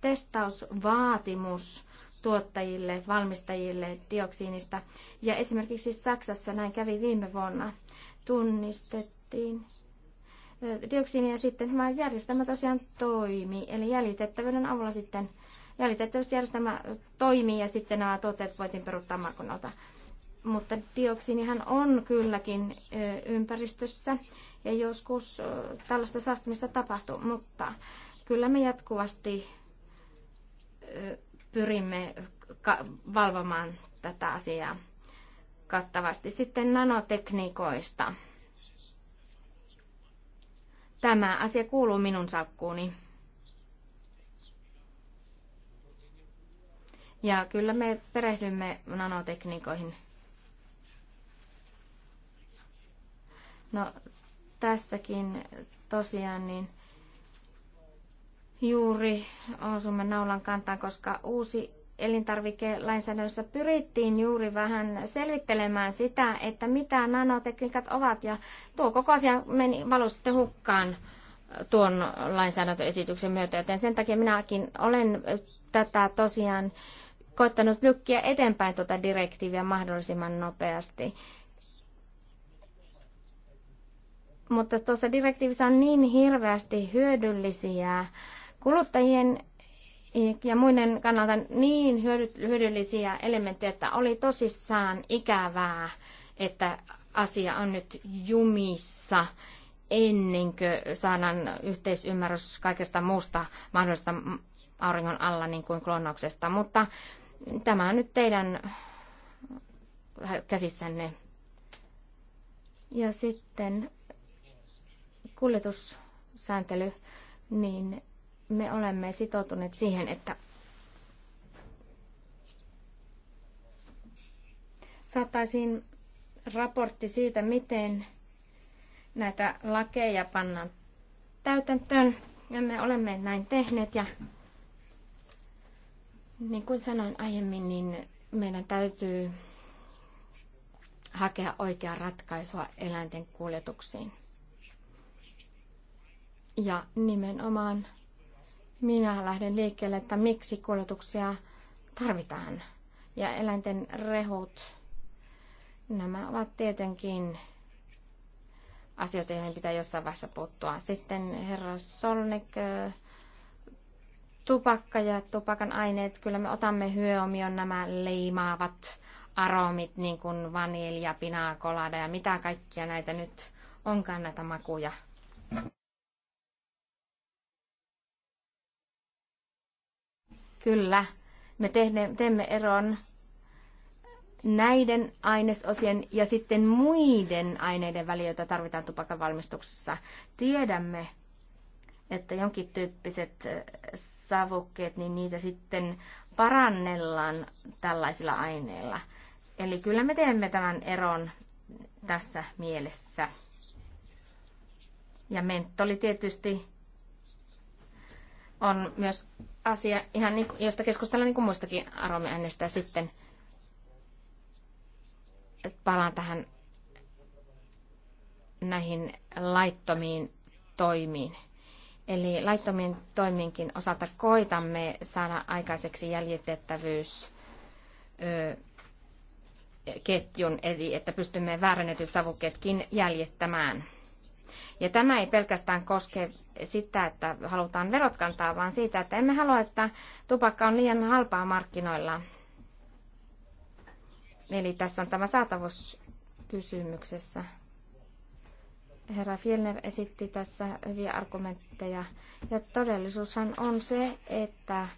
S3: testausvaatimus tuottajille, valmistajille dioksiinista. Ja esimerkiksi Saksassa näin kävi viime vuonna. Tunnistettiin dioksiini ja sitten tämä järjestelmä tosiaan toimii. Eli jäljitettävyyden avulla sitten jäljitettävyysjärjestelmä toimii ja sitten nämä tuotteet voitiin peruuttaa markkinoilta. Mutta dioksiinihan on kylläkin ympäristössä ja joskus tällaista säästymistä tapahtuu, mutta kyllä me jatkuvasti pyrimme valvomaan tätä asiaa kattavasti. Sitten nanotekniikoista. Tämä asia kuuluu minun salkkuuni. Ja kyllä me perehdymme nanotekniikoihin. No, tässäkin tosiaan niin juuri osumme naulan kantaan, koska uusi elintarvikelainsäädännössä pyrittiin juuri vähän selvittelemään sitä, että mitä nanotekniikat ovat. Ja tuo koko asia meni sitten hukkaan tuon lainsäädäntöesityksen myötä, joten sen takia minäkin olen tätä tosiaan koittanut lykkiä eteenpäin tuota direktiiviä mahdollisimman nopeasti mutta tuossa direktiivissä on niin hirveästi hyödyllisiä kuluttajien ja muiden kannalta niin hyödyllisiä elementtejä, että oli tosissaan ikävää, että asia on nyt jumissa ennen kuin saadaan yhteisymmärrys kaikesta muusta mahdollisesta auringon alla niin kuin klonauksesta. Mutta tämä on nyt teidän käsissänne. Ja sitten kuljetussääntely, niin me olemme sitoutuneet siihen, että saataisiin raportti siitä, miten näitä lakeja pannaan täytäntöön. Ja me olemme näin tehneet ja niin kuin sanoin aiemmin, niin meidän täytyy hakea oikea ratkaisua eläinten kuljetuksiin. Ja nimenomaan minä lähden liikkeelle, että miksi kuljetuksia tarvitaan. Ja eläinten rehut, nämä ovat tietenkin asioita, joihin pitää jossain vaiheessa puuttua. Sitten herra Solnik, tupakka ja tupakan aineet, kyllä me otamme hyöomion nämä leimaavat aromit, niin kuin vanilja, pinaa, kolada ja mitä kaikkia näitä nyt onkaan näitä makuja. Kyllä, me tehne, teemme eron näiden ainesosien ja sitten muiden aineiden väliä, joita tarvitaan tupakan valmistuksessa. Tiedämme, että jonkin tyyppiset savukkeet, niin niitä sitten parannellaan tällaisilla aineilla. Eli kyllä me teemme tämän eron tässä mielessä. Ja mentoli tietysti on myös asia, ihan niin, josta keskustellaan niin kuin muistakin ja sitten. Palaan tähän näihin laittomiin toimiin. Eli laittomiin toimiinkin osalta koitamme saada aikaiseksi jäljitettävyys ketjun, eli että pystymme väärännetyt savukkeetkin jäljittämään – ja tämä ei pelkästään koske sitä, että halutaan verot kantaa, vaan siitä, että emme halua, että tupakka on liian halpaa markkinoilla. Eli tässä on tämä saatavuus kysymyksessä. Herra Fjellner esitti tässä hyviä argumentteja. Ja todellisuushan on se, että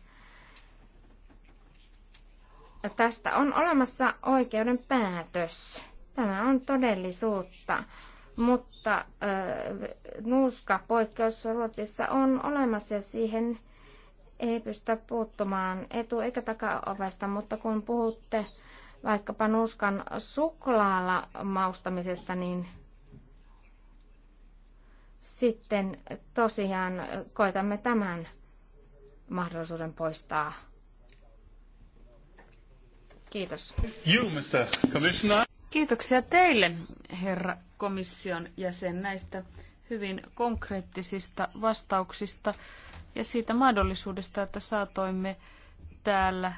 S3: tästä on olemassa oikeuden päätös. Tämä on todellisuutta mutta äh, nuuska poikkeus Ruotsissa on olemassa ja siihen ei pystytä puuttumaan etu- eikä takaovesta, mutta kun puhutte vaikkapa nuuskan suklaalla maustamisesta, niin sitten tosiaan koitamme tämän mahdollisuuden poistaa. Kiitos.
S1: You, Mr. Commissioner.
S4: Kiitoksia teille, herra komission jäsen näistä hyvin konkreettisista vastauksista ja siitä mahdollisuudesta, että saatoimme täällä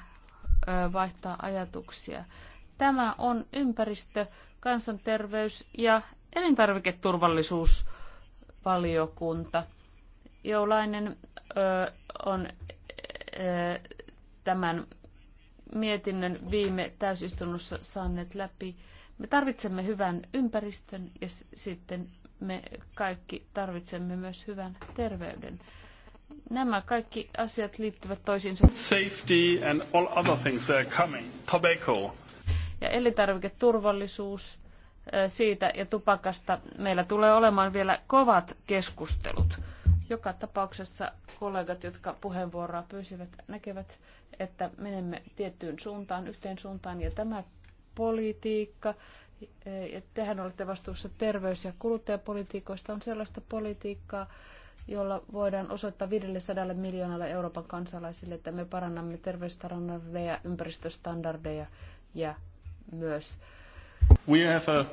S4: vaihtaa ajatuksia. Tämä on ympäristö, kansanterveys ja elintarviketurvallisuusvaliokunta, Joulainen on tämän mietinnön viime täysistunnossa saaneet läpi me tarvitsemme hyvän ympäristön ja sitten me kaikki tarvitsemme myös hyvän terveyden. Nämä kaikki asiat liittyvät toisiinsa.
S1: Safety and all other things are coming. Tobacco.
S4: Ja elintarviketurvallisuus siitä ja tupakasta. Meillä tulee olemaan vielä kovat keskustelut. Joka tapauksessa kollegat, jotka puheenvuoroa pyysivät, näkevät, että menemme tiettyyn suuntaan, yhteen suuntaan, ja tämä politiikka, eh, ja tehän olette vastuussa terveys- ja kuluttajapolitiikoista, on sellaista politiikkaa, jolla voidaan osoittaa 500 miljoonalle Euroopan kansalaisille, että me parannamme terveysstandardeja, ympäristöstandardeja ja myös
S1: We have a...